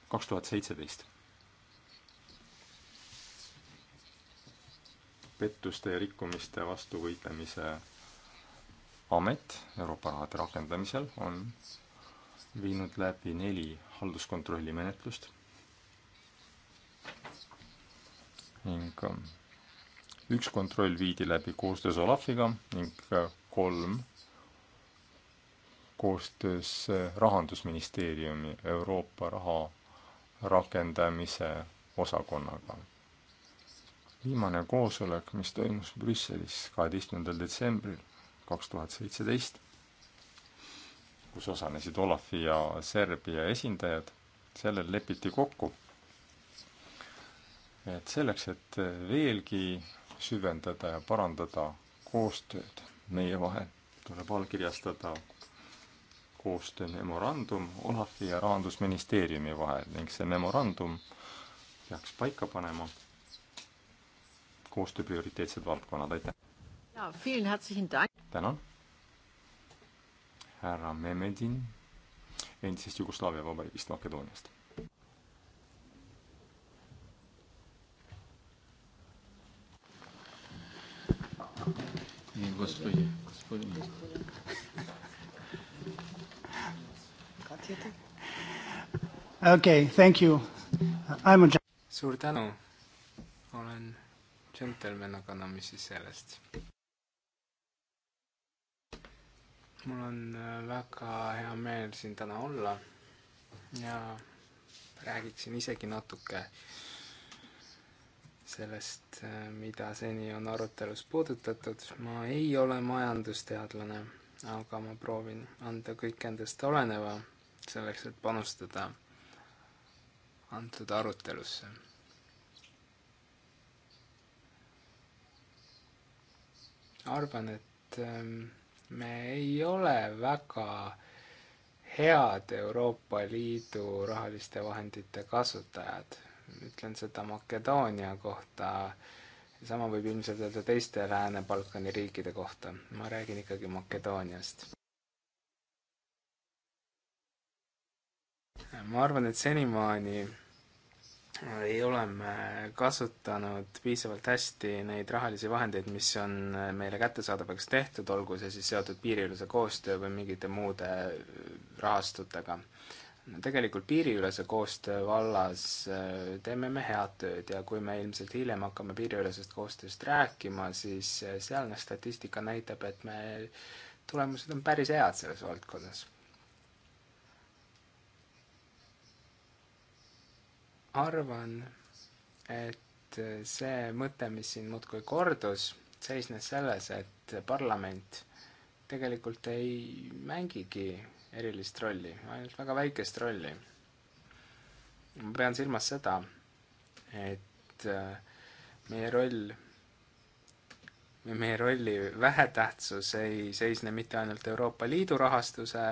kaks tuhat seitseteist. pettuste ja rikkumiste vastu võitlemise amet Euroopa rahade rakendamisel on viinud läbi neli halduskontrolli menetlust ning ähm, üks kontroll viidi läbi koostöös Olafiga ning äh, kolm koostöös äh, Rahandusministeeriumi Euroopa raha rakendamise osakonnaga. viimane koosolek, mis toimus Brüsselis kaheteistkümnendal detsembril, kaks tuhat seitseteist, kus osalesid Olafi ja Serbia esindajad, sellel lepiti kokku, et selleks, et veelgi süvendada ja parandada koostööd meie vahel, tuleb allkirjastada koostöömemorandum Olafi ja Rahandusministeeriumi vahel ning see memorandum peaks paika panema koostöö prioriteetsed valdkonnad, aitäh! tänan. härra Memedin endisest Jugoslaavia vabariigist Makedooniast. Господи, Господи. okei okay,, thank you. I m a. suur tänu. olen džentelmen, aga no mis siis sellest mul on äh, väga hea meel siin täna olla ja räägiksin isegi natuke sellest, äh, mida seni on arutelus puudutatud. ma ei ole majandusteadlane, aga ma proovin anda kõik endast oleneva selleks, et panustada antud arutelusse arvan, et ähm, me ei ole väga head Euroopa Liidu rahaliste vahendite kasutajad. ütlen seda Makedoonia kohta, sama võib ilmselt öelda teiste Lääne-Balkani riikide kohta. ma räägin ikkagi Makedooniast. ma arvan, et senimaani ei ole me kasutanud piisavalt hästi neid rahalisi vahendeid, mis on meile kättesaadavaks tehtud, olgu see siis seotud piiriülese koostöö või mingite muude rahastutega. tegelikult piiriülese koostöö vallas äh, teeme me head tööd ja kui me ilmselt hiljem hakkame piiriülesest koostööst rääkima, siis äh, sealne statistika näitab, et me, tulemused on päris head selles valdkonnas arvan, et see mõte, mis siin muudkui kordus, seisnes selles, et parlament tegelikult ei mängigi erilist rolli, ainult väga väikest rolli. ma pean silmas seda, et äh, meie roll meie rolli vähetähtsus ei seisne mitte ainult Euroopa Liidu rahastuse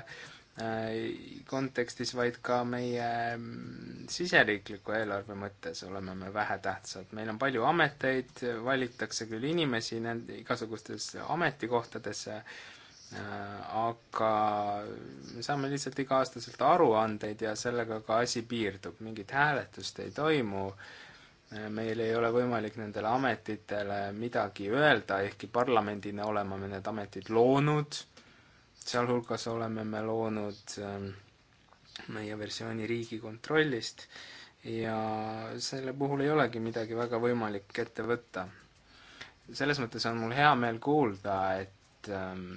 Äh, kontekstis, vaid ka meie mm, siseriikliku eelarve mõttes oleme me vähetähtsad. meil on palju ameteid, valitakse küll inimesi nende igasugustes ametikohtadesse, äh, aga me saame lihtsalt iga-aastaselt aruandeid ja sellega ka asi piirdub, mingit hääletust ei toimu, äh, meil ei ole võimalik nendele ametitele midagi öelda, ehkki parlamendina oleme me need ametid loonud sealhulgas oleme me loonud ähm, meie versiooni Riigikontrollist ja selle puhul ei olegi midagi väga võimalik ette võtta. selles mõttes on mul hea meel kuulda, et ähm,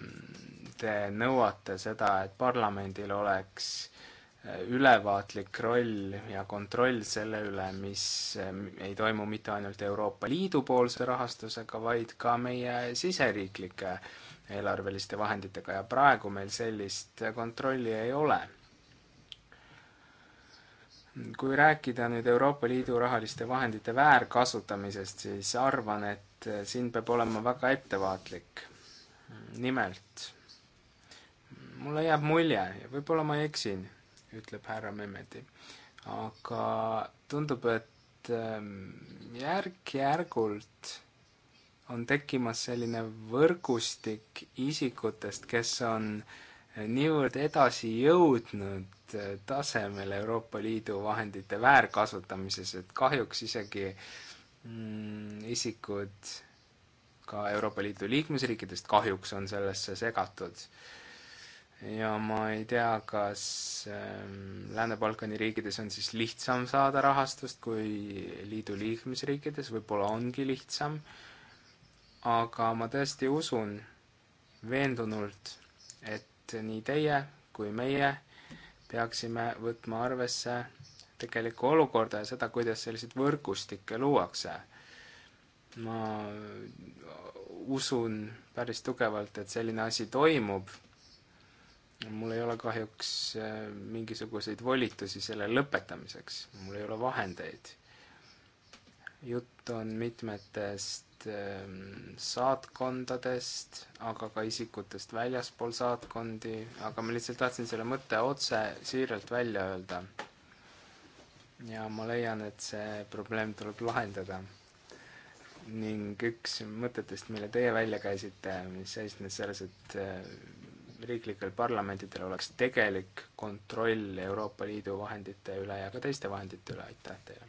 te nõuate seda, et parlamendil oleks äh, ülevaatlik roll ja kontroll selle üle, mis ähm, ei toimu mitte ainult Euroopa Liidu poolse rahastusega, vaid ka meie siseriiklike äh, eelarveliste vahenditega ja praegu meil sellist kontrolli ei ole. kui rääkida nüüd Euroopa Liidu rahaliste vahendite väärkasutamisest, siis arvan, et siin peab olema väga ettevaatlik. nimelt, mulle jääb mulje ja võib-olla ma eksin, ütleb härra Memmedi, aga tundub, et ähm, järk-järgult on tekkimas selline võrgustik isikutest, kes on eh, niivõrd edasi jõudnud eh, tasemel Euroopa Liidu vahendite väärkasutamises, et kahjuks isegi mm, isikud ka Euroopa Liidu liikmesriikidest kahjuks on sellesse segatud ja ma ei tea, kas ehm, Lääne-Balkani riikides on siis lihtsam saada rahastust kui liidu liikmesriikides, võib-olla ongi lihtsam, aga ma tõesti usun veendunult, et nii teie kui meie peaksime võtma arvesse tegelikku olukorda ja seda, kuidas selliseid võrgustikke luuakse. ma usun päris tugevalt, et selline asi toimub. mul ei ole kahjuks äh, mingisuguseid volitusi selle lõpetamiseks, mul ei ole vahendeid. jutt on mitmetest Ehm, saatkondadest, aga ka isikutest väljaspool saatkondi, aga ma lihtsalt tahtsin selle mõtte otse siiralt välja öelda. ja ma leian, et see probleem tuleb lahendada. ning üks mõtetest, mille teie välja käisite, mis seisnes selles, et ehm, riiklikel parlamentidel oleks tegelik kontroll Euroopa Liidu vahendite üle ja ka teiste vahendite üle, aitäh teile!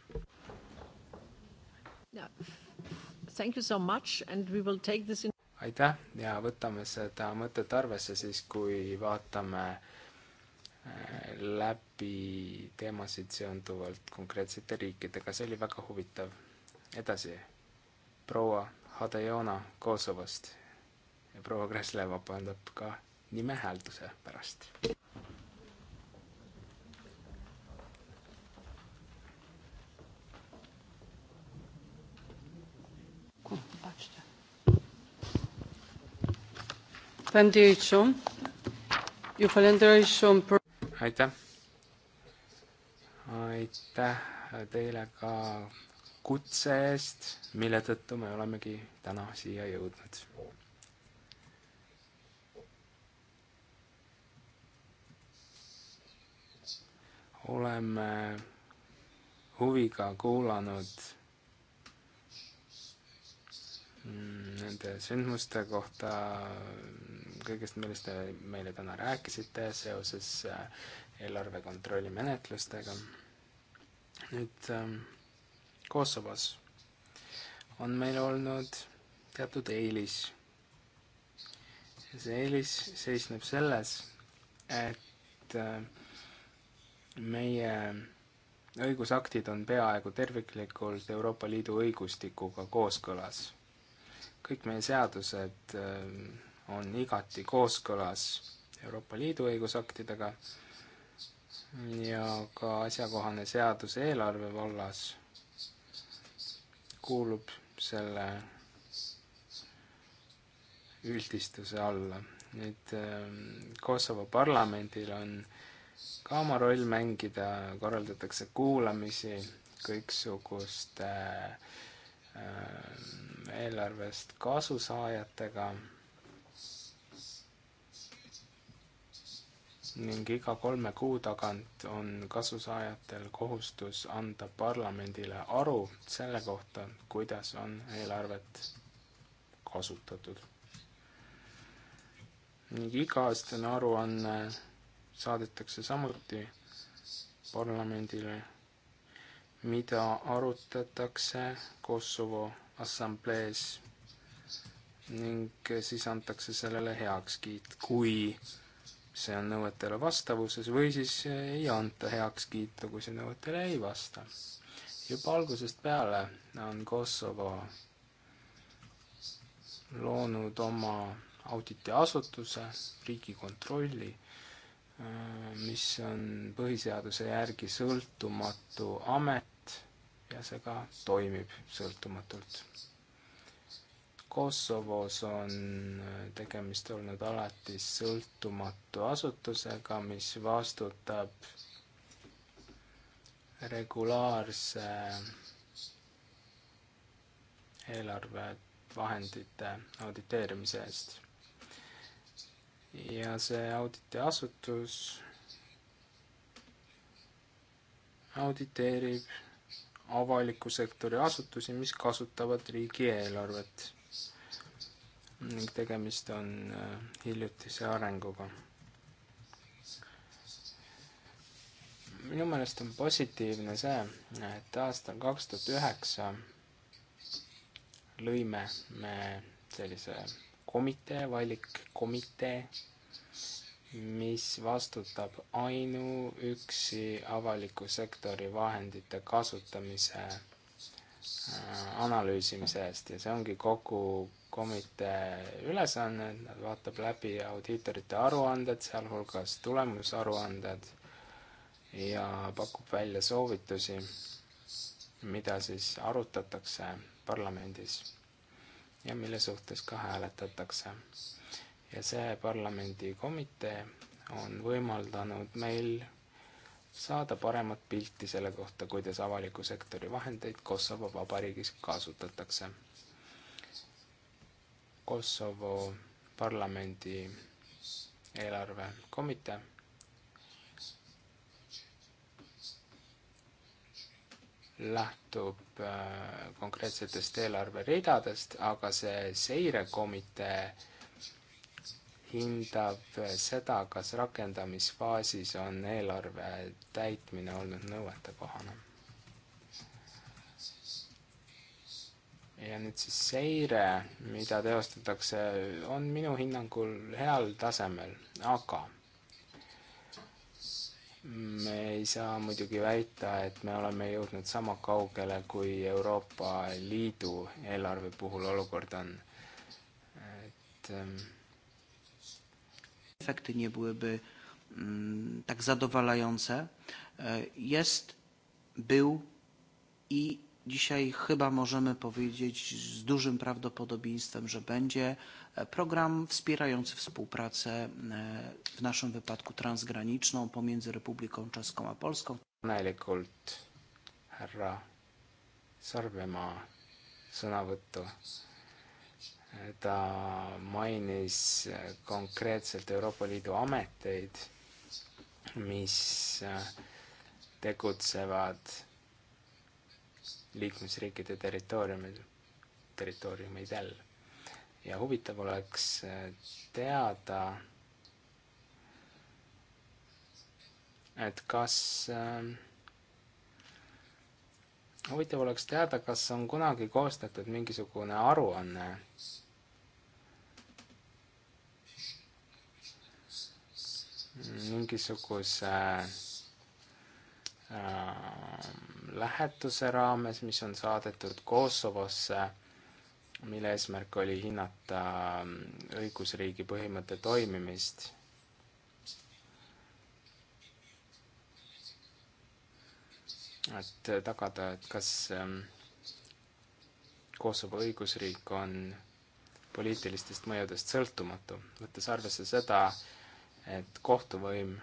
Thank you so much and we will take this in aitäh ja võtame seda mõtet arvesse siis, kui vaatame äh, läbi teemasid seonduvalt konkreetsete riikidega, see oli väga huvitav. edasi, proua Hadejona Kosovost ja proua Kresle vabandab ka nime häälduse pärast. aitäh. aitäh teile ka kutse eest, mille tõttu me olemegi täna siia jõudnud. oleme huviga kuulanud nende sündmuste kohta, kõigest, millest te meile täna rääkisite seoses äh, eelarve kontrolli menetlustega. nüüd äh, Kosovos on meil olnud teatud eelis. see eelis seisneb selles, et äh, meie õigusaktid on peaaegu terviklikult Euroopa Liidu õigustikuga kooskõlas kõik meie seadused äh, on igati kooskõlas Euroopa Liidu õigusaktidega ja ka asjakohane seadus eelarve vallas kuulub selle üldistuse alla. nüüd äh, Kosovo parlamendil on ka oma roll mängida, korraldatakse kuulamisi kõiksuguste äh, Äh, eelarvest kasusaajatega ning iga kolme kuu tagant on kasusaajatel kohustus anda parlamendile aru selle kohta, kuidas on eelarvet kasutatud. ning iga-aastane aruanne saadetakse samuti parlamendile mida arutatakse Kosovo assamblees ning siis antakse sellele heakskiit, kui see on nõuetele vastavuses või siis ei anta heakskiitu, kui see nõuetele ei vasta. juba algusest peale on Kosovo loonud oma auditiasutuse, Riigikontrolli, mis on põhiseaduse järgi sõltumatu amet, ja see ka toimib sõltumatult. Kosovos on tegemist olnud alati sõltumatu asutusega, mis vastutab regulaarse eelarvevahendite auditeerimise eest. ja see auditiasutus auditeerib avaliku sektori asutusi, mis kasutavad riigieelarvet. ning tegemist on äh, hiljutise arenguga. minu meelest on positiivne see, et aastal kaks tuhat üheksa lõime me sellise komitee, valikkomitee, mis vastutab ainuüksi avaliku sektori vahendite kasutamise äh, analüüsimise eest ja see ongi kogu komitee ülesanne, nad vaatab läbi audiitorite aruanded, sealhulgas tulemusaruanded ja pakub välja soovitusi, mida siis arutatakse parlamendis ja mille suhtes ka hääletatakse ja see parlamendikomitee on võimaldanud meil saada paremat pilti selle kohta, kuidas avaliku sektori vahendeid Kosovo Vabariigis kasutatakse. Kosovo parlamendi eelarvekomitee lähtub äh, konkreetsetest eelarveridadest, aga see seirekomitee hindab seda, kas rakendamisfaasis on eelarve täitmine olnud nõuetekohane. ja nüüd siis seire, mida teostatakse, on minu hinnangul heal tasemel, aga me ei saa muidugi väita, et me oleme jõudnud sama kaugele, kui Euroopa Liidu eelarve puhul olukord on. et ähm, efekty nie byłyby mm, tak zadowalające, e, jest, był i dzisiaj chyba możemy powiedzieć z dużym prawdopodobieństwem, że będzie program wspierający współpracę, e, w naszym wypadku transgraniczną, pomiędzy Republiką Czeską a Polską. Õnnelikult härra Sarvemaa sõnavõttu ta mainis konkreetselt Euroopa Liidu ameteid, mis äh, tegutsevad liikmesriikide territooriumil, territooriumidel. ja huvitav oleks äh, teada, et kas äh, huvitav oleks teada, kas on kunagi koostatud mingisugune aruanne mingisuguse äh, äh, lähetuse raames, mis on saadetud Kosovosse, mille eesmärk oli hinnata äh, õigusriigi põhimõtte toimimist. et tagada, et kas ähm, Kosovo õigusriik on poliitilistest mõjudest sõltumatu, võttes arvesse seda, et kohtuvõim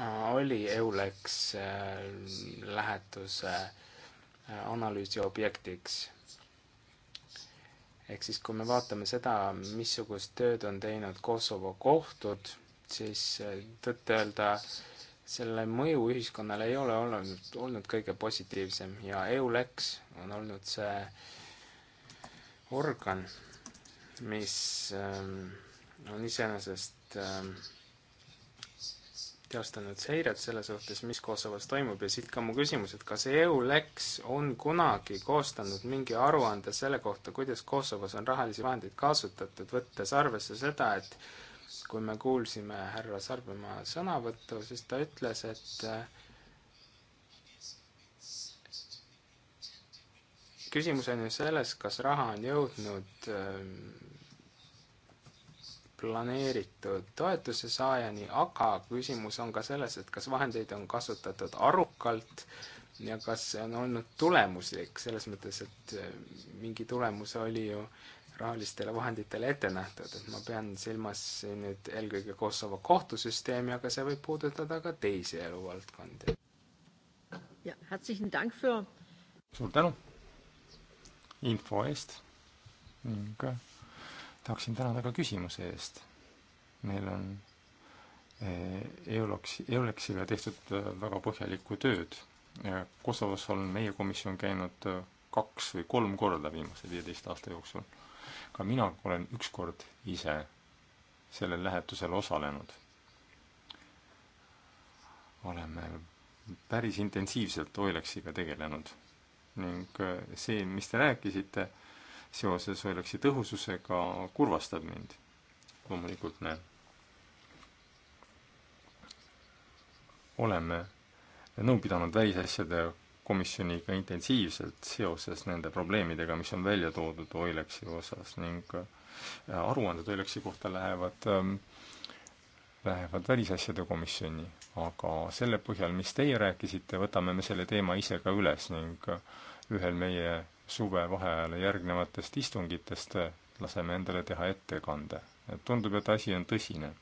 äh, oli EULEX äh, lähetuse äh, analüüsi objektiks. ehk siis, kui me vaatame seda, missugust tööd on teinud Kosovo kohtud, siis tõtt-öelda selle mõju ühiskonnale ei ole olnud, olnud kõige positiivsem ja EULEX on olnud see organ, mis ähm, on iseenesest ähm, teostanud seiret selle suhtes, mis Kosovos toimub ja siit ka mu küsimus, et kas EULEX on kunagi koostanud mingi aruande selle kohta, kuidas Kosovos on rahalisi vahendeid kasutatud, võttes arvesse seda, et kui me kuulsime härra Sarvemaa sõnavõttu, siis ta ütles, et äh, küsimus on ju selles, kas raha on jõudnud ähm, planeeritud toetuse saajani, aga küsimus on ka selles, et kas vahendeid on kasutatud arukalt ja kas see on olnud tulemuslik, selles mõttes, et äh, mingi tulemus oli ju rahalistele vahenditele ette nähtud, et ma pean silmas nüüd eelkõige Kosovo kohtusüsteemi, aga see võib puudutada ka teisi eluvaldkondi. suur tänu! info eest ning tahaksin tänada ka küsimuse eest. meil on eh, EULOX, EULEX-ile tehtud eh, väga põhjalikku tööd. Kosovos on meie komisjon käinud eh, kaks või kolm korda viimase viieteist aasta jooksul. ka mina olen ükskord ise sellel lähetusel osalenud. oleme päris intensiivselt Oileksiga tegelenud ning eh, see, mis te rääkisite seoses Oileksi tõhususega, kurvastab mind. loomulikult me oleme nõu pidanud välisasjade komisjoniga intensiivselt seoses nende probleemidega, mis on välja toodud Oileksi osas ning eh, aruanded Oileksi kohta lähevad eh, lähevad Välisasjade Komisjoni, aga selle põhjal, mis teie rääkisite, võtame me selle teema ise ka üles ning ühel meie suvevaheajale järgnevatest istungitest laseme endale teha ettekande. et tundub, et asi on tõsine.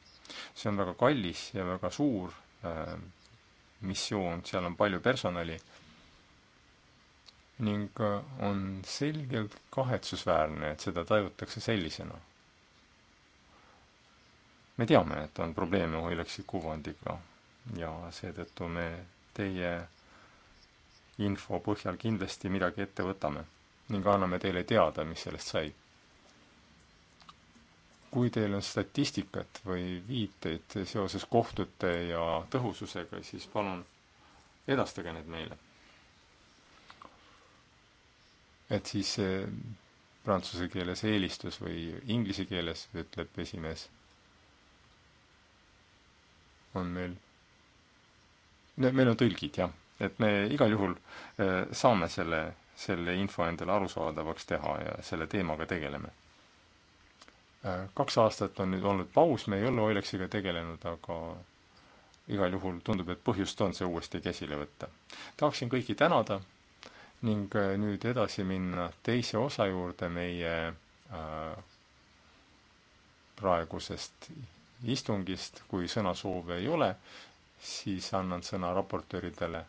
see on väga kallis ja väga suur äh, missioon, seal on palju personali ning äh, on selgelt kahetsusväärne, et seda tajutakse sellisena me teame, et on probleeme Oileksi kuvandiga ja seetõttu me teie info põhjal kindlasti midagi ette võtame ning anname teile teada, mis sellest sai. kui teil on statistikat või viiteid seoses kohtute ja tõhususega, siis palun edastage need meile. et siis prantsuse keeles eelistus või inglise keeles, ütleb esimees on meil, meil on tõlgid, jah. et me igal juhul äh, saame selle, selle info endale arusaadavaks teha ja selle teemaga tegeleme. Äh, kaks aastat on nüüd olnud paus, me ei ole Oileksiga tegelenud, aga igal juhul tundub, et põhjust on see uuesti käsile võtta. tahaksin kõiki tänada ning äh, nüüd edasi minna teise osa juurde meie äh, praegusest istungist, kui sõnasoove ei ole, siis annan sõna raportööridele,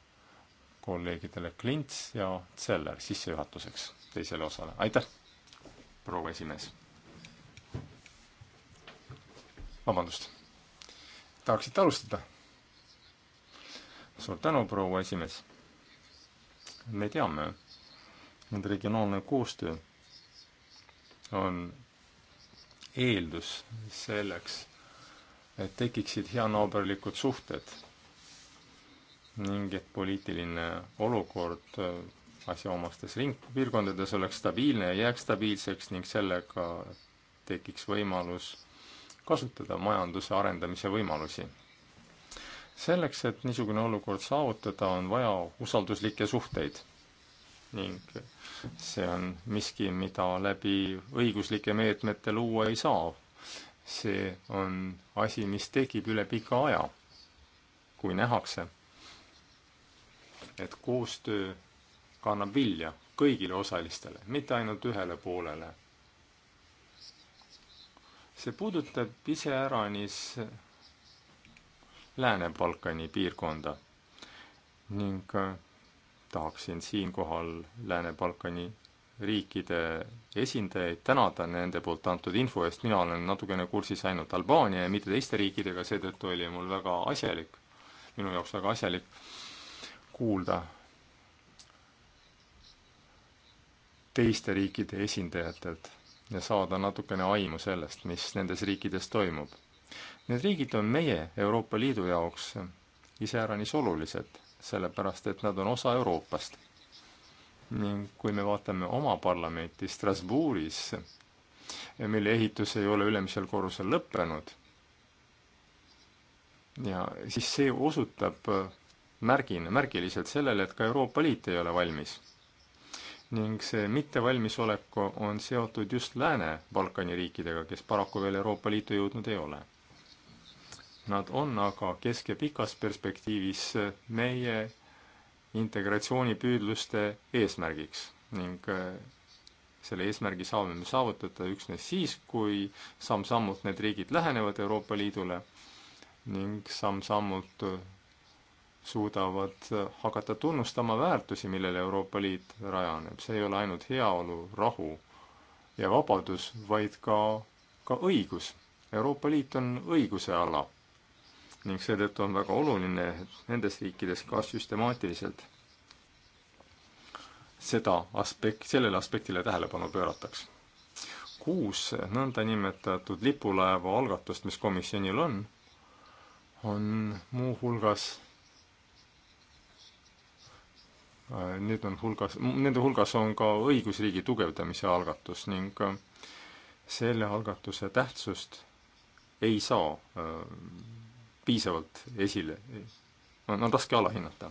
kolleegidele Klints ja Zeller sissejuhatuseks teisele osale. aitäh, proua esimees! vabandust, tahaksite alustada? suur tänu, proua esimees! me teame, et regionaalne koostöö on eeldus selleks, et tekiksid heanaaberlikud suhted ning et poliitiline olukord äh, asjaomastes ring-, piirkondades oleks stabiilne ja jääks stabiilseks ning sellega tekiks võimalus kasutada majanduse arendamise võimalusi. selleks, et niisugune olukord saavutada, on vaja usalduslikke suhteid ning see on miski, mida läbi õiguslike meetmete luua ei saa, see on asi, mis tekib üle pika aja, kui nähakse, et koostöö kannab vilja kõigile osalistele, mitte ainult ühele poolele. see puudutab iseäranis Lääne-Balkani piirkonda ning äh, tahaksin siinkohal Lääne-Balkani riikide esindajaid tänada nende poolt antud info eest, mina olen natukene kursis ainult Albaania ja mitte teiste riikidega, seetõttu oli mul väga asjalik, minu jaoks väga asjalik kuulda teiste riikide esindajatelt ja saada natukene aimu sellest, mis nendes riikides toimub. Need riigid on meie, Euroopa Liidu jaoks iseäranis olulised, sellepärast et nad on osa Euroopast ning kui me vaatame oma parlamenti Strasbourgis, mille ehitus ei ole ülemisel korrusel lõppenud, ja siis see osutab äh, märgina, märgiliselt sellele, et ka Euroopa Liit ei ole valmis. ning see mittevalmisolek on seotud just Lääne-Balkani riikidega, kes paraku veel Euroopa Liitu jõudnud ei ole. Nad on aga kesk- ja pikas perspektiivis äh, meie integratsioonipüüdluste eesmärgiks ning äh, selle eesmärgi saame me saavutada üksnes siis, kui samm-sammult need riigid lähenevad Euroopa Liidule ning samm-sammult äh, suudavad äh, hakata tunnustama väärtusi, millele Euroopa Liit rajaneb. see ei ole ainult heaolu, rahu ja vabadus, vaid ka, ka õigus. Euroopa Liit on õiguse ala ning seetõttu on väga oluline, et nendes riikides ka süstemaatiliselt seda aspekt, sellele aspektile tähelepanu pöörataks. kuus nõndanimetatud lipulaeva algatust, mis komisjonil on, on muuhulgas äh, Need on hulgas, nende hulgas on ka õigusriigi tugevdamise algatus ning äh, selle algatuse tähtsust ei saa äh, piisavalt esile, on, on raske alahinnata.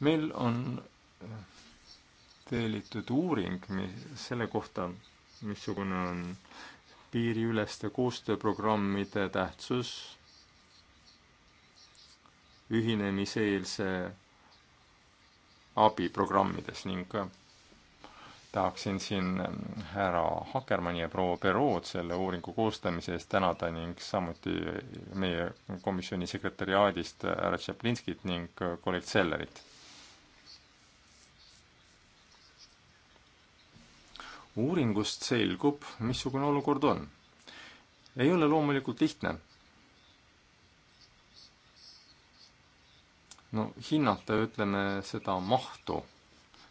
meil on äh, tellitud uuring, mis, selle kohta, missugune on piiriüleste koostööprogrammide tähtsus ühinemiseelse abiprogrammides ning tahaksin siin ähm, härra Hakkermanni ja proua Perot selle uuringu koostamise eest tänada ning samuti meie komisjoni sekretäriaadist äh, härra Tšaplinskit ning äh, kolleeg Sellerit. uuringust selgub, missugune olukord on. ei ole loomulikult lihtne. no hinnata, ütleme, seda mahtu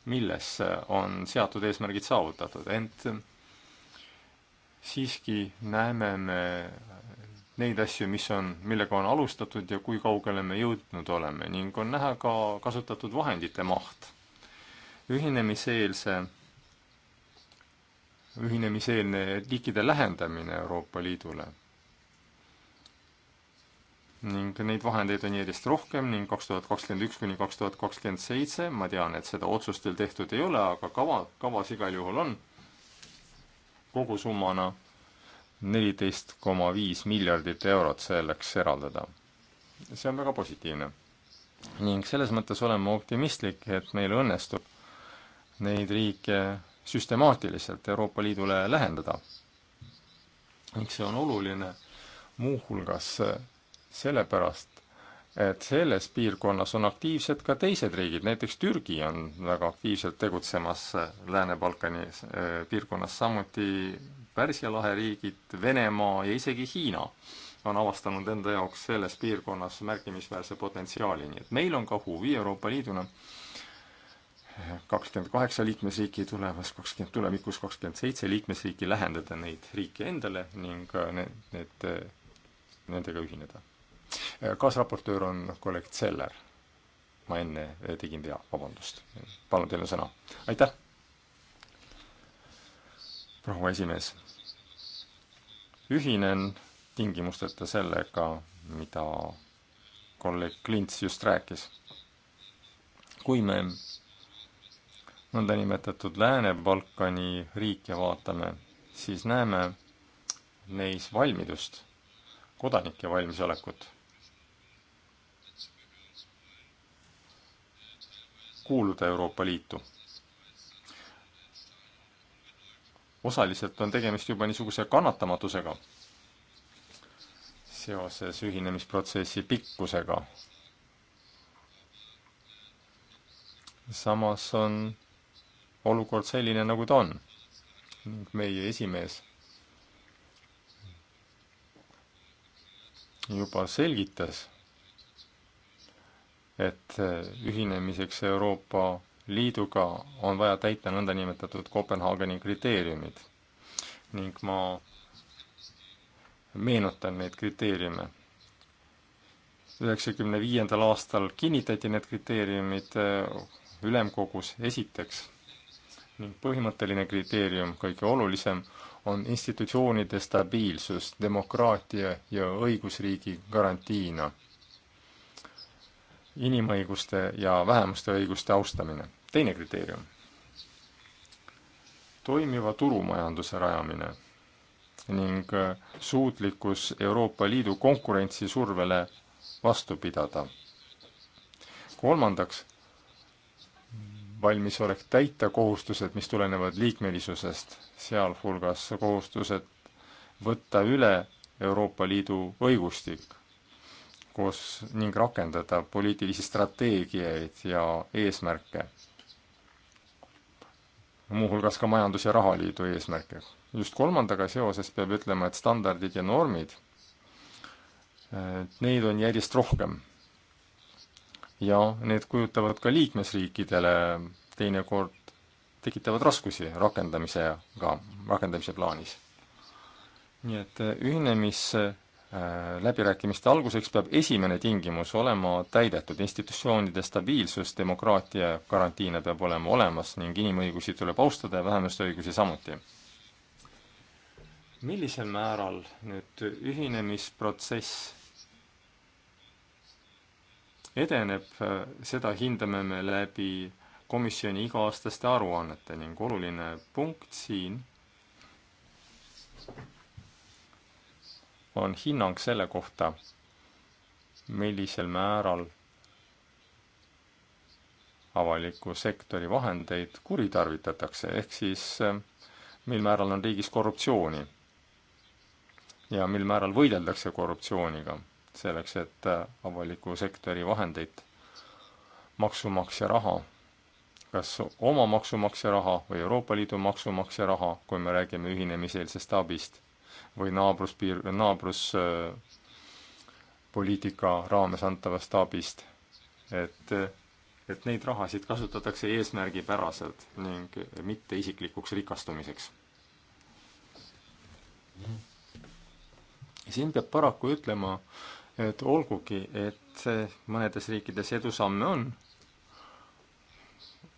milles on seatud eesmärgid saavutatud, ent siiski näeme me neid asju, mis on, millega on alustatud ja kui kaugele me jõudnud oleme ning on näha ka kasutatud vahendite maht. ühinemiseelse, ühinemiseelne riikide lähendamine Euroopa Liidule ning neid vahendeid on järjest rohkem ning kaks tuhat kakskümmend üks kuni kaks tuhat kakskümmend seitse, ma tean, et seda otsust veel tehtud ei ole, aga kava, kavas igal juhul on kogusummana neliteist koma viis miljardit eurot selleks eraldada. see on väga positiivne. ning selles mõttes olen ma optimistlik, et meil õnnestub neid riike süstemaatiliselt Euroopa Liidule lähendada. ning see on oluline muuhulgas sellepärast, et selles piirkonnas on aktiivsed ka teised riigid, näiteks Türgi on väga aktiivselt tegutsemas Lääne-Balkani eh, piirkonnas, samuti Pärsia lahe riigid, Venemaa ja isegi Hiina on avastanud enda jaoks selles piirkonnas märkimisväärse potentsiaali, nii et meil on ka huvi Euroopa Liiduna kakskümmend kaheksa liikmesriiki tulemas, kakskümmend, tulevikus kakskümmend seitse liikmesriiki, lähendada neid riike endale ning eh, need, need, eh, nendega ühineda kaasraportöör on kolleeg Zeller. ma enne tegin vea, vabandust. palun, teil on sõna. aitäh! proua esimees, ühinen tingimusteta sellega, mida kolleeg Klints just rääkis. kui me nõndanimetatud Lääne-Balkani riike vaatame, siis näeme neis valmidust, kodanike valmisolekut kuuluda Euroopa Liitu. osaliselt on tegemist juba niisuguse kannatamatusega seoses ühinemisprotsessi pikkusega. samas on olukord selline, nagu ta on. meie esimees juba selgitas et äh, ühinemiseks Euroopa Liiduga on vaja täita nõndanimetatud Kopenhaageni kriteeriumid ning ma meenutan neid kriteeriume. üheksakümne viiendal aastal kinnitati need kriteeriumid äh, ülemkogus esiteks ning põhimõtteline kriteerium, kõige olulisem, on institutsioonide stabiilsus demokraatia ja õigusriigi garantiina inimõiguste ja vähemuste õiguste austamine. teine kriteerium, toimiva turumajanduse rajamine ning äh, suutlikkus Euroopa Liidu konkurentsisurvele vastu pidada. kolmandaks, valmisolek täita kohustused, mis tulenevad liikmelisusest, sealhulgas kohustused võtta üle Euroopa Liidu õigustik koos ning rakendada poliitilisi strateegiaid ja eesmärke, muuhulgas ka Majandus- ja Rahaliidu eesmärke. just kolmandaga seoses peab ütlema, et standardid ja normid, neid on järjest rohkem. ja need kujutavad ka liikmesriikidele teinekord, tekitavad raskusi rakendamisega, rakendamise plaanis. nii et ühinemis Äh, läbirääkimiste alguseks peab esimene tingimus olema täidetud, institutsioonide stabiilsus, demokraatia garantiine peab olema olemas ning inimõigusi tuleb austada ja vähemuste õigusi samuti. millisel määral nüüd ühinemisprotsess edeneb, äh, seda hindame me läbi komisjoni iga-aastaste aruannete ning oluline punkt siin on hinnang selle kohta, millisel määral avaliku sektori vahendeid kuritarvitatakse, ehk siis äh, mil määral on riigis korruptsiooni ja mil määral võideldakse korruptsiooniga, selleks et äh, avaliku sektori vahendeid, maksumaksja raha, kas oma maksumaksja raha või Euroopa Liidu maksumaksja raha, kui me räägime ühinemiseelsest abist või naabruspiir, naabruspoliitika raames antavast abist. et, et neid rahasid kasutatakse eesmärgipäraselt ning mitte isiklikuks rikastumiseks. siin peab paraku ütlema, et olgugi, et mõnedes riikides edusamme on,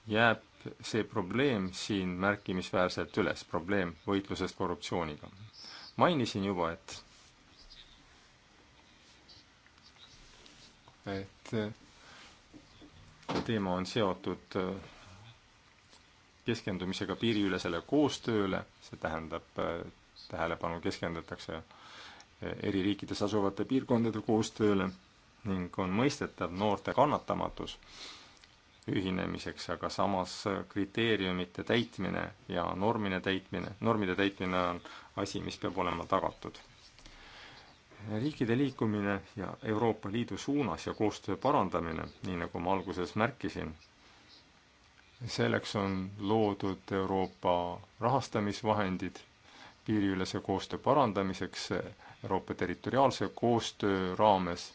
jääb see probleem siin märkimisväärselt üles, probleem võitlusest korruptsiooniga mainisin juba, et et teema on seotud keskendumisega piiriülesele koostööle, see tähendab, tähelepanu keskendatakse eri riikides asuvate piirkondade koostööle ning on mõistetav noorte kannatamatus ühinemiseks, aga samas kriteeriumite täitmine ja normide täitmine, normide täitmine on asi, mis peab olema tagatud. riikide liikumine ja Euroopa Liidu suunas ja koostöö parandamine, nii nagu ma alguses märkisin, selleks on loodud Euroopa rahastamisvahendid piiriülese koostöö parandamiseks Euroopa territoriaalse koostöö raames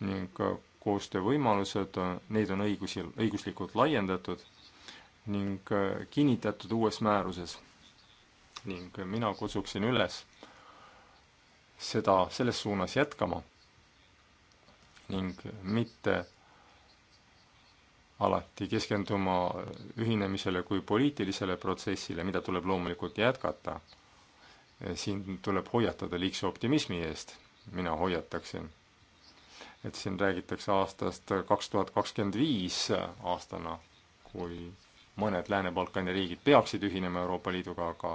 ning koostöövõimalused, neid on õigusi, õiguslikult laiendatud ning äh, kinnitatud uues määruses. ning mina kutsuksin üles seda selles suunas jätkama ning mitte alati keskenduma ühinemisele kui poliitilisele protsessile, mida tuleb loomulikult jätkata. siin tuleb hoiatada liigse optimismi eest, mina hoiataksin et siin räägitakse aastast kaks tuhat kakskümmend viis aastana, kui mõned Lääne-Balkani riigid peaksid ühinema Euroopa Liiduga, aga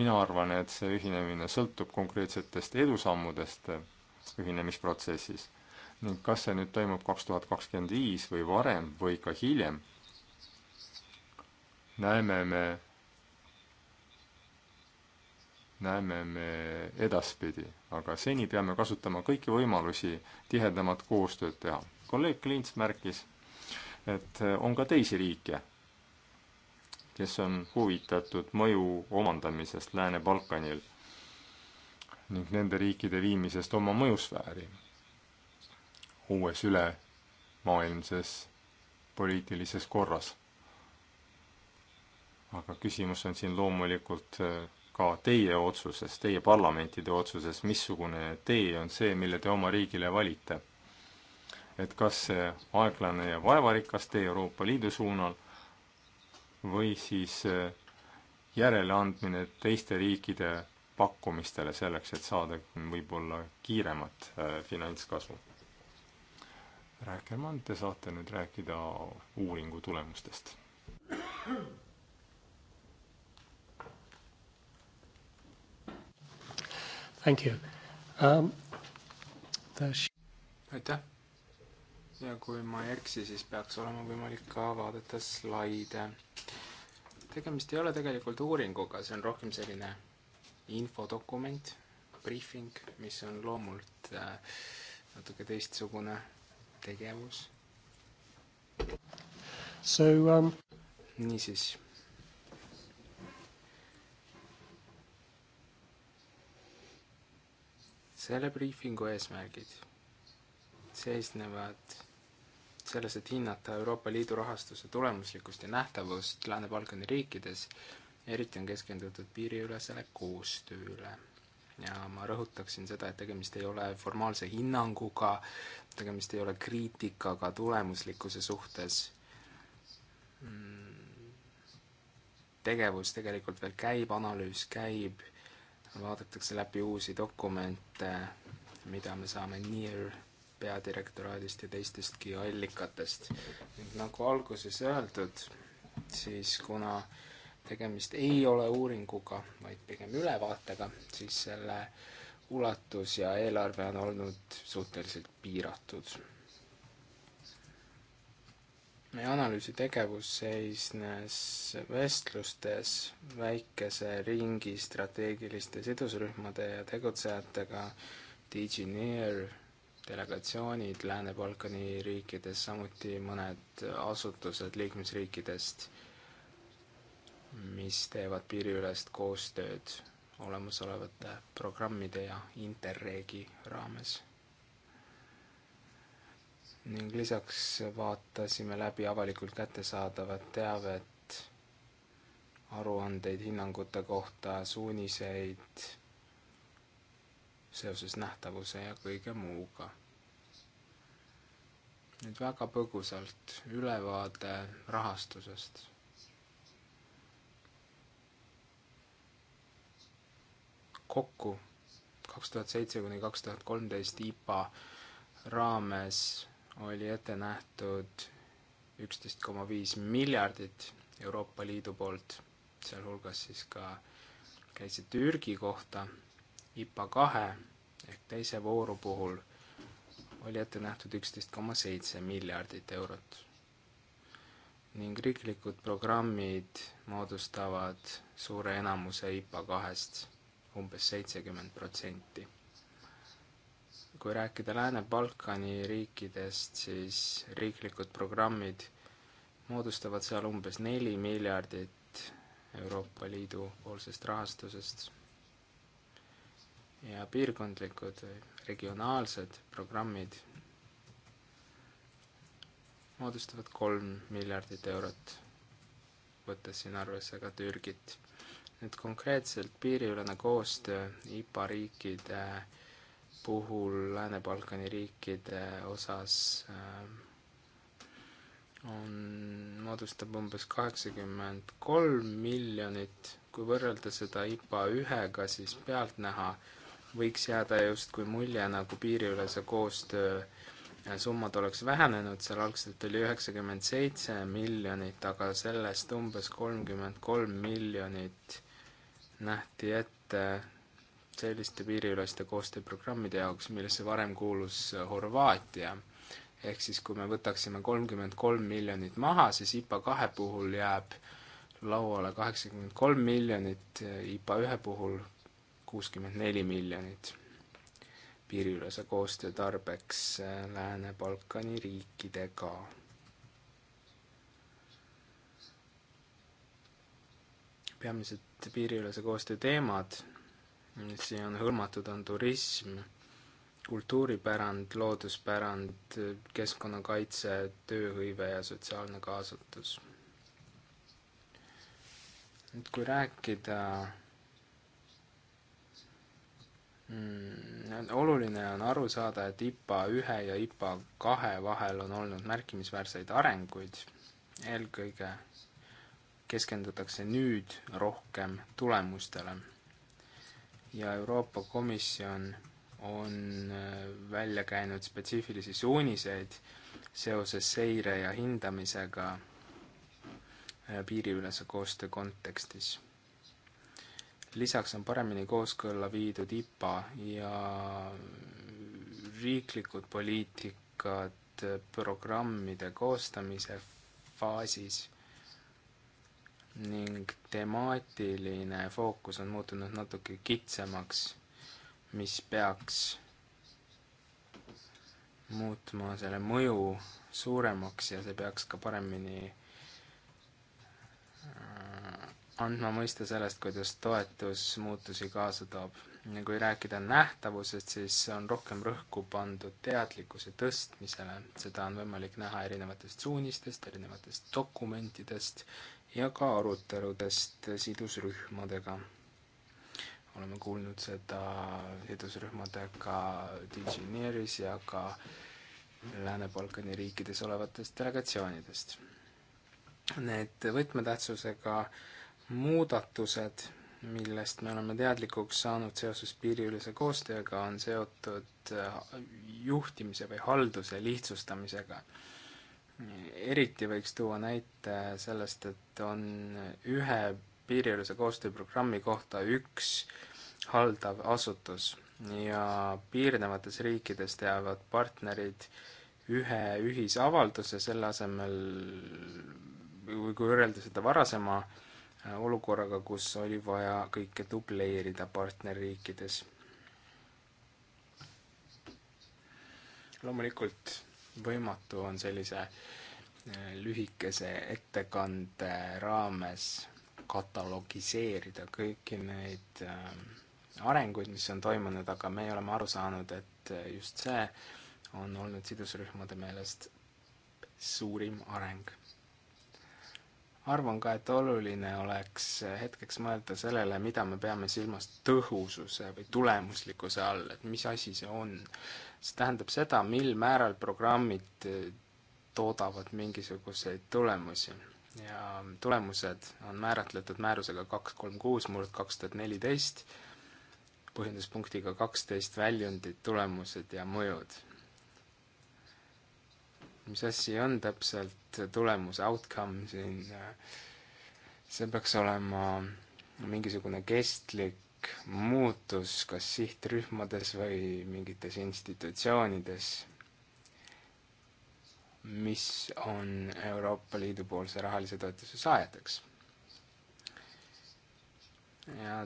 mina arvan, et see ühinemine sõltub konkreetsetest edusammudest ühinemisprotsessis. ning kas see nüüd toimub kaks tuhat kakskümmend viis või varem või ka hiljem, näeme me näeme me edaspidi, aga seni peame kasutama kõiki võimalusi tihedamat koostööd teha. kolleeg Klints märkis, et on ka teisi riike, kes on huvitatud mõju omandamisest Lääne-Balkanil ning nende riikide viimisest oma mõjusfääri uues ülemaailmses poliitilises korras. aga küsimus on siin loomulikult ka teie otsuses, teie parlamentide otsuses, missugune tee on see, mille te oma riigile valite. et kas see aeglane ja vaevarikas tee Euroopa Liidu suunal või siis eh, järeleandmine teiste riikide pakkumistele selleks, et saada võib-olla kiiremat eh, finantskasu. Rääkermann, te saate nüüd rääkida uuringu tulemustest. Thank you um,. aitäh. ja kui ma ei eksi, siis peaks olema võimalik ka vaadata slaide. tegemist ei ole tegelikult uuringuga, see on rohkem selline infodokument, briefing, mis on loomult äh, natuke teistsugune tegevus. So um... niisiis selle briifingu eesmärgid seisnevad selles, et hinnata Euroopa Liidu rahastuse tulemuslikkust ja nähtavust Lääne-Balkani riikides, eriti on keskendutud piiriülesele koostööle. ja ma rõhutaksin seda, et tegemist ei ole formaalse hinnanguga, tegemist ei ole kriitikaga tulemuslikkuse suhtes. Mm, tegevus tegelikult veel käib, analüüs käib vaadatakse läbi uusi dokumente, mida me saame NIR peadirektoraadist ja teistestki allikatest. nagu alguses öeldud, siis kuna tegemist ei ole uuringuga, vaid pigem ülevaatega, siis selle ulatus ja eelarve on olnud suhteliselt piiratud meie analüüsi tegevus seisnes vestlustes väikese ringi strateegiliste sidusrühmade ja tegutsejatega, DigiNear, delegatsioonid Lääne-Balkani riikides, samuti mõned asutused liikmesriikidest, mis teevad piiriülest koostööd olemasolevate programmide ja Interregi raames ning lisaks vaatasime läbi avalikult kättesaadavat teavet, aruandeid hinnangute kohta, suuniseid seoses nähtavuse ja kõige muuga. nüüd väga põgusalt ülevaade rahastusest kokku kaks tuhat seitse kuni kaks tuhat kolmteist IPA raames oli ette nähtud üksteist koma viis miljardit Euroopa Liidu poolt, sealhulgas siis ka käisid Türgi kohta IPA kahe ehk teise vooru puhul oli ette nähtud üksteist koma seitse miljardit eurot. ning riiklikud programmid moodustavad suure enamuse IPA kahest umbes seitsekümmend protsenti kui rääkida Lääne-Balkani riikidest, siis riiklikud programmid moodustavad seal umbes neli miljardit Euroopa Liidu poolsest rahastusest. ja piirkondlikud või regionaalsed programmid moodustavad kolm miljardit eurot, võttes siin arvesse ka Türgit. nüüd konkreetselt piiriülene koostöö IPA riikide äh, puhul Lääne-Balkani riikide osas äh, on, moodustab umbes kaheksakümmend kolm miljonit, kui võrrelda seda IPA ühega, siis pealtnäha võiks jääda justkui mulje, nagu piiriülese koostöö äh, summad oleks vähenenud, seal algselt oli üheksakümmend seitse miljonit, aga sellest umbes kolmkümmend kolm miljonit nähti ette selliste piiriüleste koostööprogrammide jaoks, millesse varem kuulus äh, Horvaatia. ehk siis, kui me võtaksime kolmkümmend kolm miljonit maha, siis IPA kahe puhul jääb lauale kaheksakümmend kolm miljonit, äh, IPA ühe puhul kuuskümmend neli miljonit piiriülese koostöö tarbeks äh, Lääne-Balkani riikidega peamised piiriülese koostöö teemad siia on hõlmatud, on turism, kultuuripärand, looduspärand, keskkonnakaitse, tööhõive ja sotsiaalne kaasatus. et kui rääkida mm, oluline on aru saada, et IPA ühe ja IPA kahe vahel on olnud märkimisväärseid arenguid, eelkõige keskendutakse nüüd rohkem tulemustele ja Euroopa Komisjon on äh, välja käinud spetsiifilisi suuniseid seoses seire ja hindamisega äh, piiriülese koostöö kontekstis. lisaks on paremini kooskõlla viidud IPA ja riiklikud poliitikad programmide koostamise faasis ning temaatiline fookus on muutunud natuke kitsamaks, mis peaks muutma selle mõju suuremaks ja see peaks ka paremini äh, andma mõista sellest, kuidas toetus muutusi kaasa toob. ja kui rääkida nähtavusest, siis on rohkem rõhku pandud teadlikkuse tõstmisele, seda on võimalik näha erinevatest suunistest, erinevatest dokumentidest, ja ka aruteludest sidusrühmadega. oleme kuulnud seda sidusrühmadega Digineeris ja ka Lääne-Balkani riikides olevatest delegatsioonidest. Need võtmetähtsusega muudatused, millest me oleme teadlikuks saanud seoses piiriülese koostööga, on seotud juhtimise või halduse lihtsustamisega eriti võiks tuua näite sellest, et on ühe piiriülese koostööprogrammi kohta üks haldav asutus ja piirnevates riikides teavad partnerid ühe ühisavalduse, selle asemel, kui võrrelda seda varasema äh, olukorraga, kus oli vaja kõike dubleerida partnerriikides. loomulikult võimatu on sellise äh, lühikese ettekande raames katalogiseerida kõiki neid äh, arenguid, mis on toimunud, aga meie oleme aru saanud, et äh, just see on olnud sidusrühmade meelest suurim areng arvan ka, et oluline oleks hetkeks mõelda sellele, mida me peame silmas tõhususe või tulemuslikkuse all, et mis asi see on. see tähendab seda, mil määral programmid eh, toodavad mingisuguseid tulemusi ja tulemused on määratletud määrusega kaks kolm kuus murd kaks tuhat neliteist, põhjenduspunktiga kaksteist väljundid, tulemused ja mõjud mis asi on täpselt tulemus, outcome siin, äh, see peaks olema mingisugune kestlik muutus kas sihtrühmades või mingites institutsioonides, mis on Euroopa Liidu poolse rahalise toetuse saajateks. ja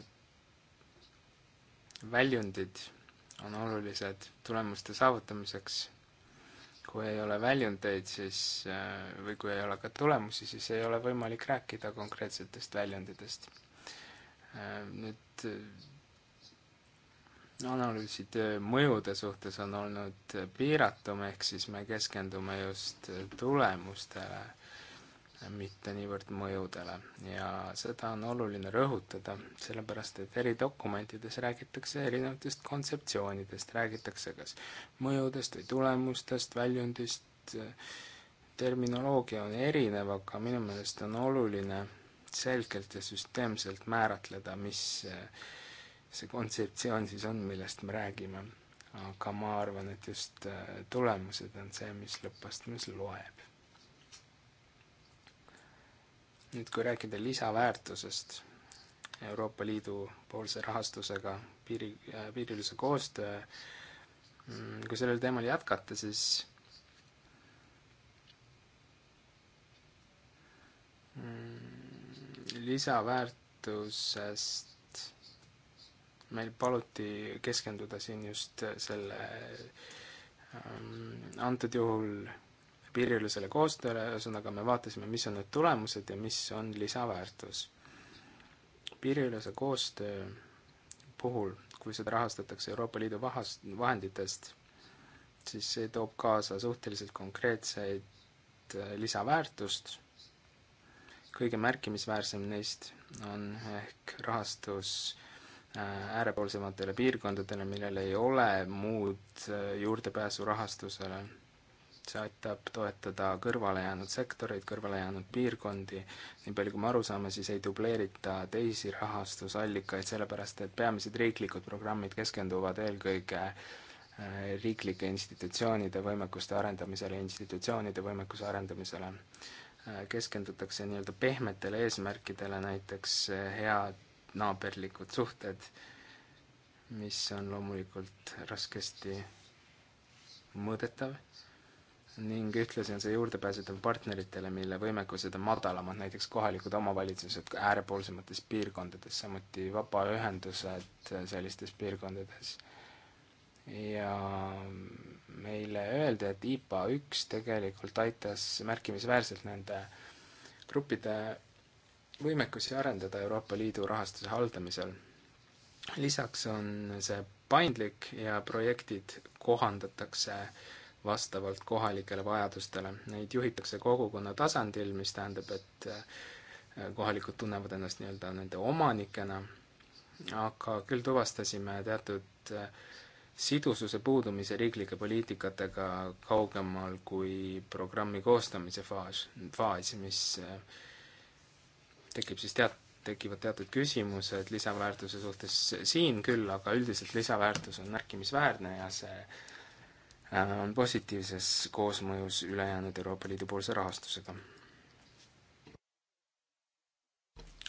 väljundid on olulised tulemuste saavutamiseks kui ei ole väljundeid, siis, äh, või kui ei ole ka tulemusi, siis ei ole võimalik rääkida konkreetsetest väljunditest. Äh, nüüd äh, analüüsitöö mõjude suhtes on olnud piiratum, ehk siis me keskendume just tulemustele mitte niivõrd mõjudele ja seda on oluline rõhutada, sellepärast et eri dokumentides räägitakse erinevatest kontseptsioonidest, räägitakse kas mõjudest või tulemustest, väljundist, terminoloogia on erinev, aga minu meelest on oluline selgelt ja süsteemselt määratleda, mis see kontseptsioon siis on, millest me räägime. aga ma arvan, et just tulemused on see, mis lõppastmes loeb nüüd, kui rääkida lisaväärtusest Euroopa Liidu poolse rahastusega piiri, äh, piiriülese koostöö, mm, kui sellel teemal jätkata, siis mm, lisaväärtusest meil paluti keskenduda siin just selle ähm, antud juhul piiriülisele koostööle, ühesõnaga me vaatasime, mis on need tulemused ja mis on lisaväärtus. piiriülese koostöö puhul, kui seda rahastatakse Euroopa Liidu vahas, vahenditest, siis see toob kaasa suhteliselt konkreetseid äh, lisaväärtust, kõige märkimisväärsem neist on ehk rahastus äh, äärepoolsematele piirkondadele, millel ei ole muud äh, juurdepääsu rahastusele see aitab toetada kõrvale jäänud sektoreid, kõrvale jäänud piirkondi, nii palju kui me aru saame, siis ei dubleerita teisi rahastusallikaid, sellepärast et peamised riiklikud programmid keskenduvad eelkõige äh, riiklike institutsioonide võimekuste arendamisele, institutsioonide võimekuse arendamisele. Äh, keskendutakse nii-öelda pehmetele eesmärkidele, näiteks äh, head naaberlikud suhted, mis on loomulikult raskesti mõõdetav ning ühtlasi on see juurdepääsetav partneritele, mille võimekused on madalamad, näiteks kohalikud omavalitsused äärepoolsemates piirkondades, samuti vabaühendused sellistes piirkondades. ja meile öeldi, et IPA üks tegelikult aitas märkimisväärselt nende gruppide võimekusi arendada Euroopa Liidu rahastuse haldamisel. lisaks on see paindlik ja projektid kohandatakse äh, vastavalt kohalikele vajadustele. Neid juhitakse kogukonna tasandil, mis tähendab, et äh, kohalikud tunnevad ennast nii-öelda nende omanikena, aga küll tuvastasime teatud äh, sidususe puudumise riiklike poliitikatega kaugemal kui programmi koostamise faas, faas, mis äh, tekib siis teat-, tekivad teatud küsimused lisaväärtuse suhtes siin küll, aga üldiselt lisaväärtus on märkimisväärne ja see on äh, positiivses koosmõjus ülejäänud Euroopa Liidu poolse rahastusega.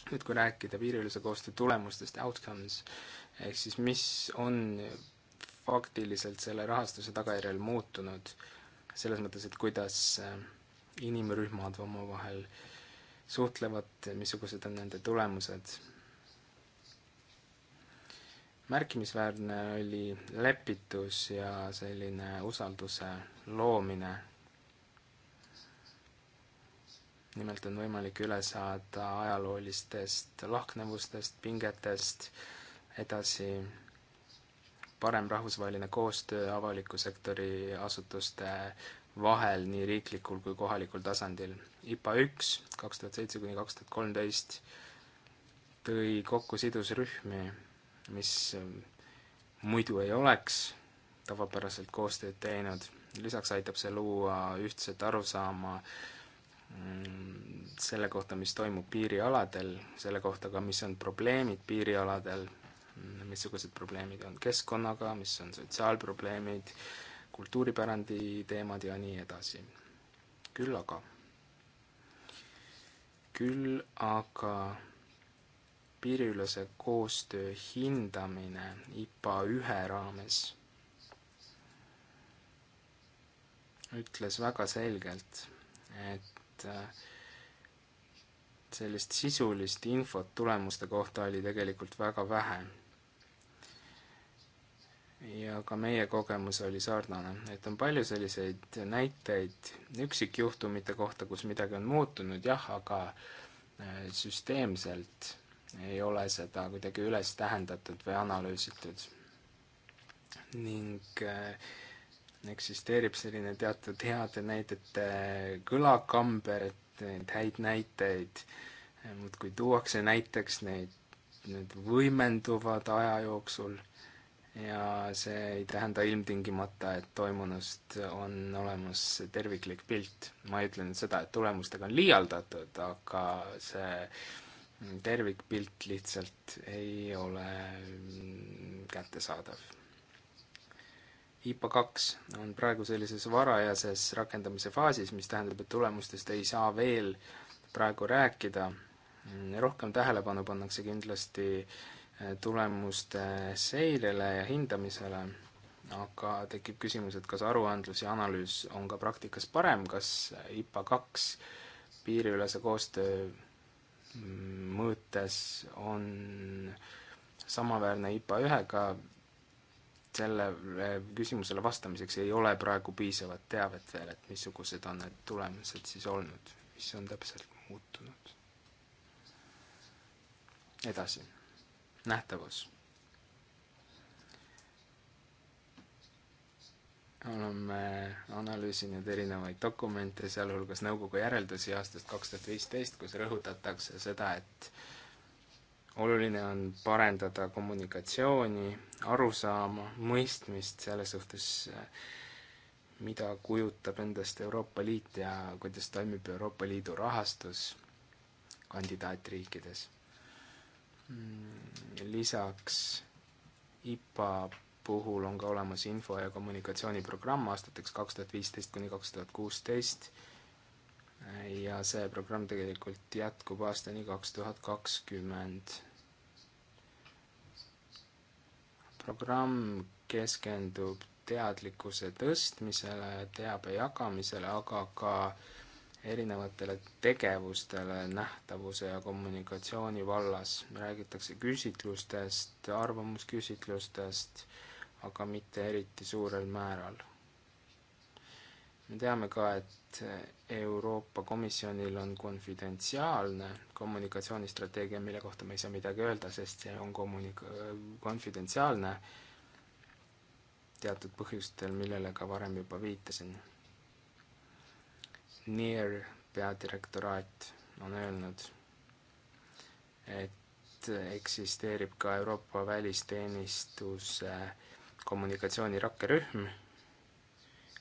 nüüd, kui rääkida piiriülese koostöö tulemustest, outcomes, ehk siis mis on faktiliselt selle rahastuse tagajärjel muutunud, selles mõttes, et kuidas äh, inimrühmad omavahel suhtlevad, missugused on nende tulemused märkimisväärne oli lepitus ja selline usalduse loomine nimelt on võimalik üle saada ajaloolistest lahknevustest, pingetest, edasi parem rahvusvaheline koostöö avaliku sektori asutuste vahel nii riiklikul kui kohalikul tasandil. IPA üks, kaks tuhat seitse kuni kaks tuhat kolmteist, tõi kokku sidusrühmi mis ähm, muidu ei oleks tavapäraselt koostööd teinud, lisaks aitab see luua ühtset arusaama mm, selle kohta, mis toimub piirialadel, selle kohta ka, mis on probleemid piirialadel, mm, missugused probleemid on keskkonnaga, mis on sotsiaalprobleemid, kultuuripärandi teemad ja nii edasi. küll aga, küll aga piiriülese koostöö hindamine IPA ühe raames ütles väga selgelt, et äh, sellist sisulist infot tulemuste kohta oli tegelikult väga vähe. ja ka meie kogemus oli sarnane, et on palju selliseid näiteid üksikjuhtumite kohta, kus midagi on muutunud jah, aga äh, süsteemselt ei ole seda kuidagi üles tähendatud või analüüsitud. ning äh, eksisteerib selline teatud heade näidete kõlakamber, et neid häid näiteid äh, muudkui tuuakse näiteks, neid nüüd võimenduvad aja jooksul ja see ei tähenda ilmtingimata, et toimunust on olemas terviklik pilt. ma ei ütle nüüd seda, et tulemustega on liialdatud, aga see tervikpilt lihtsalt ei ole kättesaadav. IPA kaks on praegu sellises varajases rakendamise faasis, mis tähendab, et tulemustest ei saa veel praegu rääkida, rohkem tähelepanu pannakse kindlasti eh, tulemuste seirele ja hindamisele, aga tekib küsimus, et kas aruandlus ja analüüs on ka praktikas parem, kas IPA kaks piiriülese koostöö mõõtes on samaväärne IPA ühega, sellele eh, küsimusele vastamiseks ei ole praegu piisavat teavet veel, et missugused on need tulemused siis olnud, mis on täpselt muutunud. edasi, nähtavus oleme analüüsinud erinevaid dokumente, sealhulgas nõukogu järeldusi aastast kaks tuhat viisteist, kus rõhutatakse seda, et oluline on parendada kommunikatsiooni, arusaama, mõistmist selle suhtes, mida kujutab endast Euroopa Liit ja kuidas toimib Euroopa Liidu rahastus kandidaatriikides. Mm, lisaks IPA puhul on ka olemas info- ja kommunikatsiooniprogramm aastateks kaks tuhat viisteist kuni kaks tuhat kuusteist ja see programm tegelikult jätkub aastani kaks tuhat kakskümmend. programm keskendub teadlikkuse tõstmisele, teabe jagamisele, aga ka erinevatele tegevustele nähtavuse ja kommunikatsiooni vallas. räägitakse küsitlustest, arvamusküsitlustest äh,, aga mitte eriti suurel määral. me teame ka, et Euroopa Komisjonil on konfidentsiaalne kommunikatsioonistrateegia, mille kohta me ei saa midagi öelda, sest see on kommunik-, konfidentsiaalne teatud põhjustel, millele ka varem juba viitasin. NIR peadirektoraat on öelnud, et eksisteerib ka Euroopa välisteenistuse äh, kommunikatsiooni rakkerühm,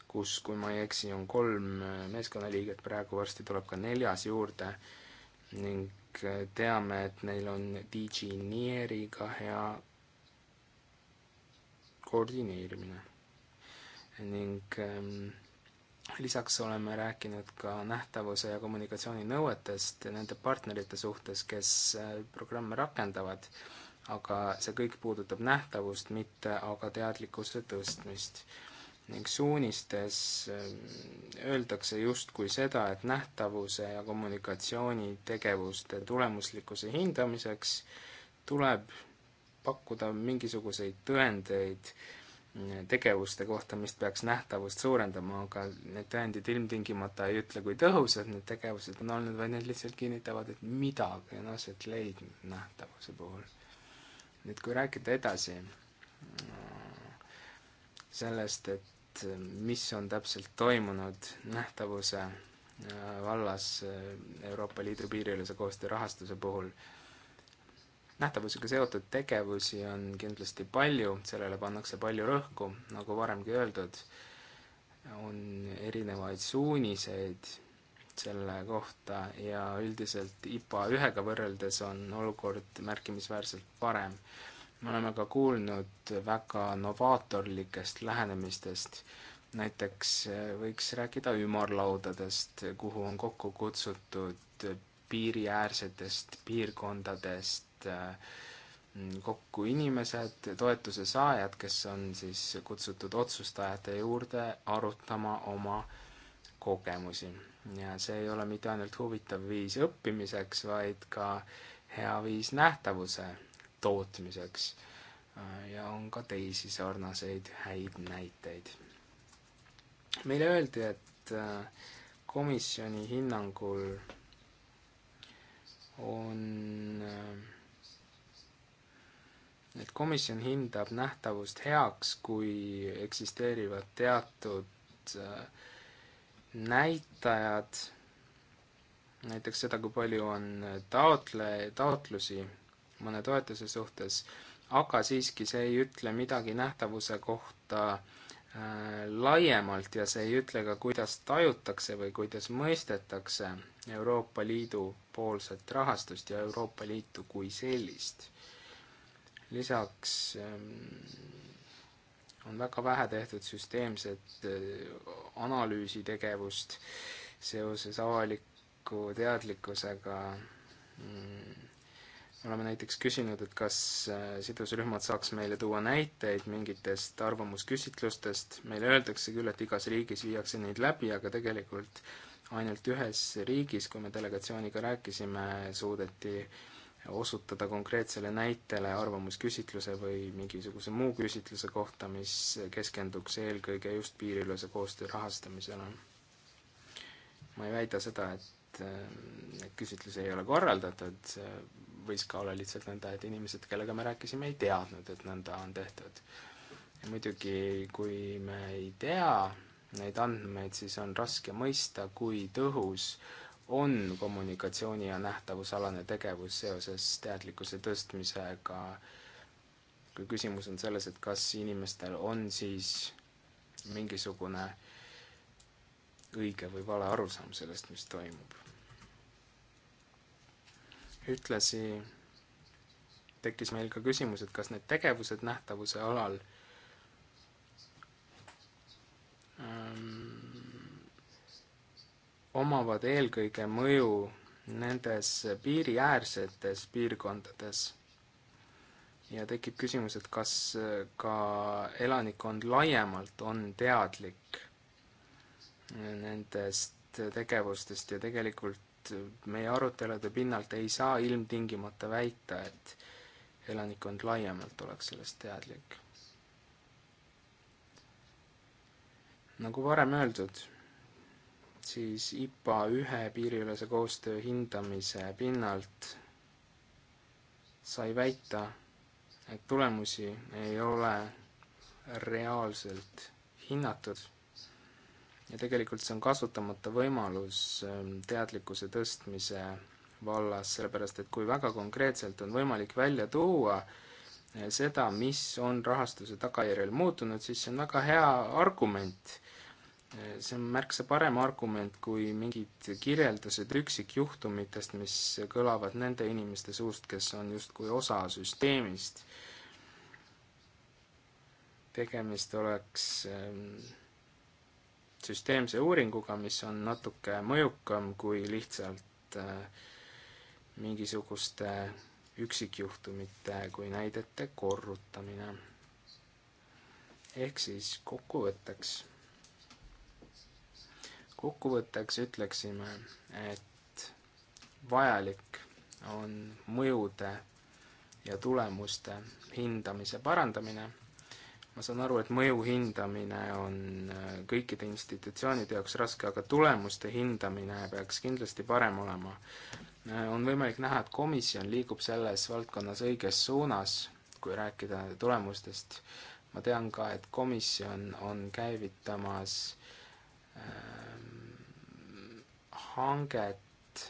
kus, kui ma ei eksi, on kolm meeskonnaliiget, praegu varsti tuleb ka neljas juurde ning teame, et neil on DJ Nieriga hea koordineerimine. ning ähm, lisaks oleme rääkinud ka nähtavuse ja kommunikatsiooni nõuetest nende partnerite suhtes, kes eh, programme rakendavad aga see kõik puudutab nähtavust, mitte aga teadlikkuse tõstmist. ning suunistes ähm, öeldakse justkui seda, et nähtavuse ja kommunikatsiooni tegevuste tulemuslikkuse hindamiseks tuleb pakkuda mingisuguseid tõendeid äh, tegevuste kohta, mis peaks nähtavust suurendama, aga need tõendid ilmtingimata ei ütle, kui tõhusad need tegevused on olnud, vaid need lihtsalt kinnitavad, et midagi on aset leidnud nähtavuse puhul nüüd, kui rääkida edasi mm, sellest, et mm, mis on täpselt toimunud nähtavuse äh, vallas äh, Euroopa Liidu piiriülese koostöö rahastuse puhul, nähtavusega seotud tegevusi on kindlasti palju, sellele pannakse palju rõhku, nagu varemgi öeldud, on erinevaid suuniseid selle kohta ja üldiselt IPA ühega võrreldes on olukord märkimisväärselt parem. me oleme ka kuulnud väga novaatorlikest lähenemistest, näiteks eh, võiks rääkida ümarlaudadest, kuhu on kokku kutsutud piiriäärsetest piirkondadest eh, mm, kokku inimesed, toetuse saajad, kes on siis kutsutud otsustajate juurde arutama oma kogemusi ja see ei ole mitte ainult huvitav viis õppimiseks, vaid ka hea viis nähtavuse tootmiseks. ja on ka teisi sarnaseid häid näiteid. meile öeldi, et äh, komisjoni hinnangul on, äh, et komisjon hindab nähtavust heaks, kui eksisteerivad teatud äh, näitajad, näiteks seda, kui palju on taotle, taotlusi mõne toetuse suhtes, aga siiski see ei ütle midagi nähtavuse kohta äh, laiemalt ja see ei ütle ka, kuidas tajutakse või kuidas mõistetakse Euroopa Liidu poolset rahastust ja Euroopa Liitu kui sellist. lisaks ähm, on väga vähe tehtud süsteemset äh, analüüsitegevust seoses avaliku teadlikkusega. Mm. oleme näiteks küsinud, et kas äh, sidusrühmad saaks meile tuua näiteid mingitest arvamusküsitlustest, meile öeldakse küll, et igas riigis viiakse neid läbi, aga tegelikult ainult ühes riigis, kui me delegatsiooniga rääkisime, suudeti äh, osutada konkreetsele näitele arvamusküsitluse või mingisuguse muu küsitluse kohta, mis keskenduks eelkõige just piiriülese koostöö rahastamisele. ma ei väida seda, et äh, neid küsitlusi ei ole korraldatud, võis ka olla lihtsalt nõnda, et inimesed, kellega me rääkisime, ei teadnud, et nõnda on tehtud. ja muidugi, kui me ei tea neid andmeid, siis on raske mõista, kui tõhus äh, on kommunikatsiooni ja nähtavusalane tegevus seoses teadlikkuse tõstmisega, kui küsimus on selles, et kas inimestel on siis mingisugune õige või vale arusaam sellest, mis toimub. ühtlasi tekkis meil ka küsimus, et kas need tegevused nähtavuse alal ähm, omavad eelkõige mõju nendes piiriäärsetes piirkondades. ja tekib küsimus, et kas äh, ka elanikkond laiemalt on teadlik äh, nendest tegevustest ja tegelikult äh, meie arutelude pinnalt ei saa ilmtingimata väita, et elanikkond laiemalt oleks sellest teadlik. nagu varem öeldud siis IPA ühe piiriülese koostöö hindamise pinnalt sai väita, et tulemusi ei ole reaalselt hinnatud ja tegelikult see on kasutamata võimalus ähm, teadlikkuse tõstmise vallas, sellepärast et kui väga konkreetselt on võimalik välja tuua äh, seda, mis on rahastuse tagajärjel muutunud, siis see on väga hea argument see on märksa parem argument kui mingid kirjeldused üksikjuhtumitest, mis kõlavad nende inimeste suust, kes on justkui osa süsteemist. tegemist oleks ähm, süsteemse uuringuga, mis on natuke mõjukam kui lihtsalt äh, mingisuguste üksikjuhtumite kui näidete korrutamine. ehk siis kokkuvõtteks kokkuvõtteks ütleksime, et vajalik on mõjude ja tulemuste hindamise parandamine. ma saan aru, et mõju hindamine on äh, kõikide institutsioonide jaoks raske, aga tulemuste hindamine peaks kindlasti parem olema. Äh, on võimalik näha, et komisjon liigub selles valdkonnas õiges suunas, kui rääkida tulemustest. ma tean ka, et komisjon on käivitamas äh, hanget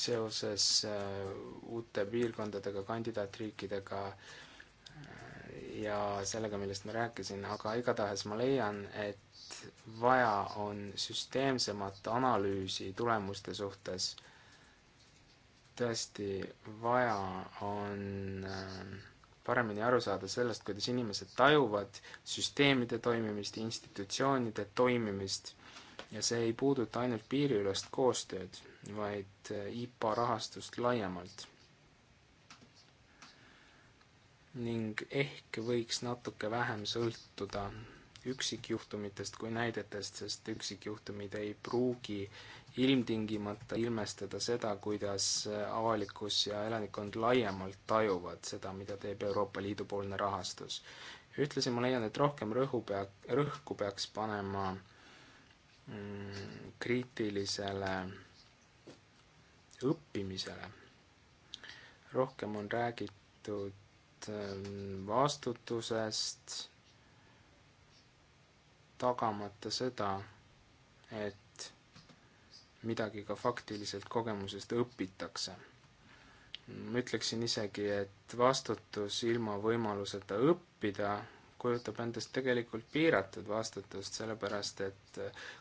seoses äh, uute piirkondadega, kandidaatriikidega äh, ja sellega, millest ma rääkisin, aga igatahes ma leian, et vaja on süsteemsemat analüüsi tulemuste suhtes. tõesti, vaja on äh, paremini aru saada sellest, kuidas inimesed tajuvad süsteemide toimimist, institutsioonide toimimist. ja see ei puuduta ainult piiriülest koostööd, vaid eh, IPA rahastust laiemalt. ning ehk võiks natuke vähem sõltuda üksikjuhtumitest kui näidetest, sest üksikjuhtumid ei pruugi ilmtingimata ilmestada seda, kuidas avalikkus ja elanikkond laiemalt tajuvad seda, mida teeb Euroopa Liidu poolne rahastus. ühtlasi ma leian, et rohkem rõhu pea, rõhku peaks panema mm, kriitilisele õppimisele. rohkem on räägitud mm, vastutusest tagamata seda, et midagi ka faktiliselt kogemusest õpitakse. ma ütleksin isegi, et vastutus ilma võimaluseta õppida kujutab endast tegelikult piiratud vastutust, sellepärast et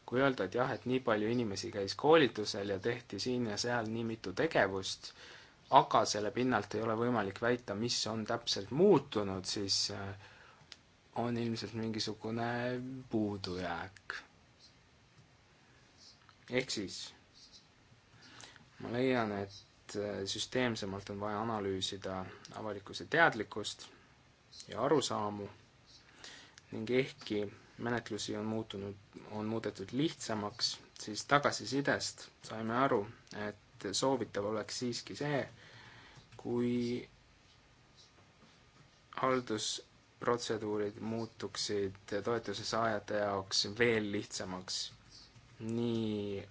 kui öelda, et jah, et nii palju inimesi käis koolitusel ja tehti siin ja seal nii mitu tegevust, aga selle pinnalt ei ole võimalik väita, mis on täpselt muutunud, siis äh, on ilmselt mingisugune puudujääk. ehk siis ma leian, et äh, süsteemsemalt on vaja analüüsida avalikkuse teadlikkust ja arusaamu ning ehkki menetlusi on muutunud, on muudetud lihtsamaks, siis tagasisidest saime aru, et soovitav oleks siiski see, kui haldus protseduurid muutuksid toetuse saajate jaoks veel lihtsamaks, nii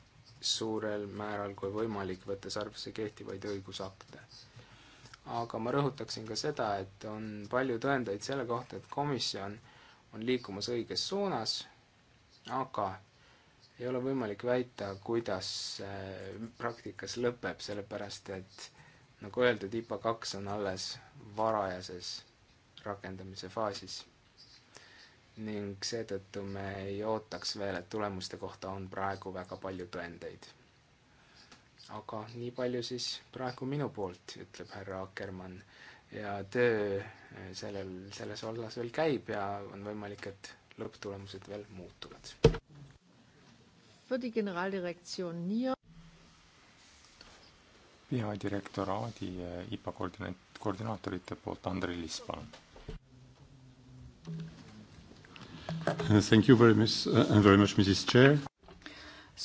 suurel määral kui võimalik, võttes arvesse kehtivaid õigusakte. aga ma rõhutaksin ka seda, et on palju tõendeid selle kohta, et komisjon on liikumas õiges suunas, aga ei ole võimalik väita, kuidas see praktikas lõpeb, sellepärast et nagu öeldud, IPA kaks on alles varajases rakendamise faasis. ning seetõttu me ei ootaks veel, et tulemuste kohta on praegu väga palju tõendeid. aga nii palju siis praegu minu poolt, ütleb härra Akkermann ja töö eh, sellel, selles vallas veel käib ja on võimalik, et lõpptulemused veel muutuvad. peadirektoraadi eh, IPA koordinaat-, koordinaatorite poolt Andrei Liss, palun Uh, thank you very much, very much, Mrs Chair.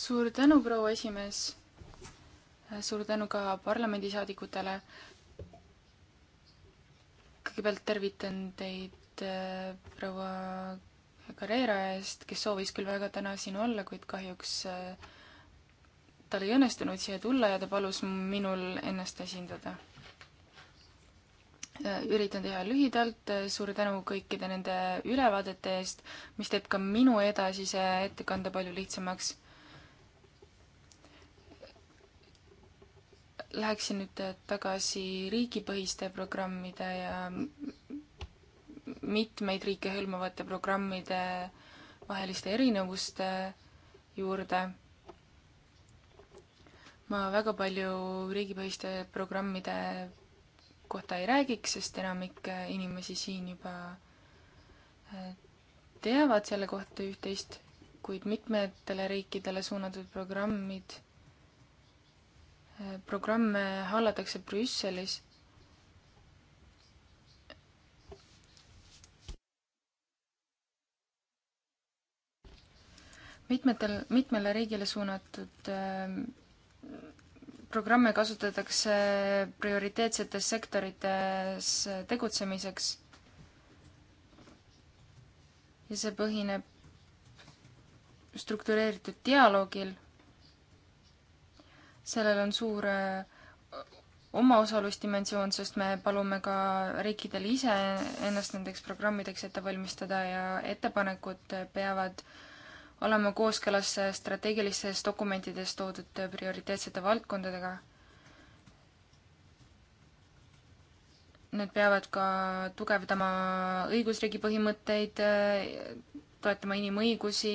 suur tänu, proua esimees. Uh, suur tänu ka parlamendisaadikutele. kõigepealt tervitan teid uh, proua Carrera eest, kes soovis küll väga täna siin olla, kuid kahjuks tal ei õnnestunud siia tulla ja ta palus minul ennast esindada Äh, üritan teha lühidalt, äh, suur tänu kõikide nende ülevaadete eest, mis teeb ka minu edasise ettekande palju lihtsamaks. Läheksin nüüd äh, tagasi riigipõhiste programmide ja mitmeid riike hõlmavate programmide vaheliste erinevuste juurde ma väga palju riigipõhiste programmide kohta ei räägiks, sest enamik äh, inimesi siin juba äh, teavad selle kohta üht-teist, kuid mitmetele riikidele suunatud programmid, äh, programme hallatakse Brüsselis. mitmetel, mitmele riigile suunatud programme kasutatakse prioriteetsetes sektorites tegutsemiseks. ja see põhineb struktureeritud dialoogil. sellel on suur äh, omaosalusdimensioon, sest me palume ka riikidel ise ennast nendeks programmideks ette valmistada ja ettepanekud peavad äh, olema kooskõlas äh, strateegilistes dokumentides toodud äh, prioriteetsete valdkondadega. Need peavad ka tugevdama õigusriigi põhimõtteid, äh, toetama inimõigusi,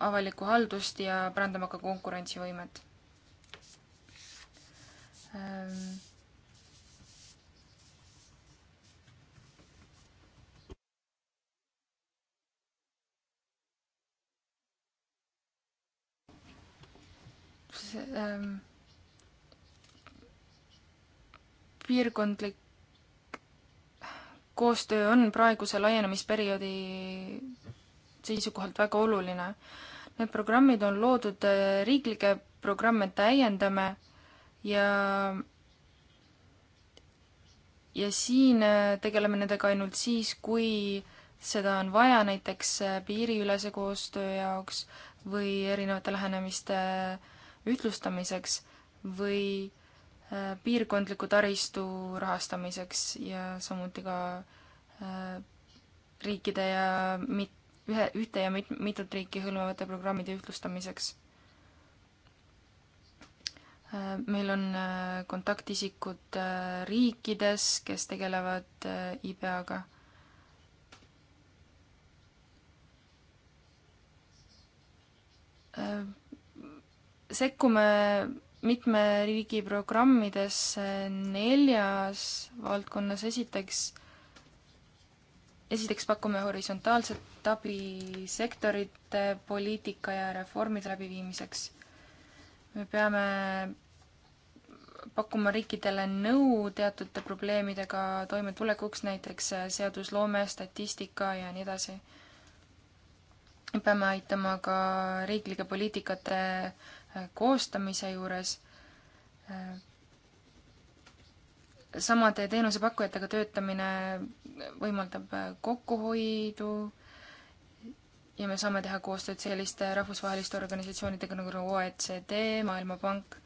avalikku haldust ja parandama ka konkurentsivõimet ähm, piirkondlik koostöö on praeguse laienemisperioodi seisukohalt väga oluline. Need programmid on loodud, äh, riiklikke programme täiendame ja ja siin äh, tegeleme nendega ainult siis, kui seda on vaja näiteks äh, piiriülese koostöö jaoks või erinevate lähenemiste äh, ühtlustamiseks või äh, piirkondliku taristu rahastamiseks ja samuti ka äh, riikide ja mit-, ühe, ühte ja mit-, mitut riiki hõlmavate programmide ühtlustamiseks. Äh, meil on kontaktisikud riikides, kes tegelevad IBA-ga sekkume mitme riigi programmidesse neljas valdkonnas, esiteks, esiteks pakume horisontaalset abi sektorite poliitika ja reformide läbiviimiseks. me peame pakkuma riikidele nõu teatud probleemidega toimetulekuks, näiteks seadusloome, statistika ja nii edasi. peame aitama ka riiklike poliitikate äh, koostamise juures. samade teenusepakkujatega töötamine võimaldab kokkuhoidu ja me saame teha koostööd selliste rahvusvaheliste organisatsioonidega nagu OECD, Maailmapank.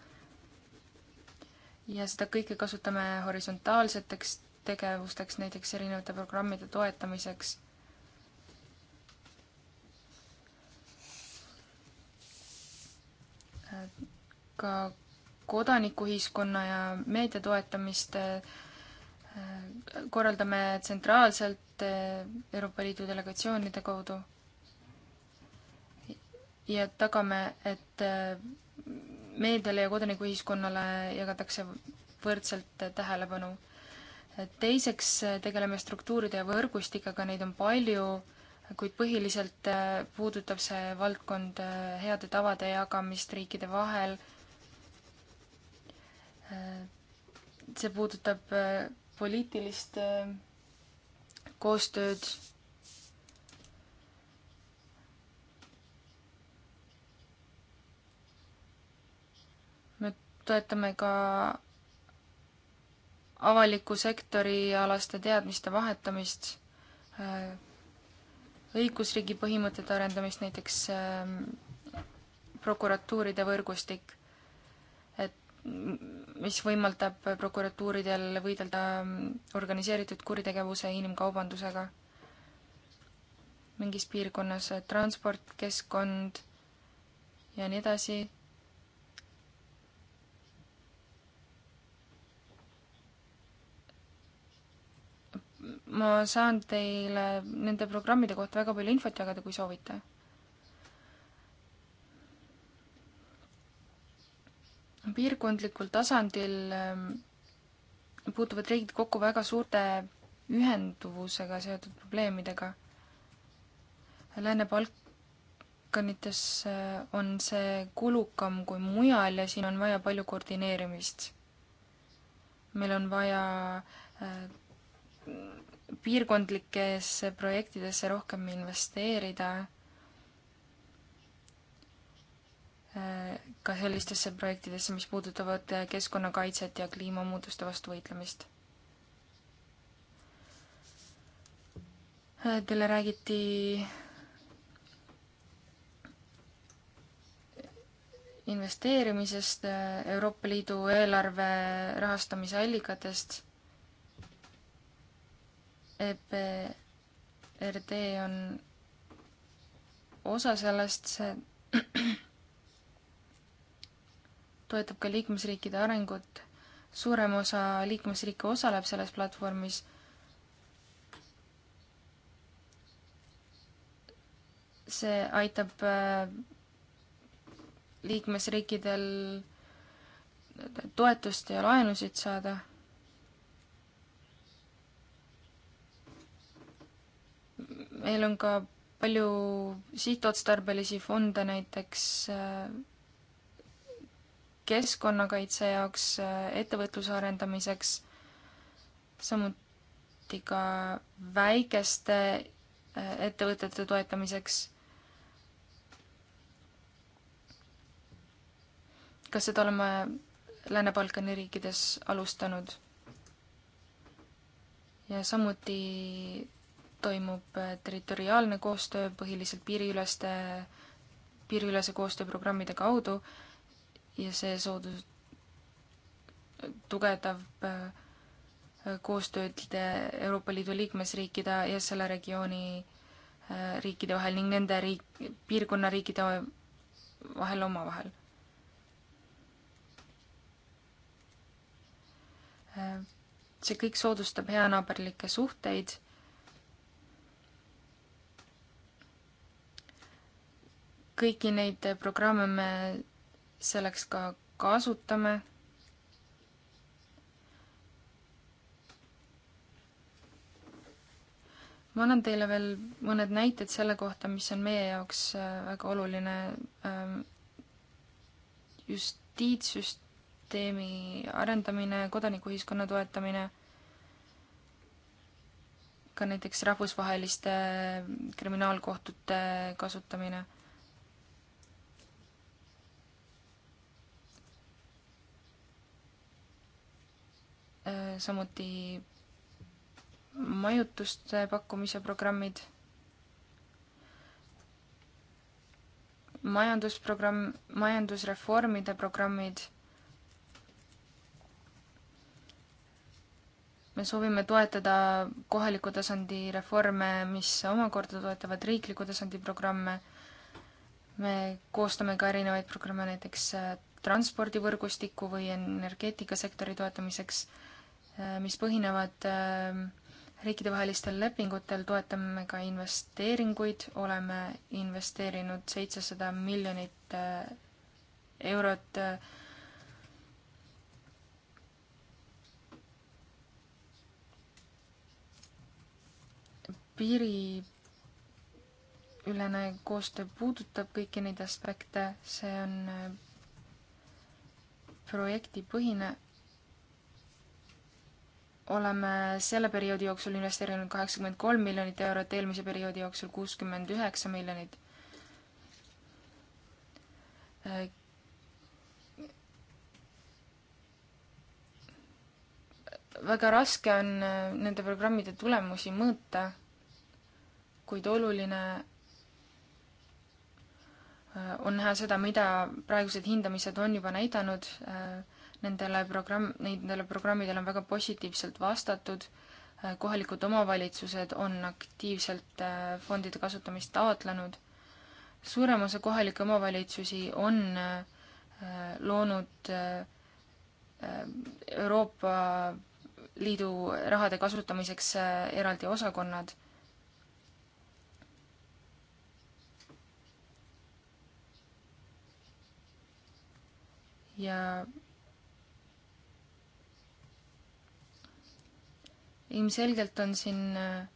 ja seda kõike kasutame horisontaalseteks tegevusteks, näiteks erinevate programmide toetamiseks ka kodanikuühiskonna ja meedia toetamist äh, korraldame tsentraalselt äh, Euroopa Liidu delegatsioonide kaudu ja tagame, et äh, meediale ja kodanikuühiskonnale jagatakse võrdselt tähelepanu. teiseks tegeleme struktuuride ja võrgustikega, neid on palju, kuid põhiliselt puudutab see valdkond heade tavade jagamist riikide vahel see puudutab äh, poliitilist äh, koostööd. me toetame ka avaliku sektori alaste teadmiste vahetamist, äh, õigusriigi põhimõtete arendamist, näiteks prokuratuuride võrgustik mis võimaldab prokuratuuridel võidelda organiseeritud kuritegevuse ja inimkaubandusega mingis piirkonnas, transport, keskkond ja nii edasi. ma saan teile nende programmide kohta väga palju infot jagada, kui soovite piirkondlikul tasandil ähm, puutuvad riigid kokku väga suurte ühenduvusega seotud probleemidega. Lääne-Balkanites äh, on see kulukam kui mujal ja siin on vaja palju koordineerimist. meil on vaja äh, piirkondlikesse projektidesse rohkem investeerida Äh, ka sellistesse projektidesse, mis puudutavad äh, keskkonnakaitset ja kliimamuutuste vastu võitlemist. Äh, teile räägiti investeerimisest, Euroopa Liidu eelarve rahastamise allikatest. EBRD on osa sellest, see toetab ka liikmesriikide arengut. suurem osa liikmesriike osaleb selles platvormis. see aitab äh, liikmesriikidel toetust ja laenusid saada. meil on ka palju sihtotstarbelisi fonde, näiteks äh, keskkonnakaitse jaoks, ettevõtluse arendamiseks, samuti ka väikeste äh, ettevõtete toetamiseks. kas seda oleme Lääne-Balkani riikides alustanud? ja samuti toimub äh, territoriaalne koostöö põhiliselt piiriüleste, piiriülese koostööprogrammide kaudu ja see soodus-, tugevdab äh, koostööd Euroopa Liidu liikmesriikide ja selle regiooni äh, riikide vahel ning nende riik, piirkonna riikide vahel omavahel. Äh, see kõik soodustab heanaaberlikke suhteid kõiki neid programme me selleks ka kasutame. ma annan teile veel mõned näited selle kohta, mis on meie jaoks äh, väga oluline ähm, justiitssüsteemi arendamine, kodanikuühiskonna toetamine ka näiteks rahvusvaheliste äh, kriminaalkohtute kasutamine Äh, samuti majutuste pakkumise programmid, majandusprogramm, majandusreformide programmid. me soovime toetada kohaliku tasandi reforme, mis omakorda toetavad riikliku tasandi programme. me koostame ka erinevaid programme näiteks äh, transpordivõrgustiku või energeetikasektori toetamiseks Äh, mis põhinevad äh, riikidevahelistel lepingutel, toetame ka investeeringuid, oleme investeerinud seitsesada miljonit äh, eurot piiriülene koostöö puudutab kõiki neid aspekte, see on projektipõhine oleme selle perioodi jooksul investeerinud kaheksakümmend kolm miljonit eurot, eelmise perioodi jooksul kuuskümmend üheksa miljonit. väga raske on äh, nende programmide tulemusi mõõta, kuid oluline äh, on näha seda, mida praegused hindamised on juba näidanud äh, nendele programm, nendele programmidele on väga positiivselt vastatud, kohalikud omavalitsused on aktiivselt äh, fondide kasutamist taotlenud, suurem osa kohalikke omavalitsusi on äh, loonud äh, Euroopa Liidu rahade kasutamiseks eraldi osakonnad ja ilmselgelt on siin äh,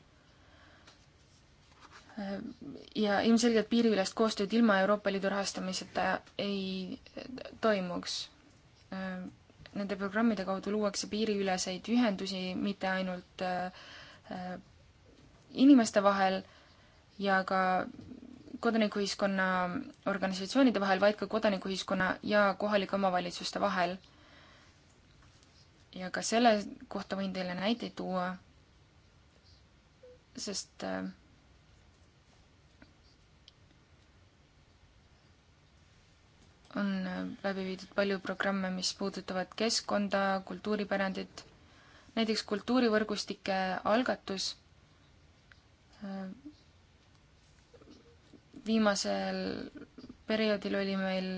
ja ilmselgelt piiriülest koostööd ilma Euroopa Liidu rahastamiseta ei toimuks. Äh, nende programmide kaudu luuakse piiriüleseid ühendusi mitte ainult äh, inimeste vahel ja ka kodanikuühiskonna organisatsioonide vahel, vaid ka kodanikuühiskonna ja kohalike omavalitsuste vahel ja ka selle kohta võin teile näiteid tuua, sest äh, on äh, läbi viidud palju programme, mis puudutavad keskkonda, kultuuripärandit, näiteks kultuurivõrgustike algatus. Äh, viimasel perioodil oli meil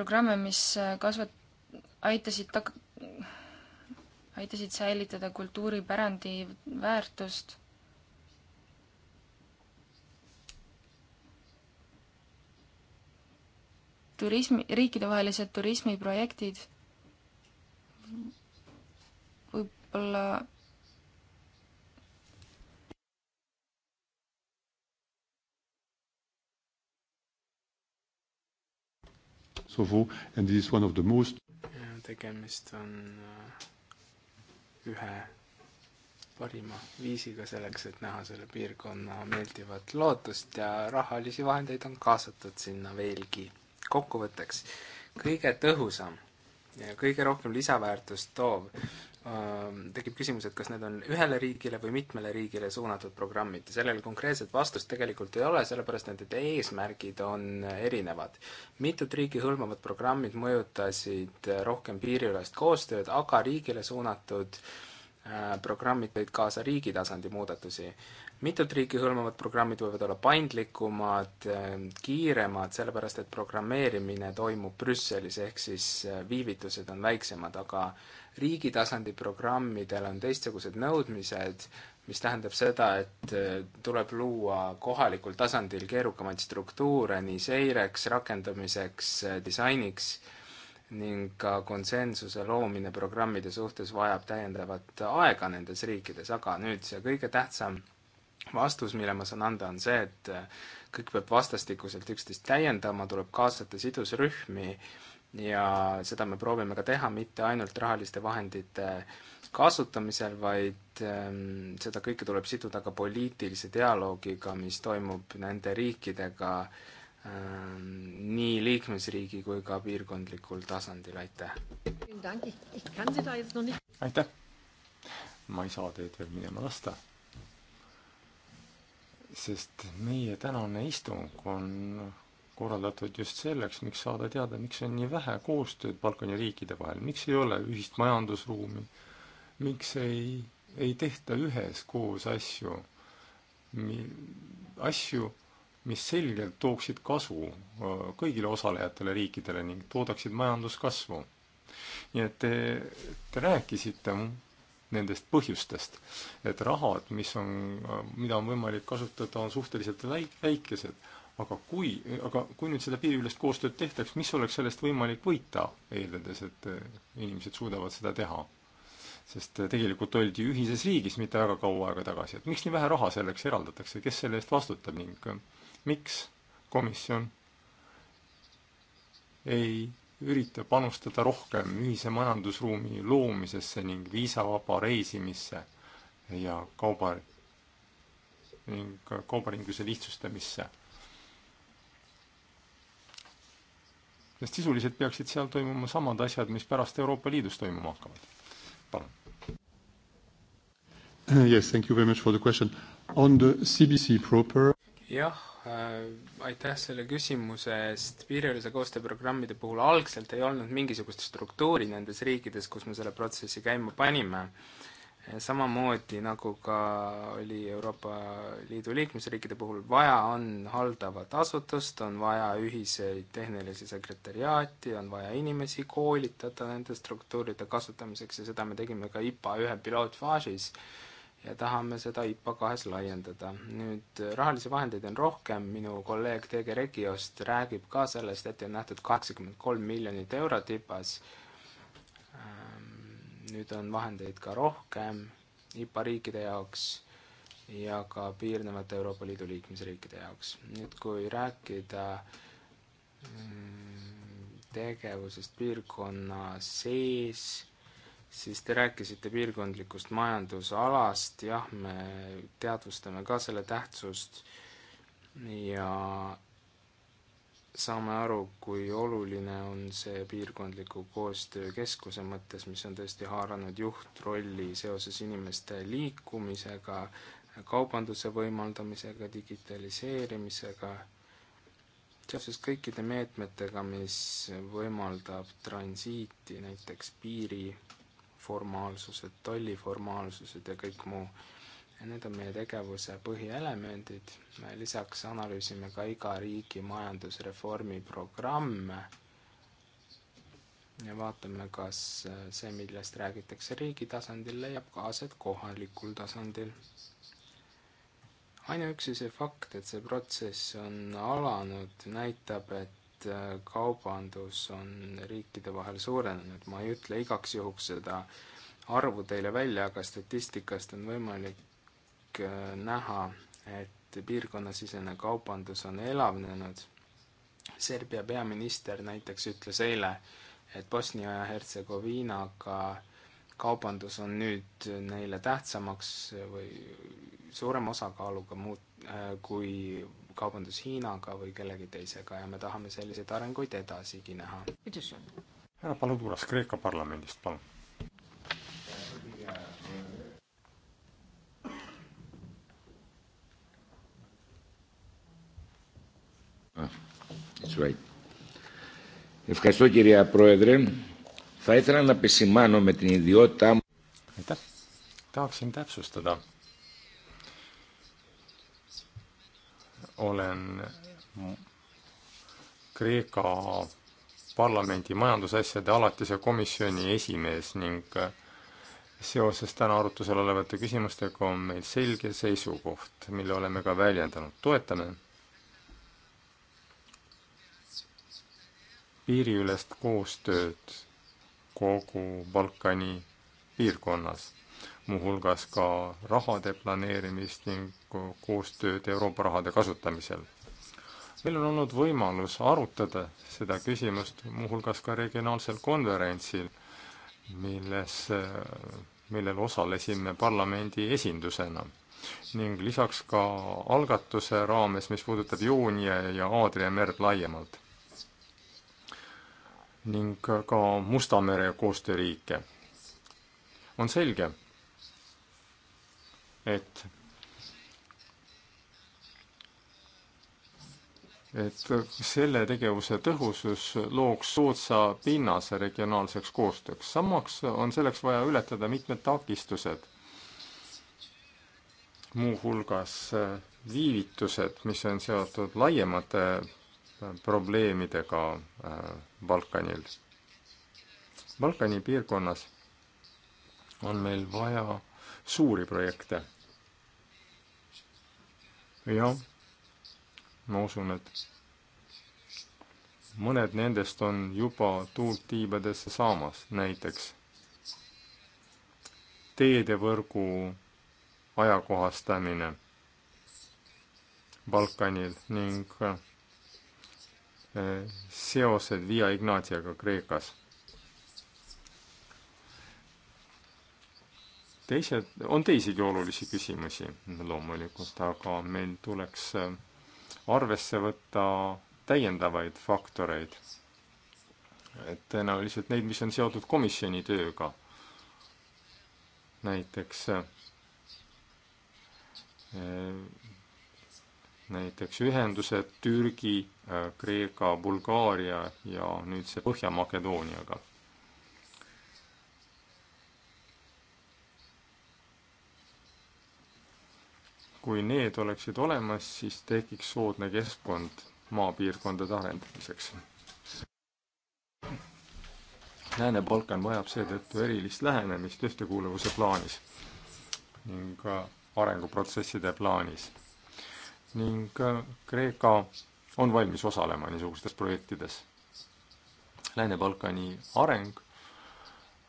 programme, mis äh, kasvat-, aitasid tak-, aitasid säilitada kultuuripärandi väärtust turismi, riikidevahelised turismiprojektid võib-olla Kosovo and this is one of the most tegemist on äh, ühe parima viisiga selleks, et näha selle piirkonna meeldivat lootust ja rahalisi vahendeid on kaasatud sinna veelgi. kokkuvõtteks, kõige tõhusam ja kõige rohkem lisaväärtust toov Ehm, tekib küsimus, et kas need on ühele riigile või mitmele riigile suunatud programmid ja sellele konkreetset vastust tegelikult ei ole, sellepärast et nende eesmärgid on erinevad. mitut riiki hõlmavad programmid mõjutasid rohkem piiriülest koostööd, aga riigile suunatud äh, programmid tõid kaasa riigi tasandi muudatusi mitut riiki hõlmavad programmid võivad olla paindlikumad, äh, kiiremad, sellepärast et programmeerimine toimub Brüsselis, ehk siis äh, viivitused on väiksemad, aga riigi tasandi programmidel on teistsugused nõudmised, mis tähendab seda, et äh, tuleb luua kohalikul tasandil keerukamaid struktuure nii seireks, rakendamiseks, disainiks ning ka konsensuse loomine programmide suhtes vajab täiendavat aega nendes riikides, aga nüüd see kõige tähtsam vastus, mille ma saan anda, on see, et äh, kõik peab vastastikuselt üksteist täiendama, tuleb kaasata sidusrühmi ja seda me proovime ka teha, mitte ainult rahaliste vahendite kasutamisel, vaid ähm, seda kõike tuleb siduda ka poliitilise dialoogiga, mis toimub nende riikidega ähm, nii liikmesriigi kui ka piirkondlikul tasandil, aitäh! aitäh! ma ei saa teid veel minema lasta sest meie tänane istung on korraldatud just selleks, miks saada teada, miks on nii vähe koostööd Balkani riikide vahel, miks ei ole ühist majandusruumi, miks ei, ei tehta üheskoos asju, asju, mis selgelt tooksid kasu äh, kõigile osalejatele riikidele ning toodaksid majanduskasvu. nii et te, te rääkisite nendest põhjustest. et rahad, mis on, mida on võimalik kasutada, on suhteliselt väik-, väikesed, aga kui, aga kui nüüd seda piiriülest koostööd tehtaks, mis oleks sellest võimalik võita, eeldades, et eh, inimesed suudavad seda teha? sest eh, tegelikult oldi ühises riigis mitte väga kaua aega tagasi, et miks nii vähe raha selleks eraldatakse, kes selle eest vastutab ning eh, miks komisjon ei ürita panustada rohkem ühise majandusruumi loomisesse ning viisavaba reisimisse ja kauba ning kaubaringuse lihtsustamisse. sest sisuliselt peaksid seal toimuma samad asjad, mis pärast Euroopa Liidus toimuma hakkavad. palun. Yes, thank you very much for the question. On the CBC proper jah, Äh, aitäh selle küsimuse eest, piiriülese koostööprogrammide puhul algselt ei olnud mingisugust struktuuri nendes riikides, kus me selle protsessi käima panime, äh, samamoodi nagu ka oli Euroopa Liidu liikmesriikide puhul, vaja on haldavat asutust, on vaja ühiseid tehnilisi sekretäriaati, on vaja inimesi koolitada nende struktuuride kasutamiseks ja seda me tegime ka IPA ühe pilootfaasis ja tahame seda IPA kahes laiendada. nüüd rahalisi vahendeid on rohkem, minu kolleeg TG Regiost räägib ka sellest, ette on nähtud kaheksakümmend kolm miljonit eurot IPA-s, ähm, nüüd on vahendeid ka rohkem IPA riikide jaoks ja ka piirnevate Euroopa Liidu liikmesriikide jaoks. nüüd, kui rääkida mm, tegevusest piirkonna sees, siis te rääkisite piirkondlikust majandusalast, jah, me teadvustame ka selle tähtsust ja saame aru, kui oluline on see piirkondliku koostöökeskuse mõttes, mis on tõesti haaranud juhtrolli seoses inimeste liikumisega, kaubanduse võimaldamisega, digitaliseerimisega, seoses kõikide meetmetega, mis võimaldab transiiti näiteks piiri formaalsused, tolliformaalsused ja kõik muu. Need on meie tegevuse põhielemendid, me lisaks analüüsime ka iga riigi majandusreformi programme ja vaatame, kas see, millest räägitakse riigi tasandil, leiab ka aset kohalikul tasandil. ainuüksi see fakt, et see protsess on alanud, näitab, et Äh, kaubandus on riikide vahel suurenenud, ma ei ütle igaks juhuks seda arvu teile välja, aga statistikast on võimalik äh, näha, et piirkonnasisene kaubandus on elavnenud. Serbia peaminister näiteks ütles eile, et Bosnia ja Hertsegoviinaga kaubandus on nüüd neile tähtsamaks või suurema osakaaluga muut-, äh, kui kaubandus Hiinaga või kellegi teisega ja me tahame selliseid arenguid edasigi näha. härra Paluduras Kreeka parlamendist, palun. Ah, that's right. Ευχαριστώ κυρία Πρόεδρε. Θα ήθελα να επισημάνω με την ιδιότητά μου... Aitäh! Tahaksin täpsustada. Olen Kreeka parlamendi majandusasjade alatise komisjoni esimees ning seoses täna arutusel olevate küsimustega on meil selge seisukoht, mille oleme ka väljendanud. toetame piiriülest koostööd kogu Balkani piirkonnas, muuhulgas ka rahade planeerimist ning koostööd Euroopa rahade kasutamisel. meil on olnud võimalus arutada seda küsimust muuhulgas ka regionaalsel konverentsil, milles, millel osalesime parlamendi esindusena ning lisaks ka algatuse raames, mis puudutab Joonia ja Aadria merd laiemalt ning ka Musta mere koostööriike. on selge, et et selle tegevuse tõhusus looks soodsa pinnase regionaalseks koostööks. samaks on selleks vaja ületada mitmed takistused, muuhulgas viivitused, mis on seotud laiemate probleemidega äh, Balkanil. Balkani piirkonnas on meil vaja suuri projekte. jah, ma usun, et mõned nendest on juba tuult tiibadesse saamas, näiteks teedevõrgu ajakohastamine Balkanil ning äh, seosed Via Ignatiaga Kreekas. teised, on teisigi olulisi küsimusi loomulikult, aga meil tuleks äh, arvesse võtta täiendavaid faktoreid. et tõenäoliselt neid, mis on seotud komisjoni tööga. näiteks äh, näiteks ühendused Türgi, äh, Kreeka, Bulgaaria ja nüüd see Põhja-Makedooniaga. kui need oleksid olemas, siis tekiks soodne keskkond maapiirkondade arendamiseks. Lääne-Balkan vajab seetõttu erilist lähenemist ühtekuuluvuse plaanis ning arenguprotsesside plaanis ning Kreeka on valmis osalema niisugustes projektides. Lääne-Balkani areng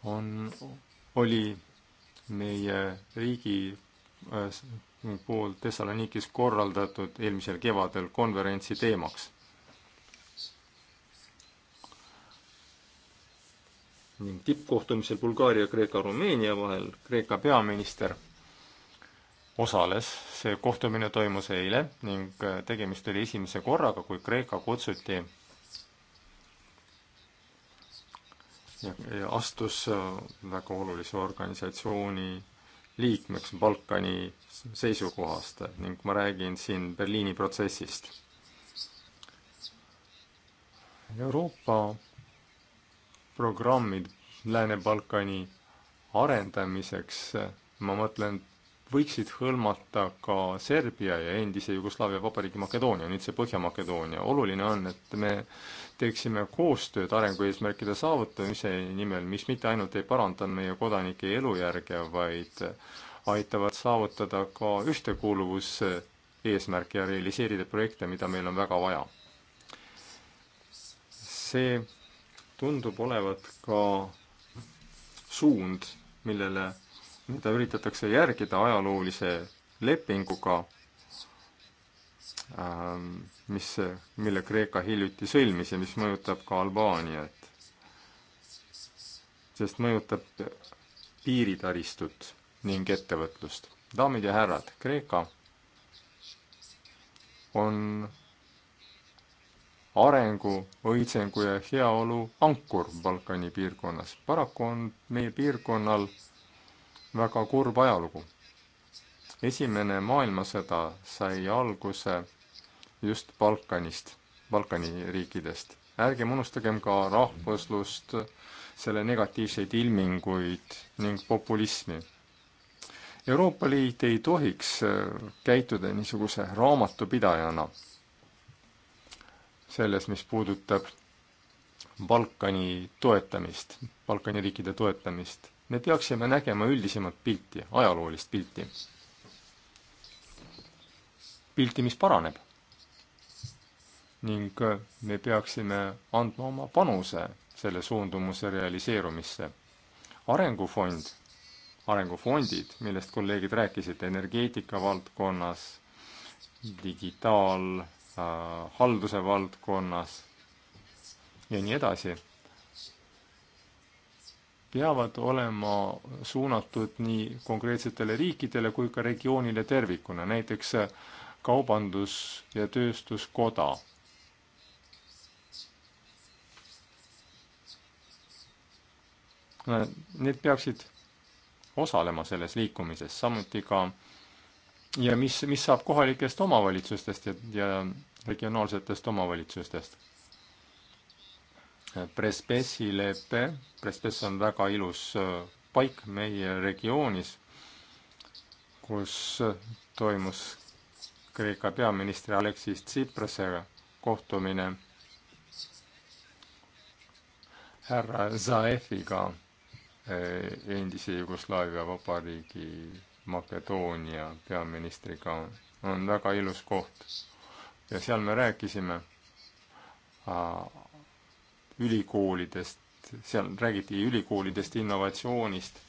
on, oli meie riigi äh, pool Thessalonikis korraldatud eelmisel kevadel konverentsi teemaks. ning tippkohtumisel Bulgaaria, Kreeka, Rumeenia vahel Kreeka peaminister osales, see kohtumine toimus eile ning äh, tegemist oli esimese korraga, kui Kreeka kutsuti ja, ja astus äh, väga olulise organisatsiooni liikmeks Balkani seisukohast ning ma räägin siin Berliini protsessist. Euroopa programmid Lääne-Balkani arendamiseks, äh, ma mõtlen võiksid hõlmata ka Serbia ja endise Jugoslaavia vabariigi Makedoonia, nüüd see Põhja-Makedoonia. oluline on, et me teeksime koostööd arengueesmärkide saavutamise nimel, mis mitte ainult ei paranda meie kodanike elujärge, vaid aitavad saavutada ka ühtekuuluvuseesmärke ja realiseerida projekte, mida meil on väga vaja. see tundub olevat ka suund, millele mida üritatakse järgida ajaloolise lepinguga, ähm, mis, mille Kreeka hiljuti sõlmis ja mis mõjutab ka Albaaniat. sest mõjutab piiritaristut ning ettevõtlust. daamid ja härrad, Kreeka on arengu, õitsengu ja heaolu ankur Balkani piirkonnas. paraku on meie piirkonnal väga kurb ajalugu. esimene maailmasõda sai alguse just Balkanist, Balkani riikidest. ärgem unustagem ka rahvuslust, selle negatiivseid ilminguid ning populismi. Euroopa Liit ei tohiks äh, käituda niisuguse raamatupidajana selles, mis puudutab Balkani toetamist, Balkani riikide toetamist me peaksime nägema üldisemat pilti, ajaloolist pilti. pilti, mis paraneb. ning äh, me peaksime andma oma panuse selle suundumuse realiseerumisse. arengufond, arengufondid, millest kolleegid rääkisid, energeetika valdkonnas, digitaal äh,, halduse valdkonnas ja nii edasi peavad olema suunatud nii konkreetsetele riikidele kui ka regioonile tervikuna, näiteks kaubandus- ja tööstuskoda. Need peaksid osalema selles liikumises, samuti ka ja mis, mis saab kohalikest omavalitsustest ja, ja regionaalsetest omavalitsustest Prespesi lepe, Prespes on väga ilus äh, paik meie regioonis, kus toimus Kreeka peaministri Aleksis Tsiprasega kohtumine härra Zaefiga, äh, endise Jugoslaavia vabariigi Makedoonia peaministriga, on väga ilus koht. ja seal me rääkisime äh, ülikoolidest, seal räägiti ülikoolidest, innovatsioonist,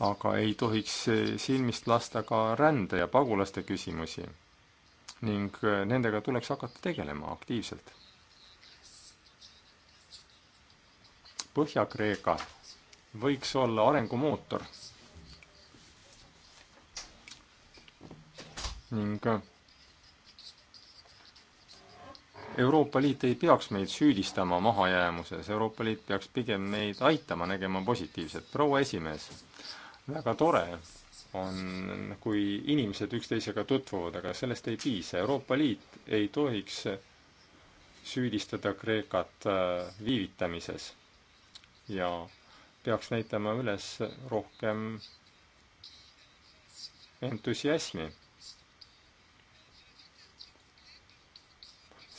aga ei tohiks silmist lasta ka rände ja pagulaste küsimusi ning äh, nendega tuleks hakata tegelema aktiivselt. Põhja-Kreeka võiks olla arengumootor ning äh, Euroopa Liit ei peaks meid süüdistama mahajäämuses, Euroopa Liit peaks pigem meid aitama nägema positiivset. proua esimees, väga tore on, kui inimesed üksteisega tutvuvad, aga sellest ei piisa. Euroopa Liit ei tohiks süüdistada Kreekat äh, viivitamises ja peaks näitama üles rohkem entusiasmi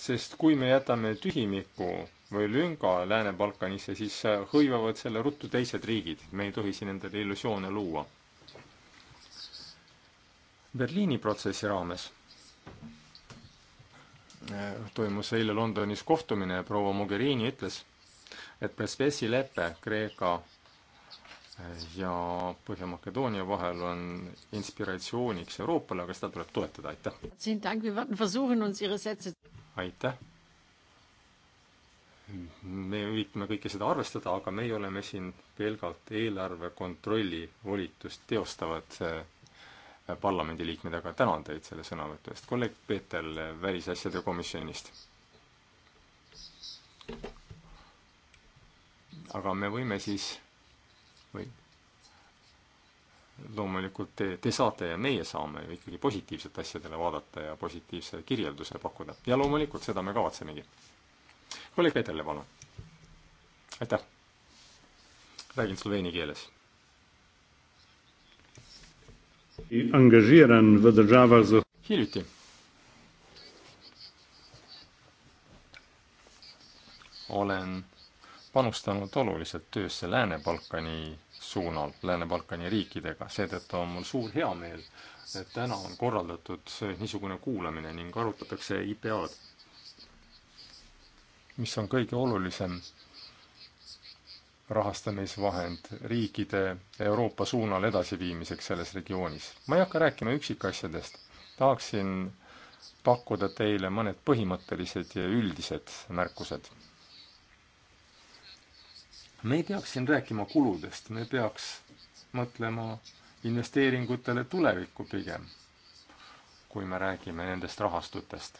sest kui me jätame tühimiku või lünga Lääne-Balkanisse, siis äh, hõivavad selle ruttu teised riigid. me ei tohi siin endale illusioone luua. Berliini protsessi raames äh, toimus eile Londonis kohtumine ja proua Mogherini ütles, et Prespessi lepe Kreeka äh, ja Põhja-Makedoonia vahel on inspiratsiooniks Euroopale, aga seda tuleb toetada, aitäh! aitäh! me üritame kõike seda arvestada, aga meie oleme siin pelgalt eelarve kontrolli volitust teostavad äh, parlamendiliikmed, aga tänan teid selle sõnavõtu eest. kolleeg Peeter Välisasjade komisjonist. aga me võime siis või loomulikult te, te saate ja meie saame ju ikkagi positiivselt asjadele vaadata ja positiivse kirjelduse pakkuda. ja loomulikult seda me kavatsemegi. kolleeg Peeterle, palun. aitäh. räägin sloveeni keeles. hiljuti olen panustanud oluliselt töösse Lääne-Balkani suunal Lääne-Balkani riikidega, seetõttu on mul suur heameel, et täna on korraldatud niisugune kuulamine ning arutatakse IPA-d, mis on kõige olulisem rahastamisvahend riikide Euroopa suunal edasiviimiseks selles regioonis. ma ei hakka rääkima üksikasjadest, tahaksin pakkuda teile mõned põhimõttelised ja üldised märkused me ei peaks siin rääkima kuludest, me peaks mõtlema investeeringutele tulevikku pigem, kui me räägime nendest rahastutest.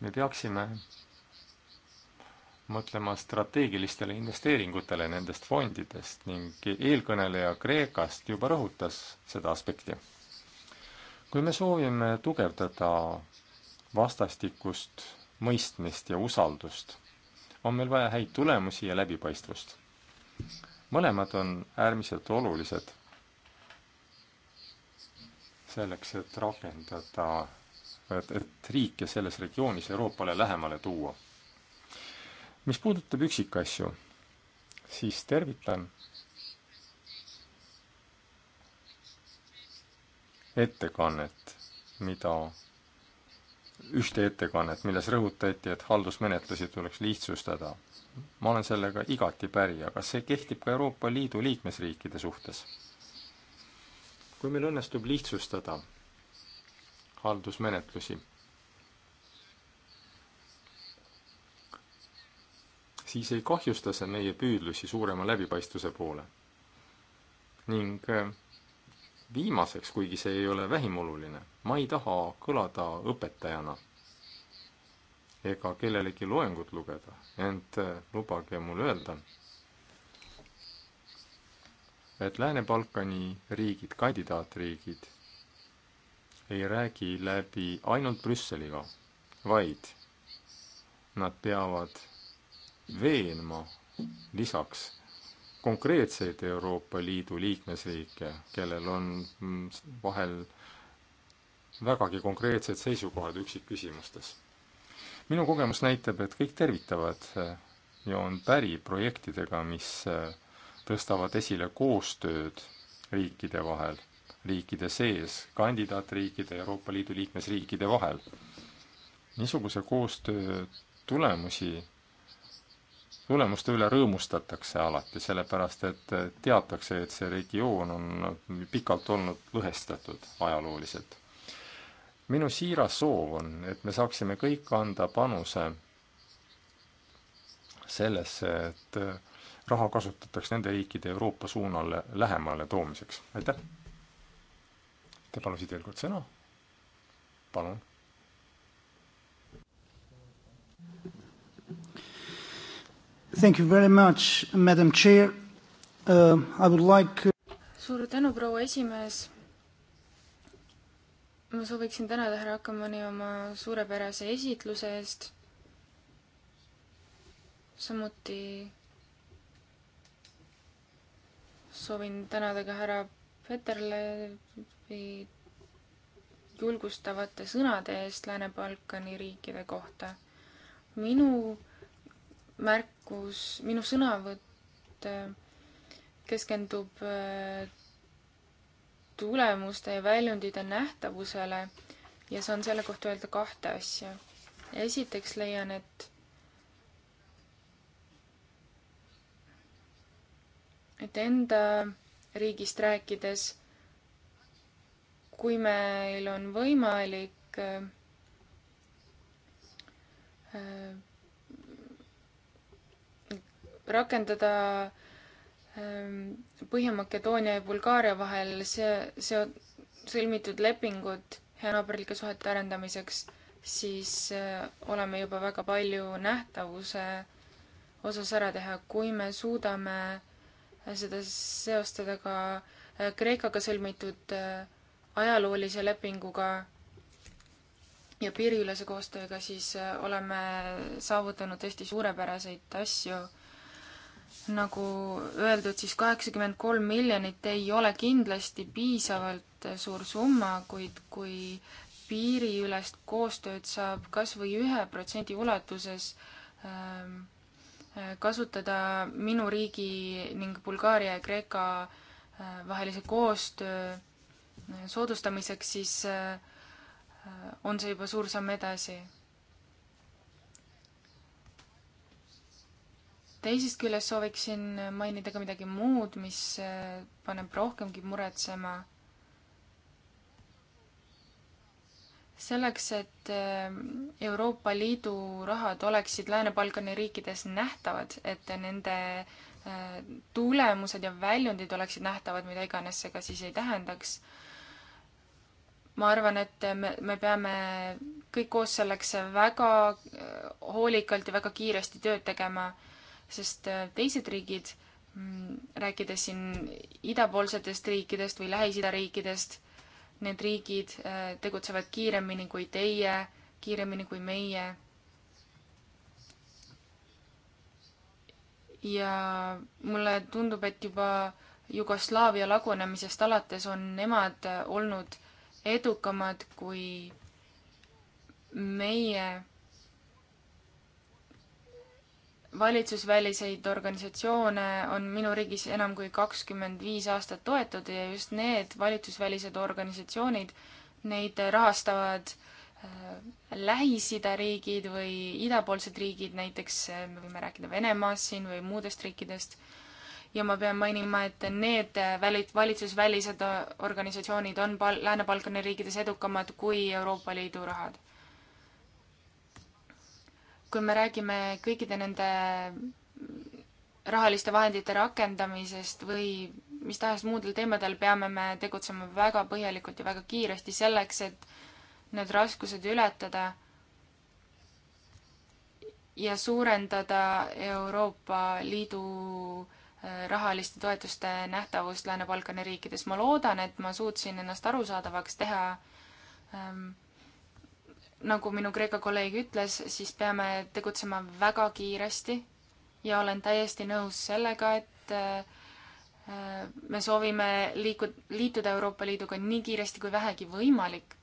me peaksime mõtlema strateegilistele investeeringutele nendest fondidest ning eelkõneleja Kreekast juba rõhutas seda aspekti. kui me soovime tugevdada vastastikust mõistmist ja usaldust on meil vaja häid tulemusi ja läbipaistvust. mõlemad on äärmiselt olulised selleks, et rakendada, et, et riike selles regioonis Euroopale lähemale tuua. mis puudutab üksikasju, siis tervitan ettekannet, mida ühte ettekannet, milles rõhutati, et haldusmenetlusi tuleks lihtsustada. ma olen sellega igati päri, aga see kehtib ka Euroopa Liidu liikmesriikide suhtes. kui meil õnnestub lihtsustada haldusmenetlusi, siis ei kahjusta see meie püüdlusi suurema läbipaistvuse poole. ning äh, viimaseks, kuigi see ei ole vähim oluline, ma ei taha kõlada õpetajana ega kellelegi loengut lugeda, ent äh, lubage mul öelda, et Lääne-Balkani riigid, kandidaatriigid, ei räägi läbi ainult Brüsseliga, vaid nad peavad veenma lisaks konkreetseid Euroopa Liidu liikmesriike, kellel on mm, vahel vägagi konkreetsed seisukohad üksikküsimustes. minu kogemus näitab, et kõik tervitavad eh, ja on päri projektidega, mis eh, tõstavad esile koostööd riikide vahel, riikide sees, kandidaatriikide, Euroopa Liidu liikmesriikide vahel. niisuguse koostöö tulemusi tulemuste üle rõõmustatakse alati, sellepärast et teatakse, et see regioon on pikalt olnud lõhestatud ajalooliselt. minu siiras soov on, et me saaksime kõik anda panuse sellesse, et raha kasutatakse nende riikide Euroopa suunale lähemale toomiseks, aitäh! Te palusite veel kord sõna? palun Thank you very much, madam chair uh,. I would like. Uh, suur tänu, proua esimees. ma sooviksin tänada härra Akkamani oma suurepärase esitluse eest. samuti soovin tänada ka härra Peterle julgustavate sõnade eest Lääne-Balkani riikide kohta. minu märkus, minu sõnavõtt äh, keskendub äh, tulemuste ja väljundite nähtavusele ja saan selle kohta öelda kahte asja. esiteks leian, et et enda riigist rääkides, kui meil on võimalik äh, äh rakendada ähm, Põhja-Makedoonia ja Bulgaaria vahel see, see sõlmitud lepingud heanaaberlike suhete arendamiseks, siis äh, oleme juba väga palju nähtavuse osas ära teha, kui me suudame äh, seda seostada ka äh, Kreekaga sõlmitud ajaloolise lepinguga ja piiriülese koostööga, siis oleme saavutanud tõesti suurepäraseid asju nagu öeldud, siis kaheksakümmend kolm miljonit ei ole kindlasti piisavalt suur summa, kuid kui piiriülest koostööd saab kas või ühe protsendi ulatuses ähm, äh, kasutada minu riigi ning Bulgaaria ja Kreeka äh, vahelise koostöö äh, soodustamiseks, siis on see juba suur samm edasi teisest küljest sooviksin mainida ka midagi muud, mis äh, paneb rohkemgi muretsema. selleks, et äh, Euroopa Liidu rahad oleksid Lääne-Balkani riikides nähtavad, et nende äh, tulemused ja väljundid oleksid nähtavad, mida iganes see ka siis ei tähendaks. ma arvan, et me, me peame kõik koos selleks väga hoolikalt ja väga kiiresti tööd tegema sest äh, teised riigid, mm, rääkides siin idapoolsetest riikidest või Lähis-Ida riikidest, need riigid äh, tegutsevad kiiremini kui teie, kiiremini kui meie. ja mulle tundub, et juba Jugoslaavia lagunemisest alates on nemad äh, olnud edukamad kui meie valitsusväliseid organisatsioone on minu riigis enam kui kakskümmend viis aastat toetud ja just need valitsusvälised organisatsioonid, neid rahastavad äh, Lähis-Ida riigid või idapoolsed riigid, näiteks äh, me võime rääkida Venemaast siin või muudest riikidest, ja ma pean mainima, et need äh, väli-, valitsusvälised organisatsioonid on pal-, Lääne-Balkani riikides edukamad kui Euroopa Liidu rahad kui me räägime kõikide nende rahaliste vahendite rakendamisest või mis tahes muudel teemadel, peame me tegutsema väga põhjalikult ja väga kiiresti selleks, et need raskused ületada ja suurendada Euroopa Liidu äh, rahaliste toetuste nähtavust Lääne-Balkani riikides. ma loodan, et ma suutsin ennast arusaadavaks teha ähm, nagu minu Kreeka kolleeg ütles, siis peame tegutsema väga kiiresti ja olen täiesti nõus sellega, et äh, me soovime liiku-, liituda Euroopa Liiduga nii kiiresti kui vähegi võimalik.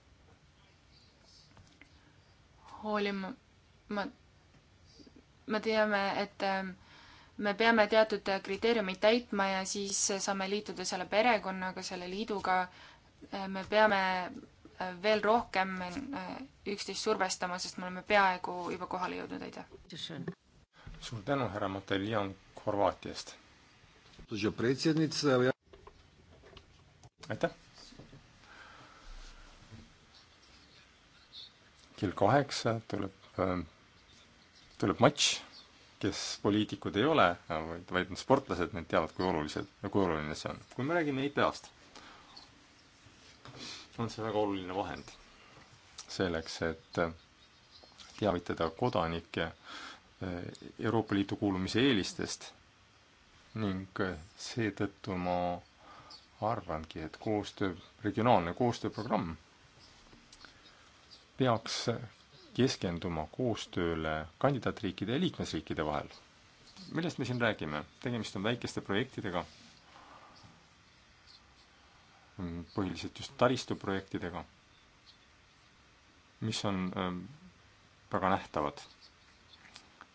hoolim-, ma, me teame, et äh, me peame teatud kriteeriumid täitma ja siis saame liituda selle perekonnaga, selle liiduga. Äh, me peame veel rohkem äh, üksteist survestama, sest me oleme peaaegu juba kohale jõudnud, aitäh! suur tänu, härra Mateljan Horvaatiast! aitäh! kell kaheksa tuleb, ähm, tuleb matš, kes poliitikud ei ole, vaid, vaid sportlased, need teavad, kui olulised, kui oluline see on. kui me räägime IPA-st on see väga oluline vahend selleks, et teavitada kodanikke eh, Euroopa Liitu kuulumise eelistest ning eh, seetõttu ma arvangi, et koostöö, regionaalne koostööprogramm peaks keskenduma koostööle kandidaatriikide ja liikmesriikide vahel. millest me siin räägime? tegemist on väikeste projektidega Mm, põhiliselt just taristuprojektidega, mis on ähm, väga nähtavad.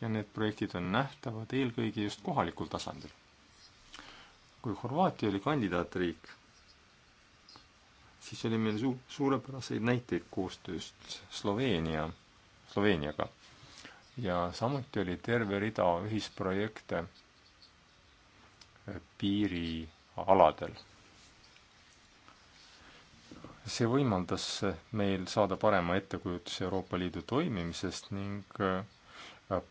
ja need projektid on nähtavad eelkõige just kohalikul tasandil. kui Horvaatia oli kandidaatriik, siis oli meil su-, suurepäraseid näiteid koostööst Sloveenia, Sloveeniaga. ja samuti oli terve rida ühisprojekte äh, piirialadel see võimaldas meil saada parema ettekujutuse Euroopa Liidu toimimisest ning äh,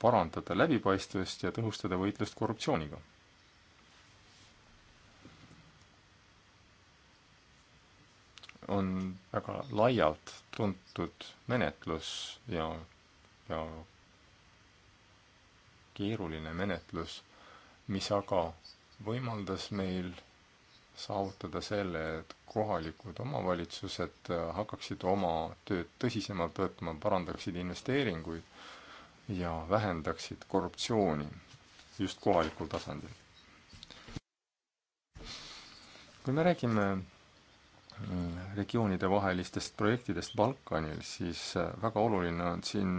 parandada läbipaistvust ja tõhustada võitlust korruptsiooniga. on väga laialt tuntud menetlus ja, ja keeruline menetlus, mis aga võimaldas meil saavutada selle, et kohalikud omavalitsused äh, hakkaksid oma tööd tõsisemalt võtma, parandaksid investeeringuid ja vähendaksid korruptsiooni just kohalikul tasandil. kui me räägime mm, regioonidevahelistest projektidest Balkanil, siis äh, väga oluline on siin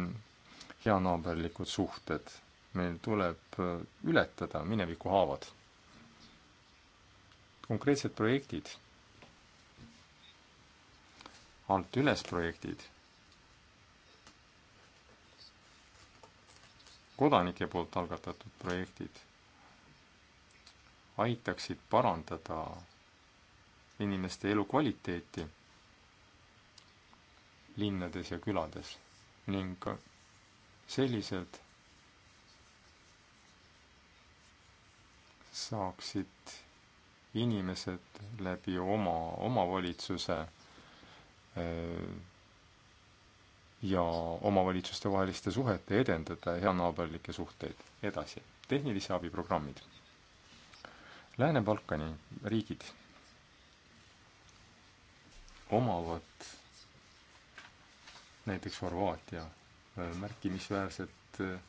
heanaaberlikud suhted. meil tuleb äh, ületada minevikuhaavad konkreetsed projektid, alt üles projektid, kodanike poolt algatatud projektid aitaksid parandada inimeste elukvaliteeti linnades ja külades ning selliselt saaksid inimesed läbi oma omavalitsuse eh, ja omavalitsuste vaheliste suhete edendada heanaaberlikke suhteid. edasi, tehnilise abi programmid. Lääne-Balkani riigid omavad näiteks Horvaatia eh, märkimisväärset eh,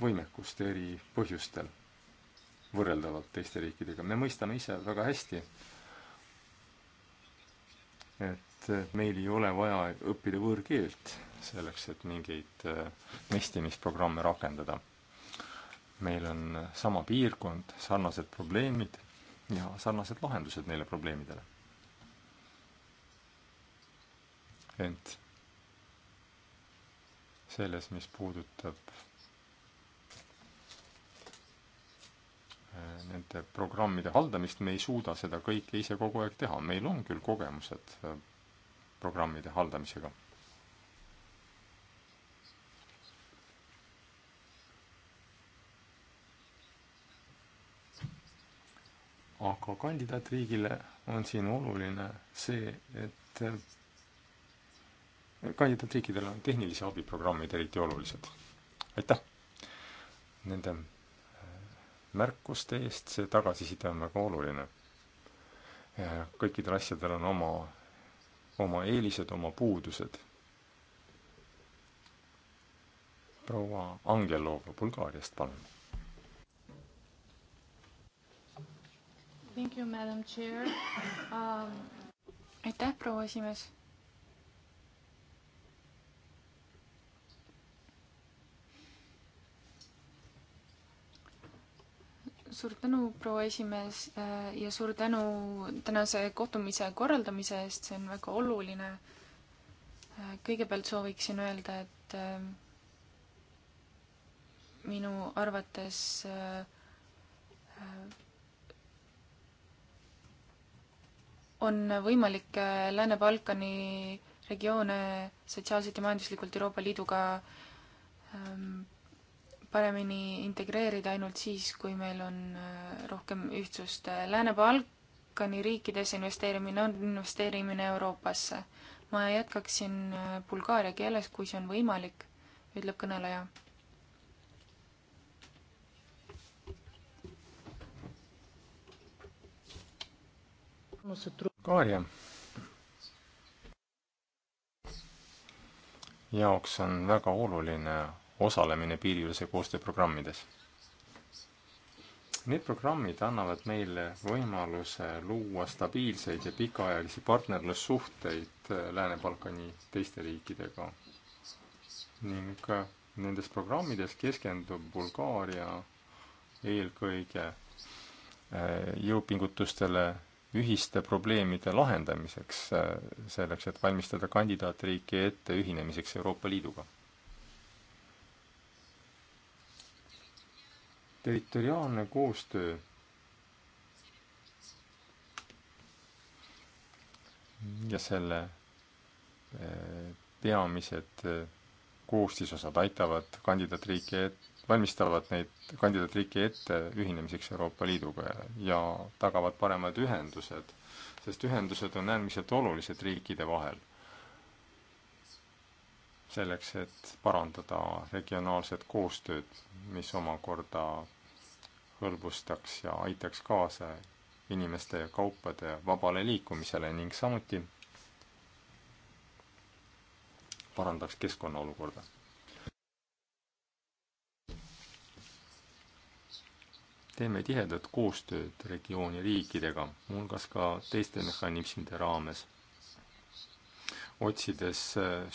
võimekust eri põhjustel võrreldavalt teiste riikidega. me mõistame ise väga hästi, et meil ei ole vaja õppida võõrkeelt selleks, et mingeid testimisprogramme äh, rakendada. meil on sama piirkond, sarnased probleemid ja sarnased lahendused neile probleemidele. ent selles, mis puudutab nende programmide haldamist, me ei suuda seda kõike ise kogu aeg teha, meil on küll kogemused äh, programmide haldamisega. aga kandidaatriigile on siin oluline see, et äh, kandidaatriikidel on tehnilise abi programmid eriti olulised. aitäh nende märkuste eest, see tagasiside on väga oluline. kõikidel asjadel on oma, oma eelised, oma puudused. proua Angelova Bulgaariast, palun. Thank you, madam chair um.... aitäh, proua esimees suur tänu, proua esimees äh, ja suur tänu tänase kohtumise korraldamise eest, see on väga oluline. Äh, kõigepealt sooviksin öelda, et äh, minu arvates on võimalik Lääne-Balkani regioone sotsiaalselt ja majanduslikult Euroopa Liiduga ähm, paremini integreerida ainult siis, kui meil on äh, rohkem ühtsust. Lääne-Balkani riikides investeerimine on investeerimine Euroopasse. ma jätkaksin äh, bulgaaria keeles, kui see on võimalik, ütleb kõneleja. Bulgaaria jaoks on väga oluline osalemine piiriülese koostöö programmides. Need programmid annavad meile võimaluse luua stabiilseid ja pikaajalisi partnerlussuhteid Lääne-Balkani teiste riikidega. ning nendes programmides keskendub Bulgaaria eelkõige eh, jõupingutustele ühiste probleemide lahendamiseks, eh, selleks et valmistada kandidaatriiki ette ühinemiseks Euroopa Liiduga territoriaalne koostöö ja selle eh, peamised eh, koostisosad aitavad kandidaatriike, valmistavad neid kandidaatriike ette ühinemiseks Euroopa Liiduga ja tagavad paremad ühendused, sest ühendused on äärmiselt olulised riikide vahel. selleks, et parandada regionaalset koostööd, mis omakorda hõlbustaks ja aitaks kaasa inimeste ja kaupade vabale liikumisele ning samuti parandaks keskkonna olukorda. teeme tihedat koostööd regiooni riikidega, muuhulgas ka teiste mehhanismide raames, otsides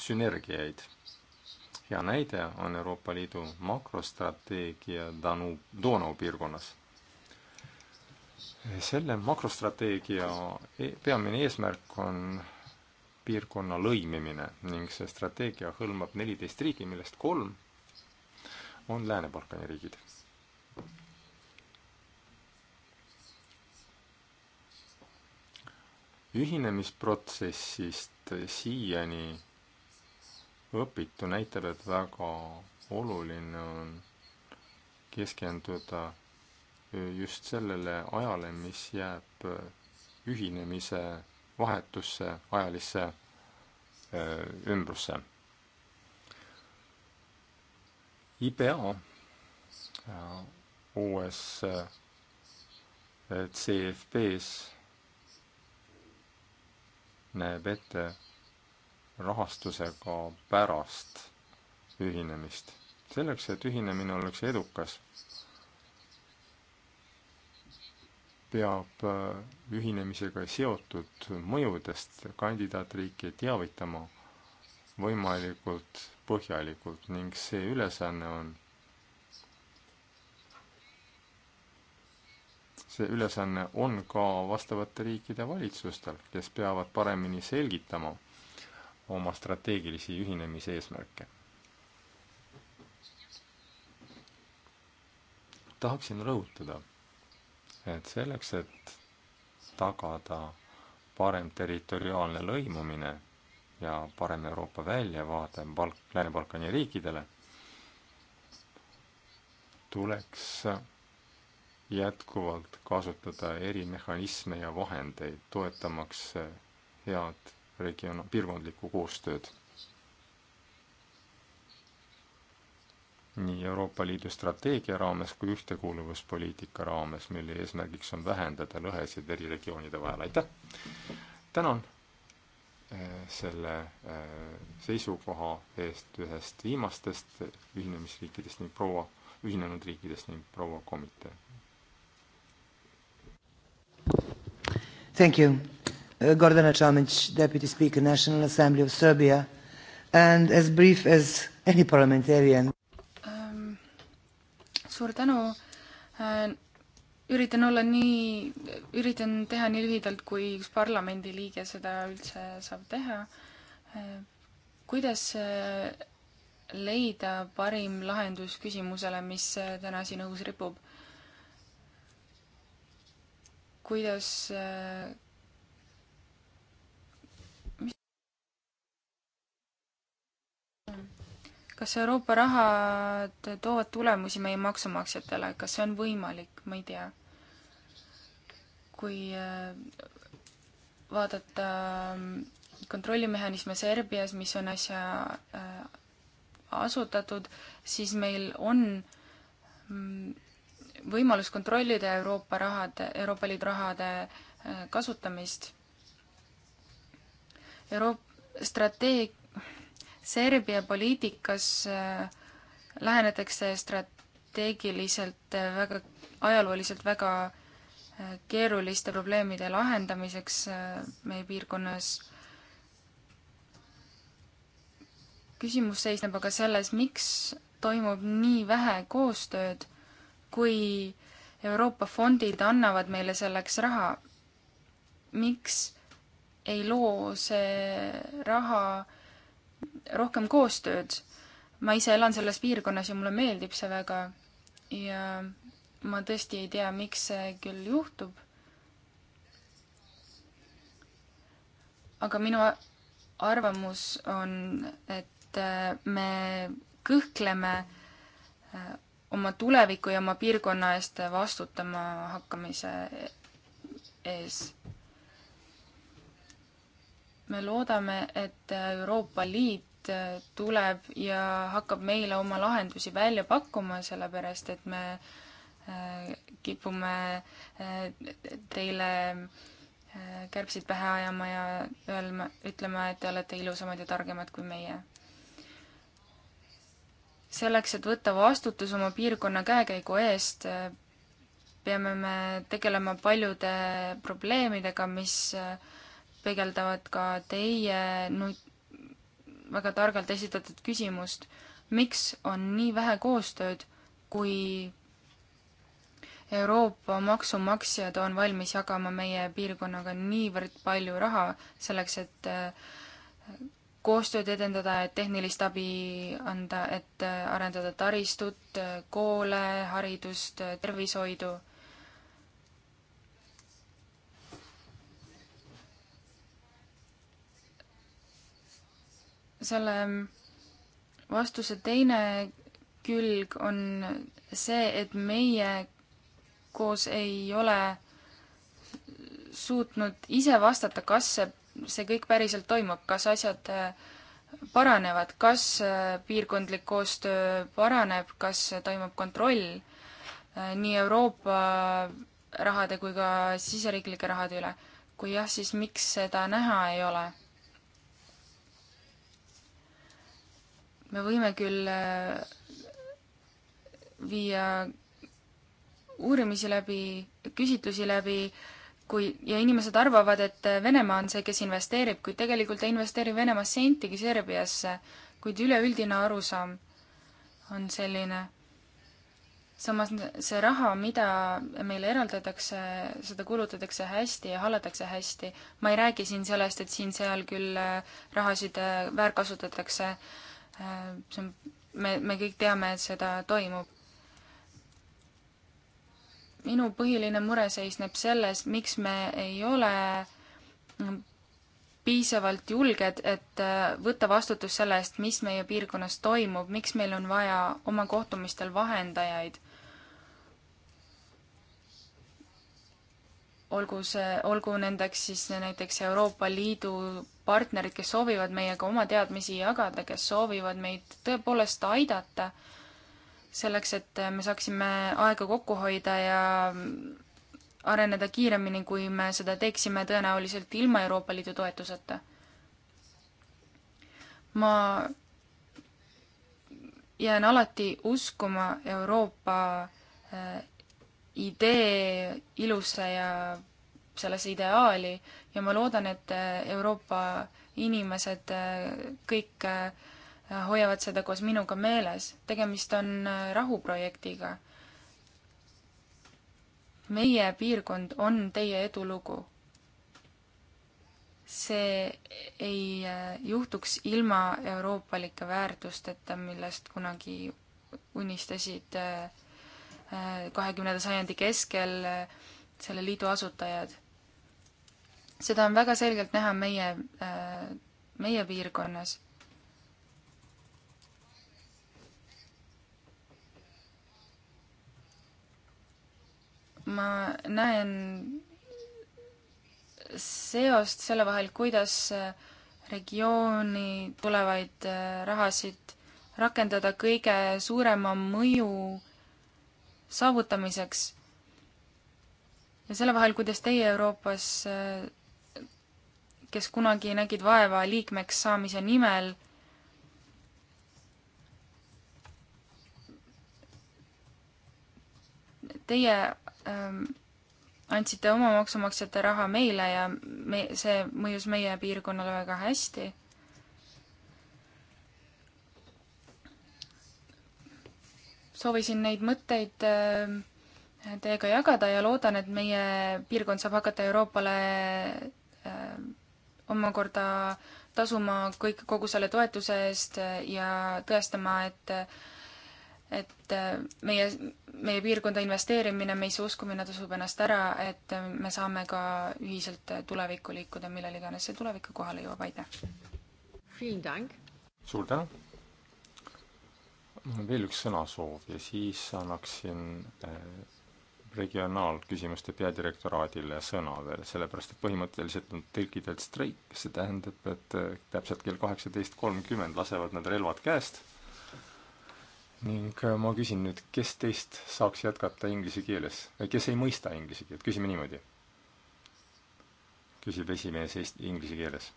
sünergiaid hea näide on Euroopa Liidu makrostrateegia Danu-, Donau piirkonnas. selle makrostrateegia e-, peamine eesmärk on piirkonna lõimimine ning see strateegia hõlmab neliteist riigi, millest kolm on Lääne-Balkani riigid. ühinemisprotsessist siiani õpitu näitab, et väga oluline on keskenduda just sellele ajale, mis jääb ühinemise vahetusse ajalisse äh, ümbrusse. IBA äh, uues äh, CFP-s näeb ette rahastusega pärast ühinemist. selleks, et ühinemine oleks edukas, peab äh, ühinemisega seotud mõjudest kandidaatriiki teavitama võimalikult põhjalikult ning see ülesanne on, see ülesanne on ka vastavate riikide valitsustel, kes peavad paremini selgitama oma strateegilisi ühinemise eesmärke. tahaksin rõhutada, et selleks, et tagada parem territoriaalne lõimumine ja parem Euroopa väljavaade Balk-, Lääne-Balkani riikidele, tuleks jätkuvalt kasutada erimehhanisme ja vahendeid, toetamaks head regioon, piirkondlikku koostööd. nii Euroopa Liidu strateegia raames kui ühtekuuluvuspoliitika raames, mille eesmärgiks on vähendada lõhesid eri regioonide vahel, aitäh! tänan eh, selle eh, seisukoha eest ühest viimastest ühinemisriikidest ning proua, ühinenud riikidest ning proua komitee. Thank you uh, Gordana Chomic, Deputy Speaker, National Assembly of Serbia, and as brief as any parliamentarian um,. suur tänu uh,. üritan olla nii, üritan teha nii lühidalt, kui üks parlamendiliige seda üldse saab teha uh,. kuidas äh, leida parim lahendus küsimusele, mis täna siin õhus ripub? kuidas kas Euroopa rahad toovad tulemusi meie maksumaksjatele, kas see on võimalik, ma ei tea. kui äh, vaadata ähm, kontrollimehhanisme Serbias, mis on äsja äh, asutatud, siis meil on mm, võimalus kontrollida Euroopa rahade, Euroopa Liidu rahade äh, kasutamist. Euroop-, strateeg-, Serbia poliitikas äh, lähenetakse strateegiliselt äh, väga, ajalooliselt väga äh, keeruliste probleemide lahendamiseks meie piirkonnas. küsimus seisneb aga selles, miks toimub nii vähe koostööd, kui Euroopa fondid annavad meile selleks raha. miks ei loo see raha äh, rohkem koostööd. ma ise elan selles piirkonnas ja mulle meeldib see väga ja ma tõesti ei tea, miks see küll juhtub. aga minu arvamus on, et äh, me kõhkleme äh, oma tuleviku ja oma piirkonna eest vastutama hakkamise e-, ees me loodame, et Euroopa Liit tuleb ja hakkab meile oma lahendusi välja pakkuma, sellepärast et me äh, kipume äh, teile äh, kärbsid pähe ajama ja öelma, ütlema, et te olete ilusamad ja targemad kui meie. selleks, et võtta vastutus oma piirkonna käekäigu eest, peame me tegelema paljude probleemidega, mis äh, peegeldavad ka teie nüüd väga targalt esitatud küsimust, miks on nii vähe koostööd, kui Euroopa maksumaksjad on valmis jagama meie piirkonnaga niivõrd palju raha selleks, et äh, koostööd edendada, et tehnilist abi anda, et äh, arendada taristut, äh, koole, haridust, tervishoidu selle vastuse teine külg on see, et meie koos ei ole suutnud ise vastata, kas see, see kõik päriselt toimub, kas asjad äh, paranevad, kas äh, piirkondlik koostöö paraneb, kas toimub kontroll äh, nii Euroopa rahade kui ka siseriiklike rahade üle. kui jah, siis miks seda näha ei ole me võime küll äh, viia uurimisi läbi, küsitlusi läbi, kui, ja inimesed arvavad, et äh, Venemaa on see, kes investeerib, kuid tegelikult ei investeeri Venemaa sentigi Serbiasse, kuid üleüldine arusaam on selline. samas see raha, mida meile eraldatakse, seda kulutatakse hästi ja hallatakse hästi. ma ei räägi siin sellest, et siin-seal küll äh, rahasid väärkasutatakse äh, Äh, see on, me, me kõik teame, et seda toimub. minu põhiline mure seisneb selles, miks me ei ole mm, piisavalt julged, et äh, võtta vastutus selle eest, mis meie piirkonnas toimub, miks meil on vaja oma kohtumistel vahendajaid. olgu see, olgu nendeks siis näiteks Euroopa Liidu partnerid, kes soovivad meiega oma teadmisi jagada, kes soovivad meid tõepoolest aidata selleks, et me saaksime aega kokku hoida ja areneda kiiremini, kui me seda teeksime tõenäoliselt ilma Euroopa Liidu toetuseta. ma jään alati uskuma Euroopa äh, idee ilusa ja sellesse ideaali ja ma loodan, et äh, Euroopa inimesed äh, kõik äh, hoiavad seda koos minuga meeles. tegemist on rahuprojektiga. meie piirkond on teie edulugu. see ei juhtuks ilma euroopalike väärtusteta, millest kunagi unistasid kahekümnenda sajandi keskel selle liidu asutajad seda on väga selgelt näha meie, äh, meie piirkonnas. ma näen seost selle vahel, kuidas äh, regiooni tulevaid äh, rahasid rakendada kõige suurema mõju saavutamiseks ja selle vahel, kuidas teie Euroopas kes kunagi nägid vaeva liikmeks saamise nimel, teie ähm, andsite oma maksumaksjate raha meile ja me, see mõjus meie piirkonnale väga hästi. soovisin neid mõtteid äh, teiega jagada ja loodan, et meie piirkond saab hakata Euroopale äh, omakorda tasuma kõik, kogu selle toetuse eest ja tõestama, et et meie, meie piirkonda investeerimine, meisse uskumine tasub ennast ära, et me saame ka ühiselt tulevikku liikuda, millal iganes see tulevik ka kohale jõuab, aitäh! suur tänu! mul on veel üks sõnasoov ja siis annaksin äh, regionaalküsimuste peadirektoraadile sõna veel, sellepärast et põhimõtteliselt on tõlkidel streik, see tähendab, et äh, täpselt kell kaheksateist kolmkümmend lasevad nad relvad käest ning äh, ma küsin nüüd, kes teist saaks jätkata inglise keeles, äh, kes ei mõista inglise keelt, küsime niimoodi. küsib esimees eesti, inglise keeles.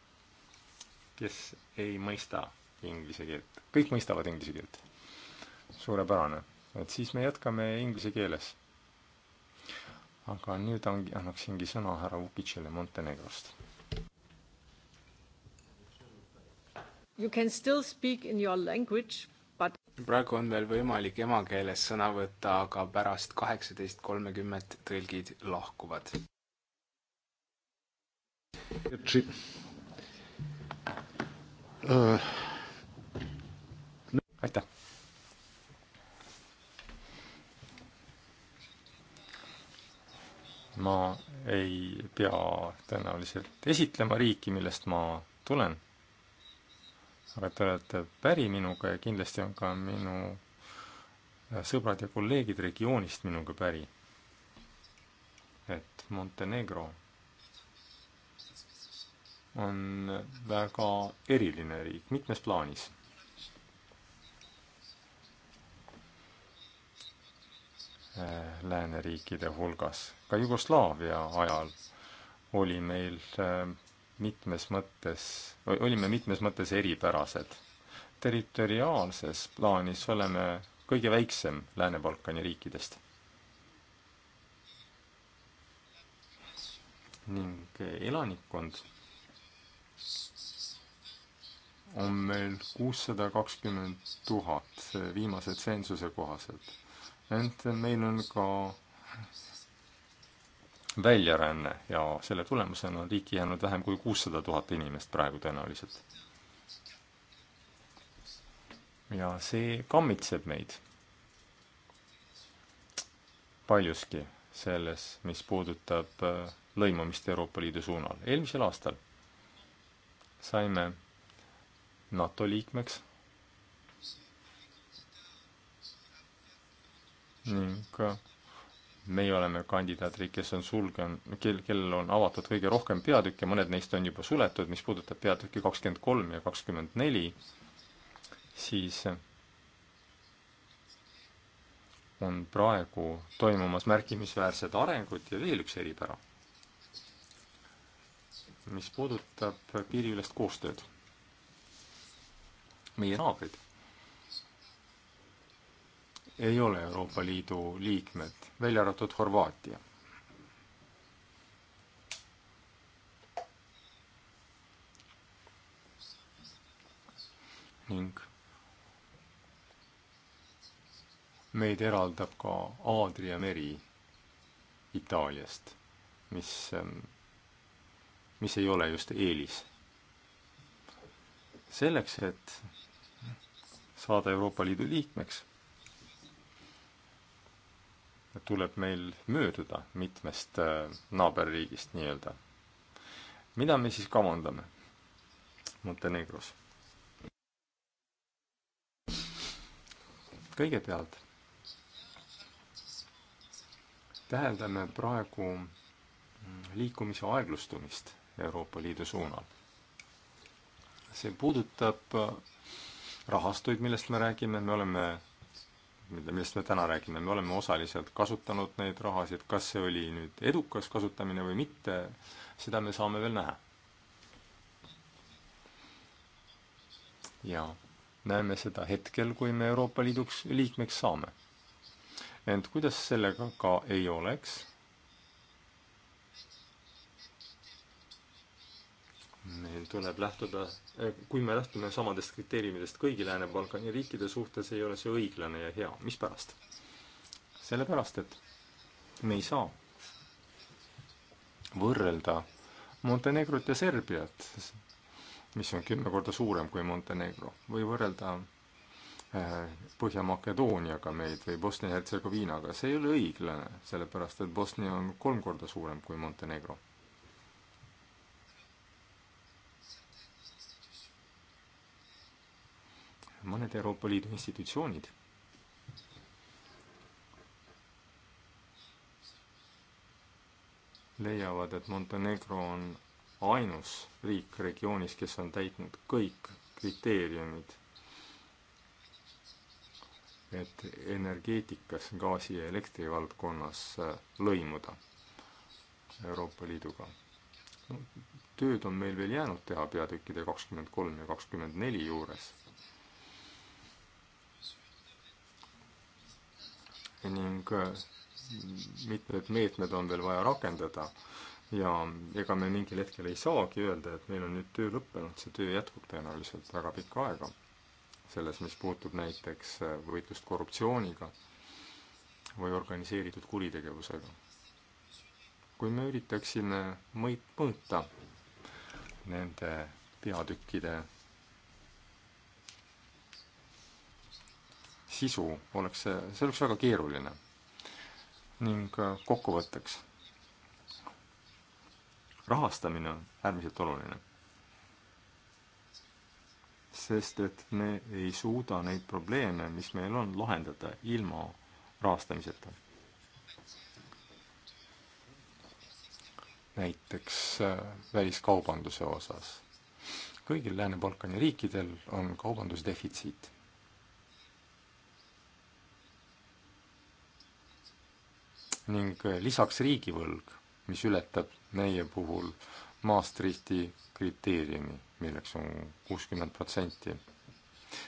kes ei mõista inglise keelt, kõik mõistavad inglise keelt. suurepärane, et siis me jätkame inglise keeles aga nüüd ongi, annaksingi sõna härra Vukitšile Montenegrost. You can still speak in your language, but praegu on veel võimalik emakeeles sõna võtta, aga pärast kaheksateist kolmekümmet tõlgid lahkuvad. E. aitäh. ma ei pea tõenäoliselt esitlema riiki, millest ma tulen, aga te olete päri minuga ja kindlasti on ka minu äh, sõbrad ja kolleegid regioonist minuga päri. et Montenegro on väga eriline riik mitmes plaanis äh, lääneriikide hulgas ka Jugoslaavia ajal oli meil äh, mitmes mõttes, olime mitmes mõttes eripärased. territoriaalses plaanis oleme kõige väiksem Lääne-Balkani riikidest. ning elanikkond on meil kuussada kakskümmend tuhat viimase tsensuse kohaselt. ent meil on ka väljaränne ja selle tulemusena on riiki jäänud vähem kui kuussada tuhat inimest praegu tõenäoliselt. ja see kammitseb meid paljuski selles, mis puudutab äh, lõimumist Euroopa Liidu suunal. eelmisel aastal saime NATO liikmeks ning äh, meie oleme kandidaatriik, kes on sulgenud, kel, kellel on avatud kõige rohkem peatükke, mõned neist on juba suletud, mis puudutab peatükki kakskümmend kolm ja kakskümmend neli, siis on praegu toimumas märkimisväärsed arengud ja veel üks eripära, mis puudutab piiriülest koostööd. meie naabrid ei ole Euroopa Liidu liikmed, välja arvatud Horvaatia. ning meid eraldab ka Aadria meri Itaaliast, mis, ähm, mis ei ole just eelis. selleks, et saada Euroopa Liidu liikmeks tuleb meil mööduda mitmest äh, naaberriigist nii-öelda. mida me siis kavandame Montenegros? kõigepealt täheldame praegu mm, liikumise aeglustumist Euroopa Liidu suunal. see puudutab äh, rahastuid, millest me räägime, me oleme mida, millest me täna räägime, me oleme osaliselt kasutanud neid rahasid, kas see oli nüüd edukas kasutamine või mitte, seda me saame veel näha. ja näeme seda hetkel, kui me Euroopa Liiduks liikmeks saame. ent kuidas sellega ka ei oleks meil tuleb lähtuda, eh, kui me lähtume samadest kriteeriumidest kõigi Lääne-Balkani riikide suhtes, ei ole see õiglane ja hea. mispärast? sellepärast, et me ei saa võrrelda Montenegrot ja Serbiat, mis on kümme korda suurem kui Montenegro, või võrrelda eh, Põhja-Makedooniaga meid või Bosnia-Hertsegoviinaga, see ei ole õiglane, sellepärast et Bosnia on kolm korda suurem kui Montenegro mõned Euroopa Liidu institutsioonid leiavad, et Montenegro on ainus riik regioonis, kes on täitnud kõik kriteeriumid, et energeetikas, gaasi ja elektri valdkonnas äh, lõimuda Euroopa Liiduga no, tööd on meil veel jäänud teha peatükkide kakskümmend kolm ja kakskümmend neli juures ning äh, mitmed meetmed on veel vaja rakendada ja ega me mingil hetkel ei saagi öelda, et meil on nüüd töö lõppenud, see töö jätkub tõenäoliselt väga pikka aega. selles, mis puutub näiteks äh, võitlust korruptsiooniga või organiseeritud kuritegevusega. kui me üritaksime mõõta nende peatükkide sisu, oleks see, see oleks väga keeruline. ning äh, kokkuvõtteks, rahastamine on äärmiselt oluline. sest et me ei suuda neid probleeme, mis meil on, lahendada ilma rahastamiseta. näiteks äh, väliskaubanduse osas kõigil Lääne-Balkani riikidel on kaubandusdefitsiit. ning äh, lisaks riigivõlg, mis ületab meie puhul Maastrichti kriteeriumi, milleks on kuuskümmend protsenti.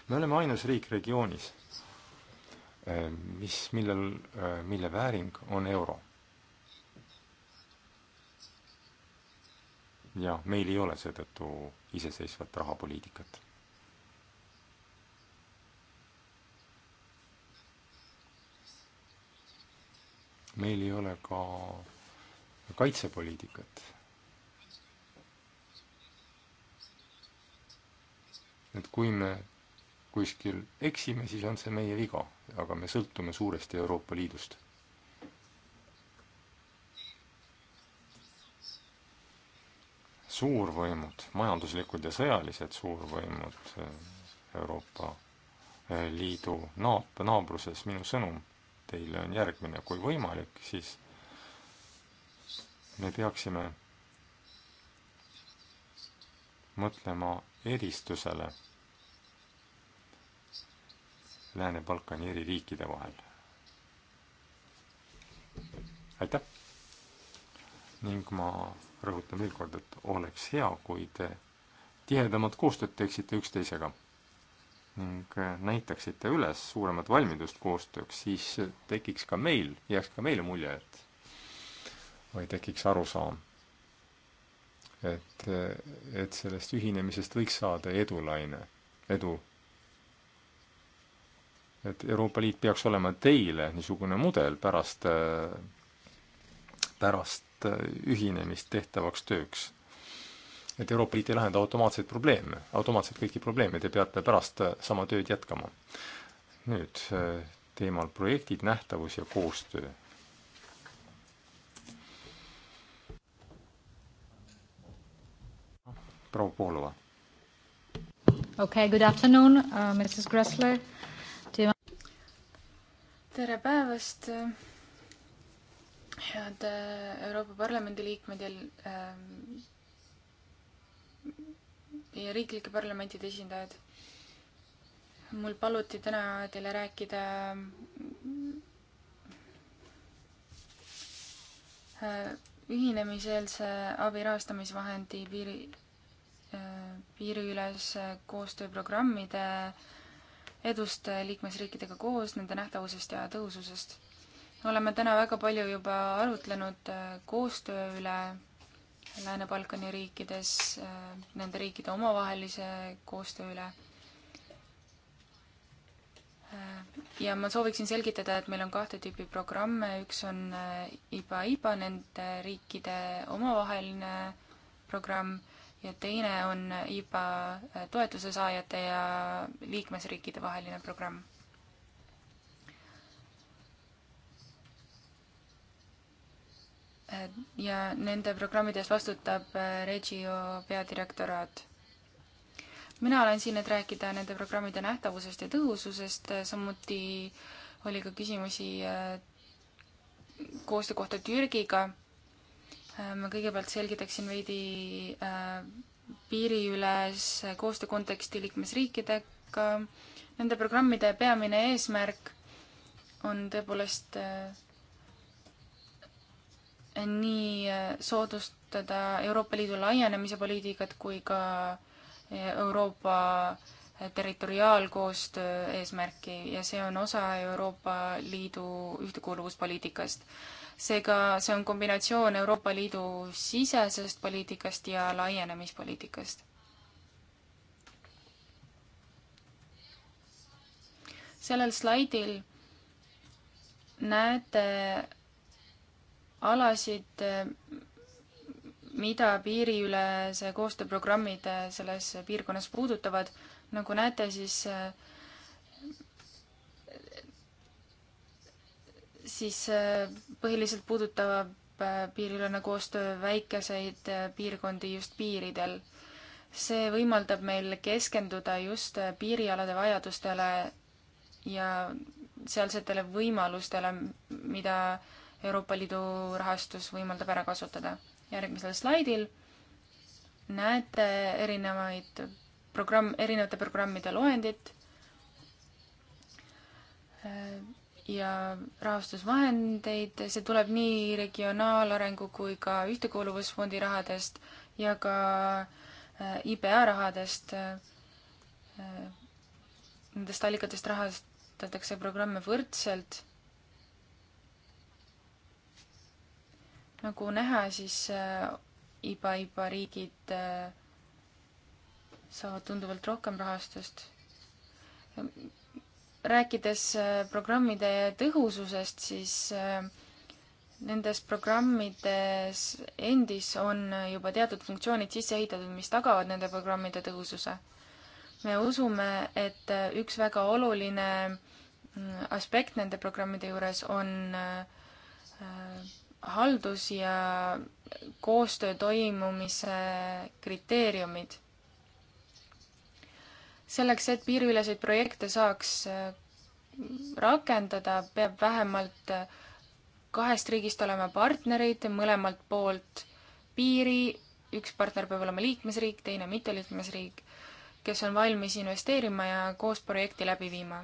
me oleme ainus riik regioonis, äh, mis, millel, äh, mille vääring on euro. ja meil ei ole seetõttu iseseisvat rahapoliitikat meil ei ole ka kaitsepoliitikat. et kui me kuskil eksime, siis on see meie viga, aga me sõltume suuresti Euroopa Liidust. suurvõimud, majanduslikud ja sõjalised suurvõimud Euroopa Liidu naab-, naabruses, minu sõnum teile on järgmine. kui võimalik, siis me peaksime mõtlema eristusele Lääne-Balkani eri riikide vahel. aitäh! ning ma rõhutan veel kord, et oleks hea, kui te tihedamat koostööd teeksite üksteisega ning äh, näitaksite üles suuremat valmidust koostööks, siis tekiks ka meil, jääks ka meile mulje, et või tekiks arusaam, et, et sellest ühinemisest võiks saada edulaine, edu. et Euroopa Liit peaks olema teile niisugune mudel pärast, äh, pärast äh, ühinemist tehtavaks tööks et Euroopa Liit ei lahenda automaatseid probleeme, automaatselt kõiki probleeme, te peate pärast äh, sama tööd jätkama. nüüd äh, teemal projektid, nähtavus ja koostöö. proua Poolova. okei okay,, good afternoon uh,, Mrs Gressler. tere päevast head äh, Euroopa Parlamendi liikmed ja ähm, ja riiklike parlamentide esindajad. mul paluti täna teile rääkida äh, ühinemiseelse abi rahastamisvahendi piiri, äh, piiriülese koostööprogrammide edust liikmesriikidega koos, nende nähtavusest ja tõhususest. oleme täna väga palju juba arutlenud äh, koostöö üle Lääne-Balkani riikides, äh, nende riikide omavahelise koostöö üle. Äh, ja ma sooviksin selgitada, et meil on kahte tüüpi programme, üks on äh, IBA-IBA, nende riikide omavaheline programm ja teine on IBA toetuse saajate ja liikmesriikide vaheline programm Äh, ja nende programmide eest vastutab äh, Regio peadirektoraat. mina olen siin, et rääkida nende programmide nähtavusest ja tõhususest, äh, samuti oli ka küsimusi koostöö kohta Türgiga. ma kõigepealt selgitaksin veidi piiriülese koostöö konteksti liikmesriikidega. Nende programmide peamine eesmärk on tõepoolest nii äh, soodustada Euroopa Liidu laienemise poliitikat kui ka äh, Euroopa äh, territoriaalkoostöö eesmärki ja see on osa Euroopa Liidu ühtekuuluvuspoliitikast. seega see on kombinatsioon Euroopa Liidu sisesest poliitikast ja laienemispoliitikast. sellel slaidil näete alasid, mida piiriülese koostööprogrammid selles piirkonnas puudutavad. nagu näete, siis siis põhiliselt puudutab piiriülene koostöö väikeseid piirkondi just piiridel. see võimaldab meil keskenduda just piirialade vajadustele ja sealsetele võimalustele, mida Euroopa Liidu rahastus võimaldab ära kasutada. järgmisel slaidil näete erinevaid programm, erinevate programmide loendit ja rahastusvahendeid, see tuleb nii regionaalarengu kui ka ühtekuuluvusfondi rahadest ja ka äh, IBA rahadest. Äh, nendest allikatest rahastatakse programme võrdselt nagu näha, siis iba-iba äh, riigid äh, saavad tunduvalt rohkem rahastust. rääkides äh, programmide tõhususest, siis nendes programmides endis on juba teatud funktsioonid sisse ehitatud, mis tagavad nende programmide tõhususe. me usume, et üks väga oluline mm, aspekt nende programmide juures on haldus ja koostöö toimumise kriteeriumid. selleks, et piiriüleseid projekte saaks äh, rakendada, peab vähemalt kahest riigist olema partnereid mõlemalt poolt piiri, üks partner peab olema liikmesriik, teine mitteliikmesriik, kes on valmis investeerima ja koos projekti läbi viima.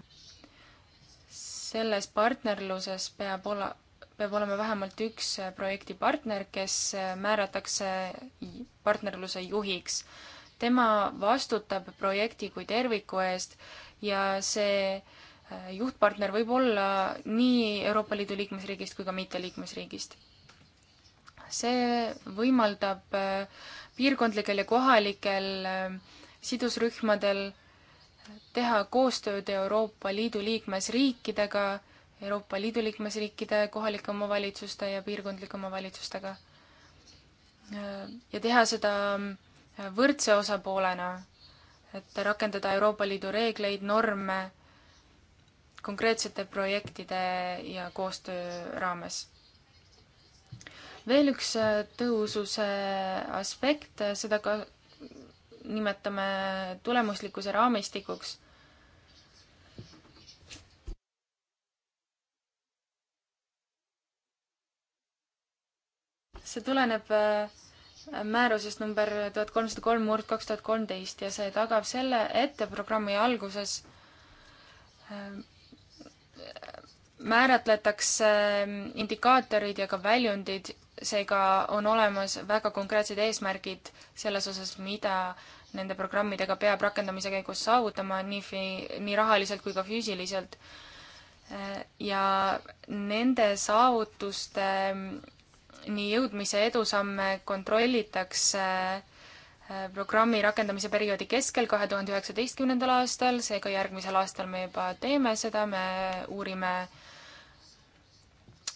selles partnerluses peab ola-, peab olema vähemalt üks äh, projektipartner, kes äh, määratakse partnerluse juhiks. tema vastutab projekti kui terviku eest ja see äh, juhtpartner võib olla nii Euroopa Liidu liikmesriigist kui ka mitte liikmesriigist. see võimaldab piirkondlikel ja kohalikel sidusrühmadel teha koostööd Euroopa Liidu liikmesriikidega Euroopa Liidu liikmesriikide kohalike omavalitsuste ja piirkondlike omavalitsustega. ja teha seda võrdse osapoolena, et rakendada Euroopa Liidu reegleid, norme konkreetsete projektide ja koostöö raames. veel üks tõhususe aspekt, seda ka nimetame tulemuslikkuse raamistikuks see tuleneb äh, määrusest number tuhat kolmsada kolm murd kaks tuhat kolmteist ja see tagab selle, et programmi alguses äh, määratletakse äh, indikaatorid ja ka väljundid, seega on olemas väga konkreetsed eesmärgid selles osas, mida nende programmidega peab rakendamise käigus saavutama nii fi-, nii rahaliselt kui ka füüsiliselt. ja nende saavutuste nii jõudmise edusamme kontrollitakse äh, programmi rakendamise perioodi keskel kahe tuhande üheksateistkümnendal aastal, seega järgmisel aastal me juba teeme seda, me uurime,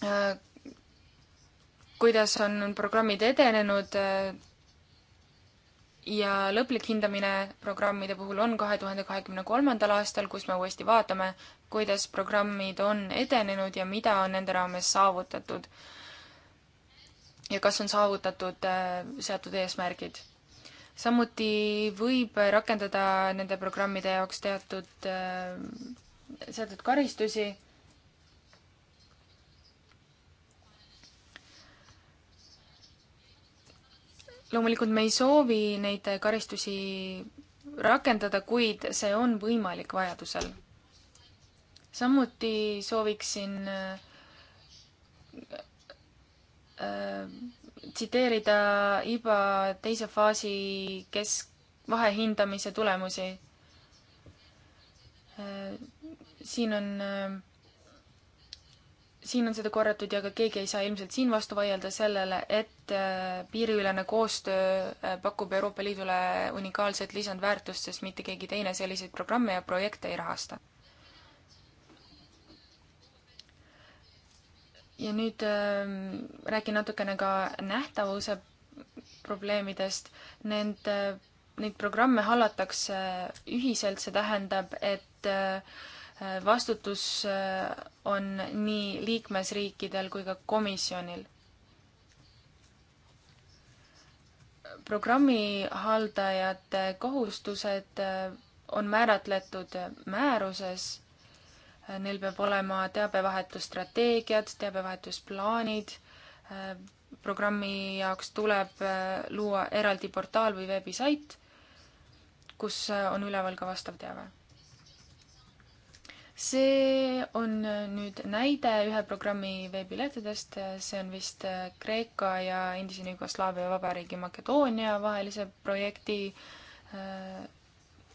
äh, kuidas on programmid edenenud äh, ja lõplik hindamine programmide puhul on kahe tuhande kahekümne kolmandal aastal, kus me uuesti vaatame, kuidas programmid on edenenud ja mida on nende raames saavutatud ja kas on saavutatud äh, seatud eesmärgid. samuti võib rakendada nende programmide jaoks teatud, äh, seatud karistusi. loomulikult me ei soovi neid karistusi rakendada, kuid see on võimalik vajadusel. samuti sooviksin äh, Ähm, tsiteerida IBA teise faasi kesk, vahehindamise tulemusi. Äh, siin on, ähm, siin on seda korratud ja ka keegi ei saa ilmselt siin vastu vaielda sellele, et äh, piiriülene koostöö äh, pakub Euroopa Liidule unikaalset lisandväärtust, sest mitte keegi teine selliseid programme ja projekte ei rahasta ja nüüd ähm, räägin natukene ka nähtavuse probleemidest. Need, äh, neid programme hallatakse ühiselt, see tähendab, et äh, vastutus äh, on nii liikmesriikidel kui ka komisjonil programmihaldajate kohustused on määratletud määruses Neil peab olema teabevahetusstrateegiad, teabevahetusplaanid, äh, programmi jaoks tuleb äh, luua eraldi portaal või veebisait, kus äh, on üleval ka vastav teave. see on nüüd näide ühe programmi veebilehtedest, see on vist Kreeka ja endise Jugoslaavia vabariigi Makedoonia vahelise projekti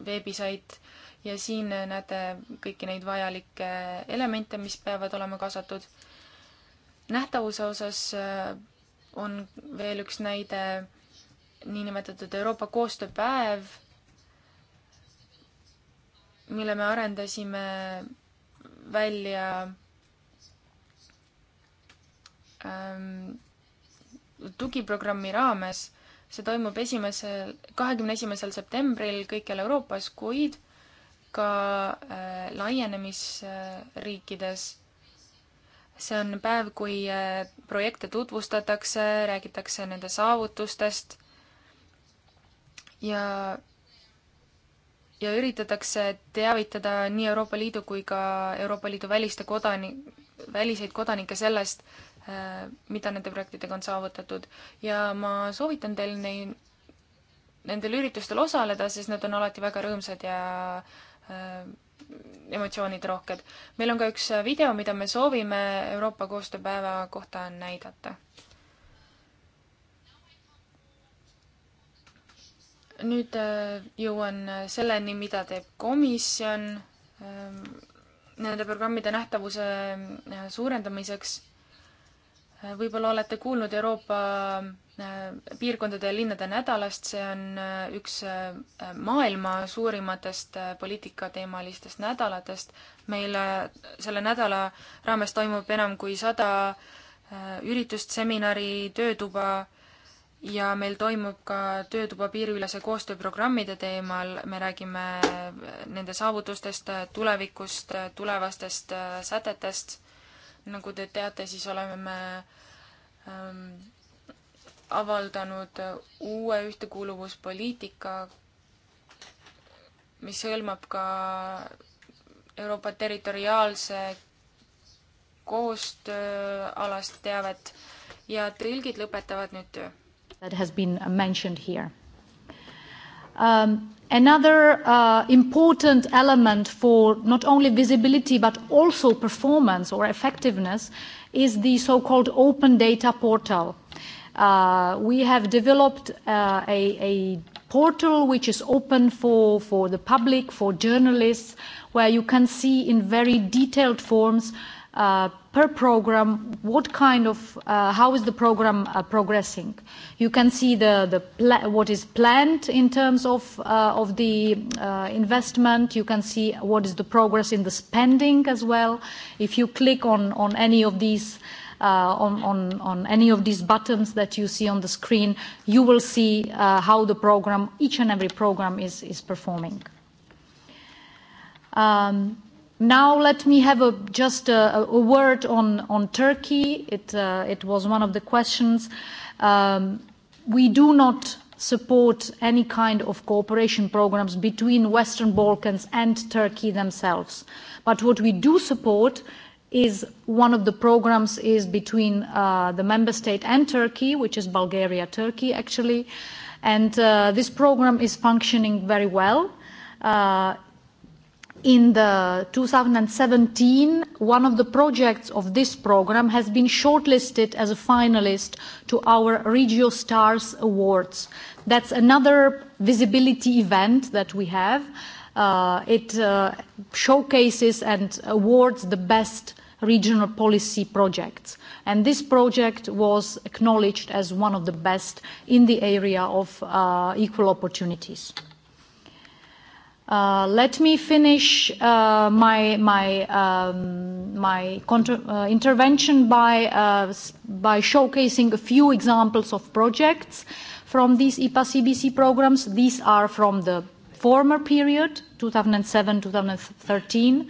veebisait äh, ja siin näete kõiki neid vajalikke elemente, mis peavad olema kaasatud. nähtavuse osas äh, on veel üks näide, niinimetatud Euroopa koostööpäev, mille me arendasime välja ähm, tugiprogrammi raames. see toimub esimesel, kahekümne esimesel septembril kõikjal Euroopas, kuid äh, ka äh, laienemisriikides. see on päev, kui äh, projekte tutvustatakse, räägitakse nende saavutustest ja, ja üritatakse teavitada nii Euroopa Liidu kui ka Euroopa Liidu väliste kodani-, väliseid kodanikke sellest, äh, mida nende projektidega on saavutatud. ja ma soovitan teil neid, nendel üritustel osaleda, sest nad on alati väga rõõmsad ja äh, Äh, emotsioonid rohked. meil on ka üks äh, video, mida me soovime Euroopa koostööpäeva kohta näidata nüüd äh, jõuan selleni, mida teeb komisjon ähm, nende programmide nähtavuse suurendamiseks. võib-olla olete kuulnud Euroopa Äh, piirkondade ja linnade nädalast, see on äh, üks äh, maailma suurimatest poliitikateemalistest nädalatest. meil selle nädala raames toimub enam kui sada üritust, seminari, töötuba ja meil toimub ka töötuba piiriülese koostööprogrammide teemal, me räägime nende saavutustest, tulevikust, tulevastest sätetest. nagu te teate, siis oleme me ähm, avaldanud uue ühtekuuluvuspoliitika, mis hõlmab ka Euroopa territoriaalse koostööalast teavet ja trilgid lõpetavad nüüd töö. That has been mentioned here. Um, another uh, important element for not only visibility but also performance or effectiveness is the so-called open data portal. Uh, Uh, we have developed uh, a, a portal which is open for, for the public, for journalists, where you can see in very detailed forms uh, per program what kind of, uh, how is the program uh, progressing. You can see the, the pla- what is planned in terms of, uh, of the uh, investment. You can see what is the progress in the spending as well. If you click on, on any of these uh, uh, on, on, on any of these buttons that you see on the screen, you will see uh, how the program, each and every program is, is performing. Um, Now let me have a, just a, a word on, on Turkey. It, uh, it was one of the questions. Um, we do not support any kind of cooperation programs between Western Balkans and Turkey themselves. But what we do support is one of the programs is between uh, the member state and Turkey, which is Bulgaria, Turkey actually, and uh, this program is functioning very well. Uh, in the 2017, one of the projects of this program has been shortlisted as a finalist to our Regio Stars Awards. That's another visibility event that we have. Uh, it uh, showcases and awards the best regional policy projects. And this project was acknowledged as one of the best in the area of uh, equal opportunities. Uh, let me finish uh, my my um, my contra- uh, intervention by uh, by showcasing a few examples of projects from these IPA CBC programs. These are from the former period, 2007-2013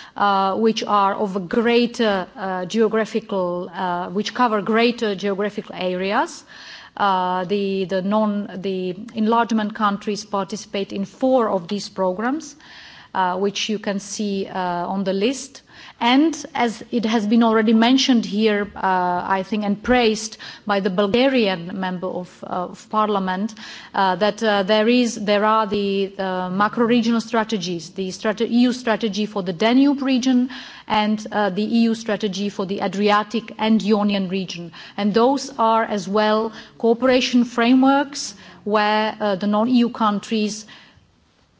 uh, which are of greater uh, geographical, uh, which cover greater geographical areas. Uh, the, the, non, the enlargement countries participate in four of these programs, uh, which you can see uh, on the list. Uh, And as it has been already mentioned here, uh, I think, and praised by the Bulgarian member of, uh, of parliament, uh, that uh, there, is, there are the uh, macro-regional strategies, the strate- EU strategy for the Danube region and uh, the EU strategy for the Adriatic and Ionian region. And those are as well cooperation frameworks where uh, the non-EU countries uh,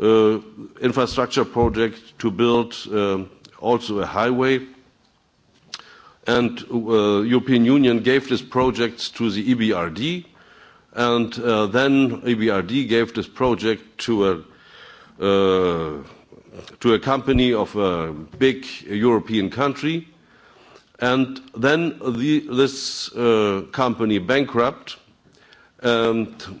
uh, infrastructure project to build uh, also a highway. And uh, European Union gave this project to the EBRD, and uh, then EBRD gave this project to a uh, to a company of a big European country, and then the, this uh, company bankrupt, and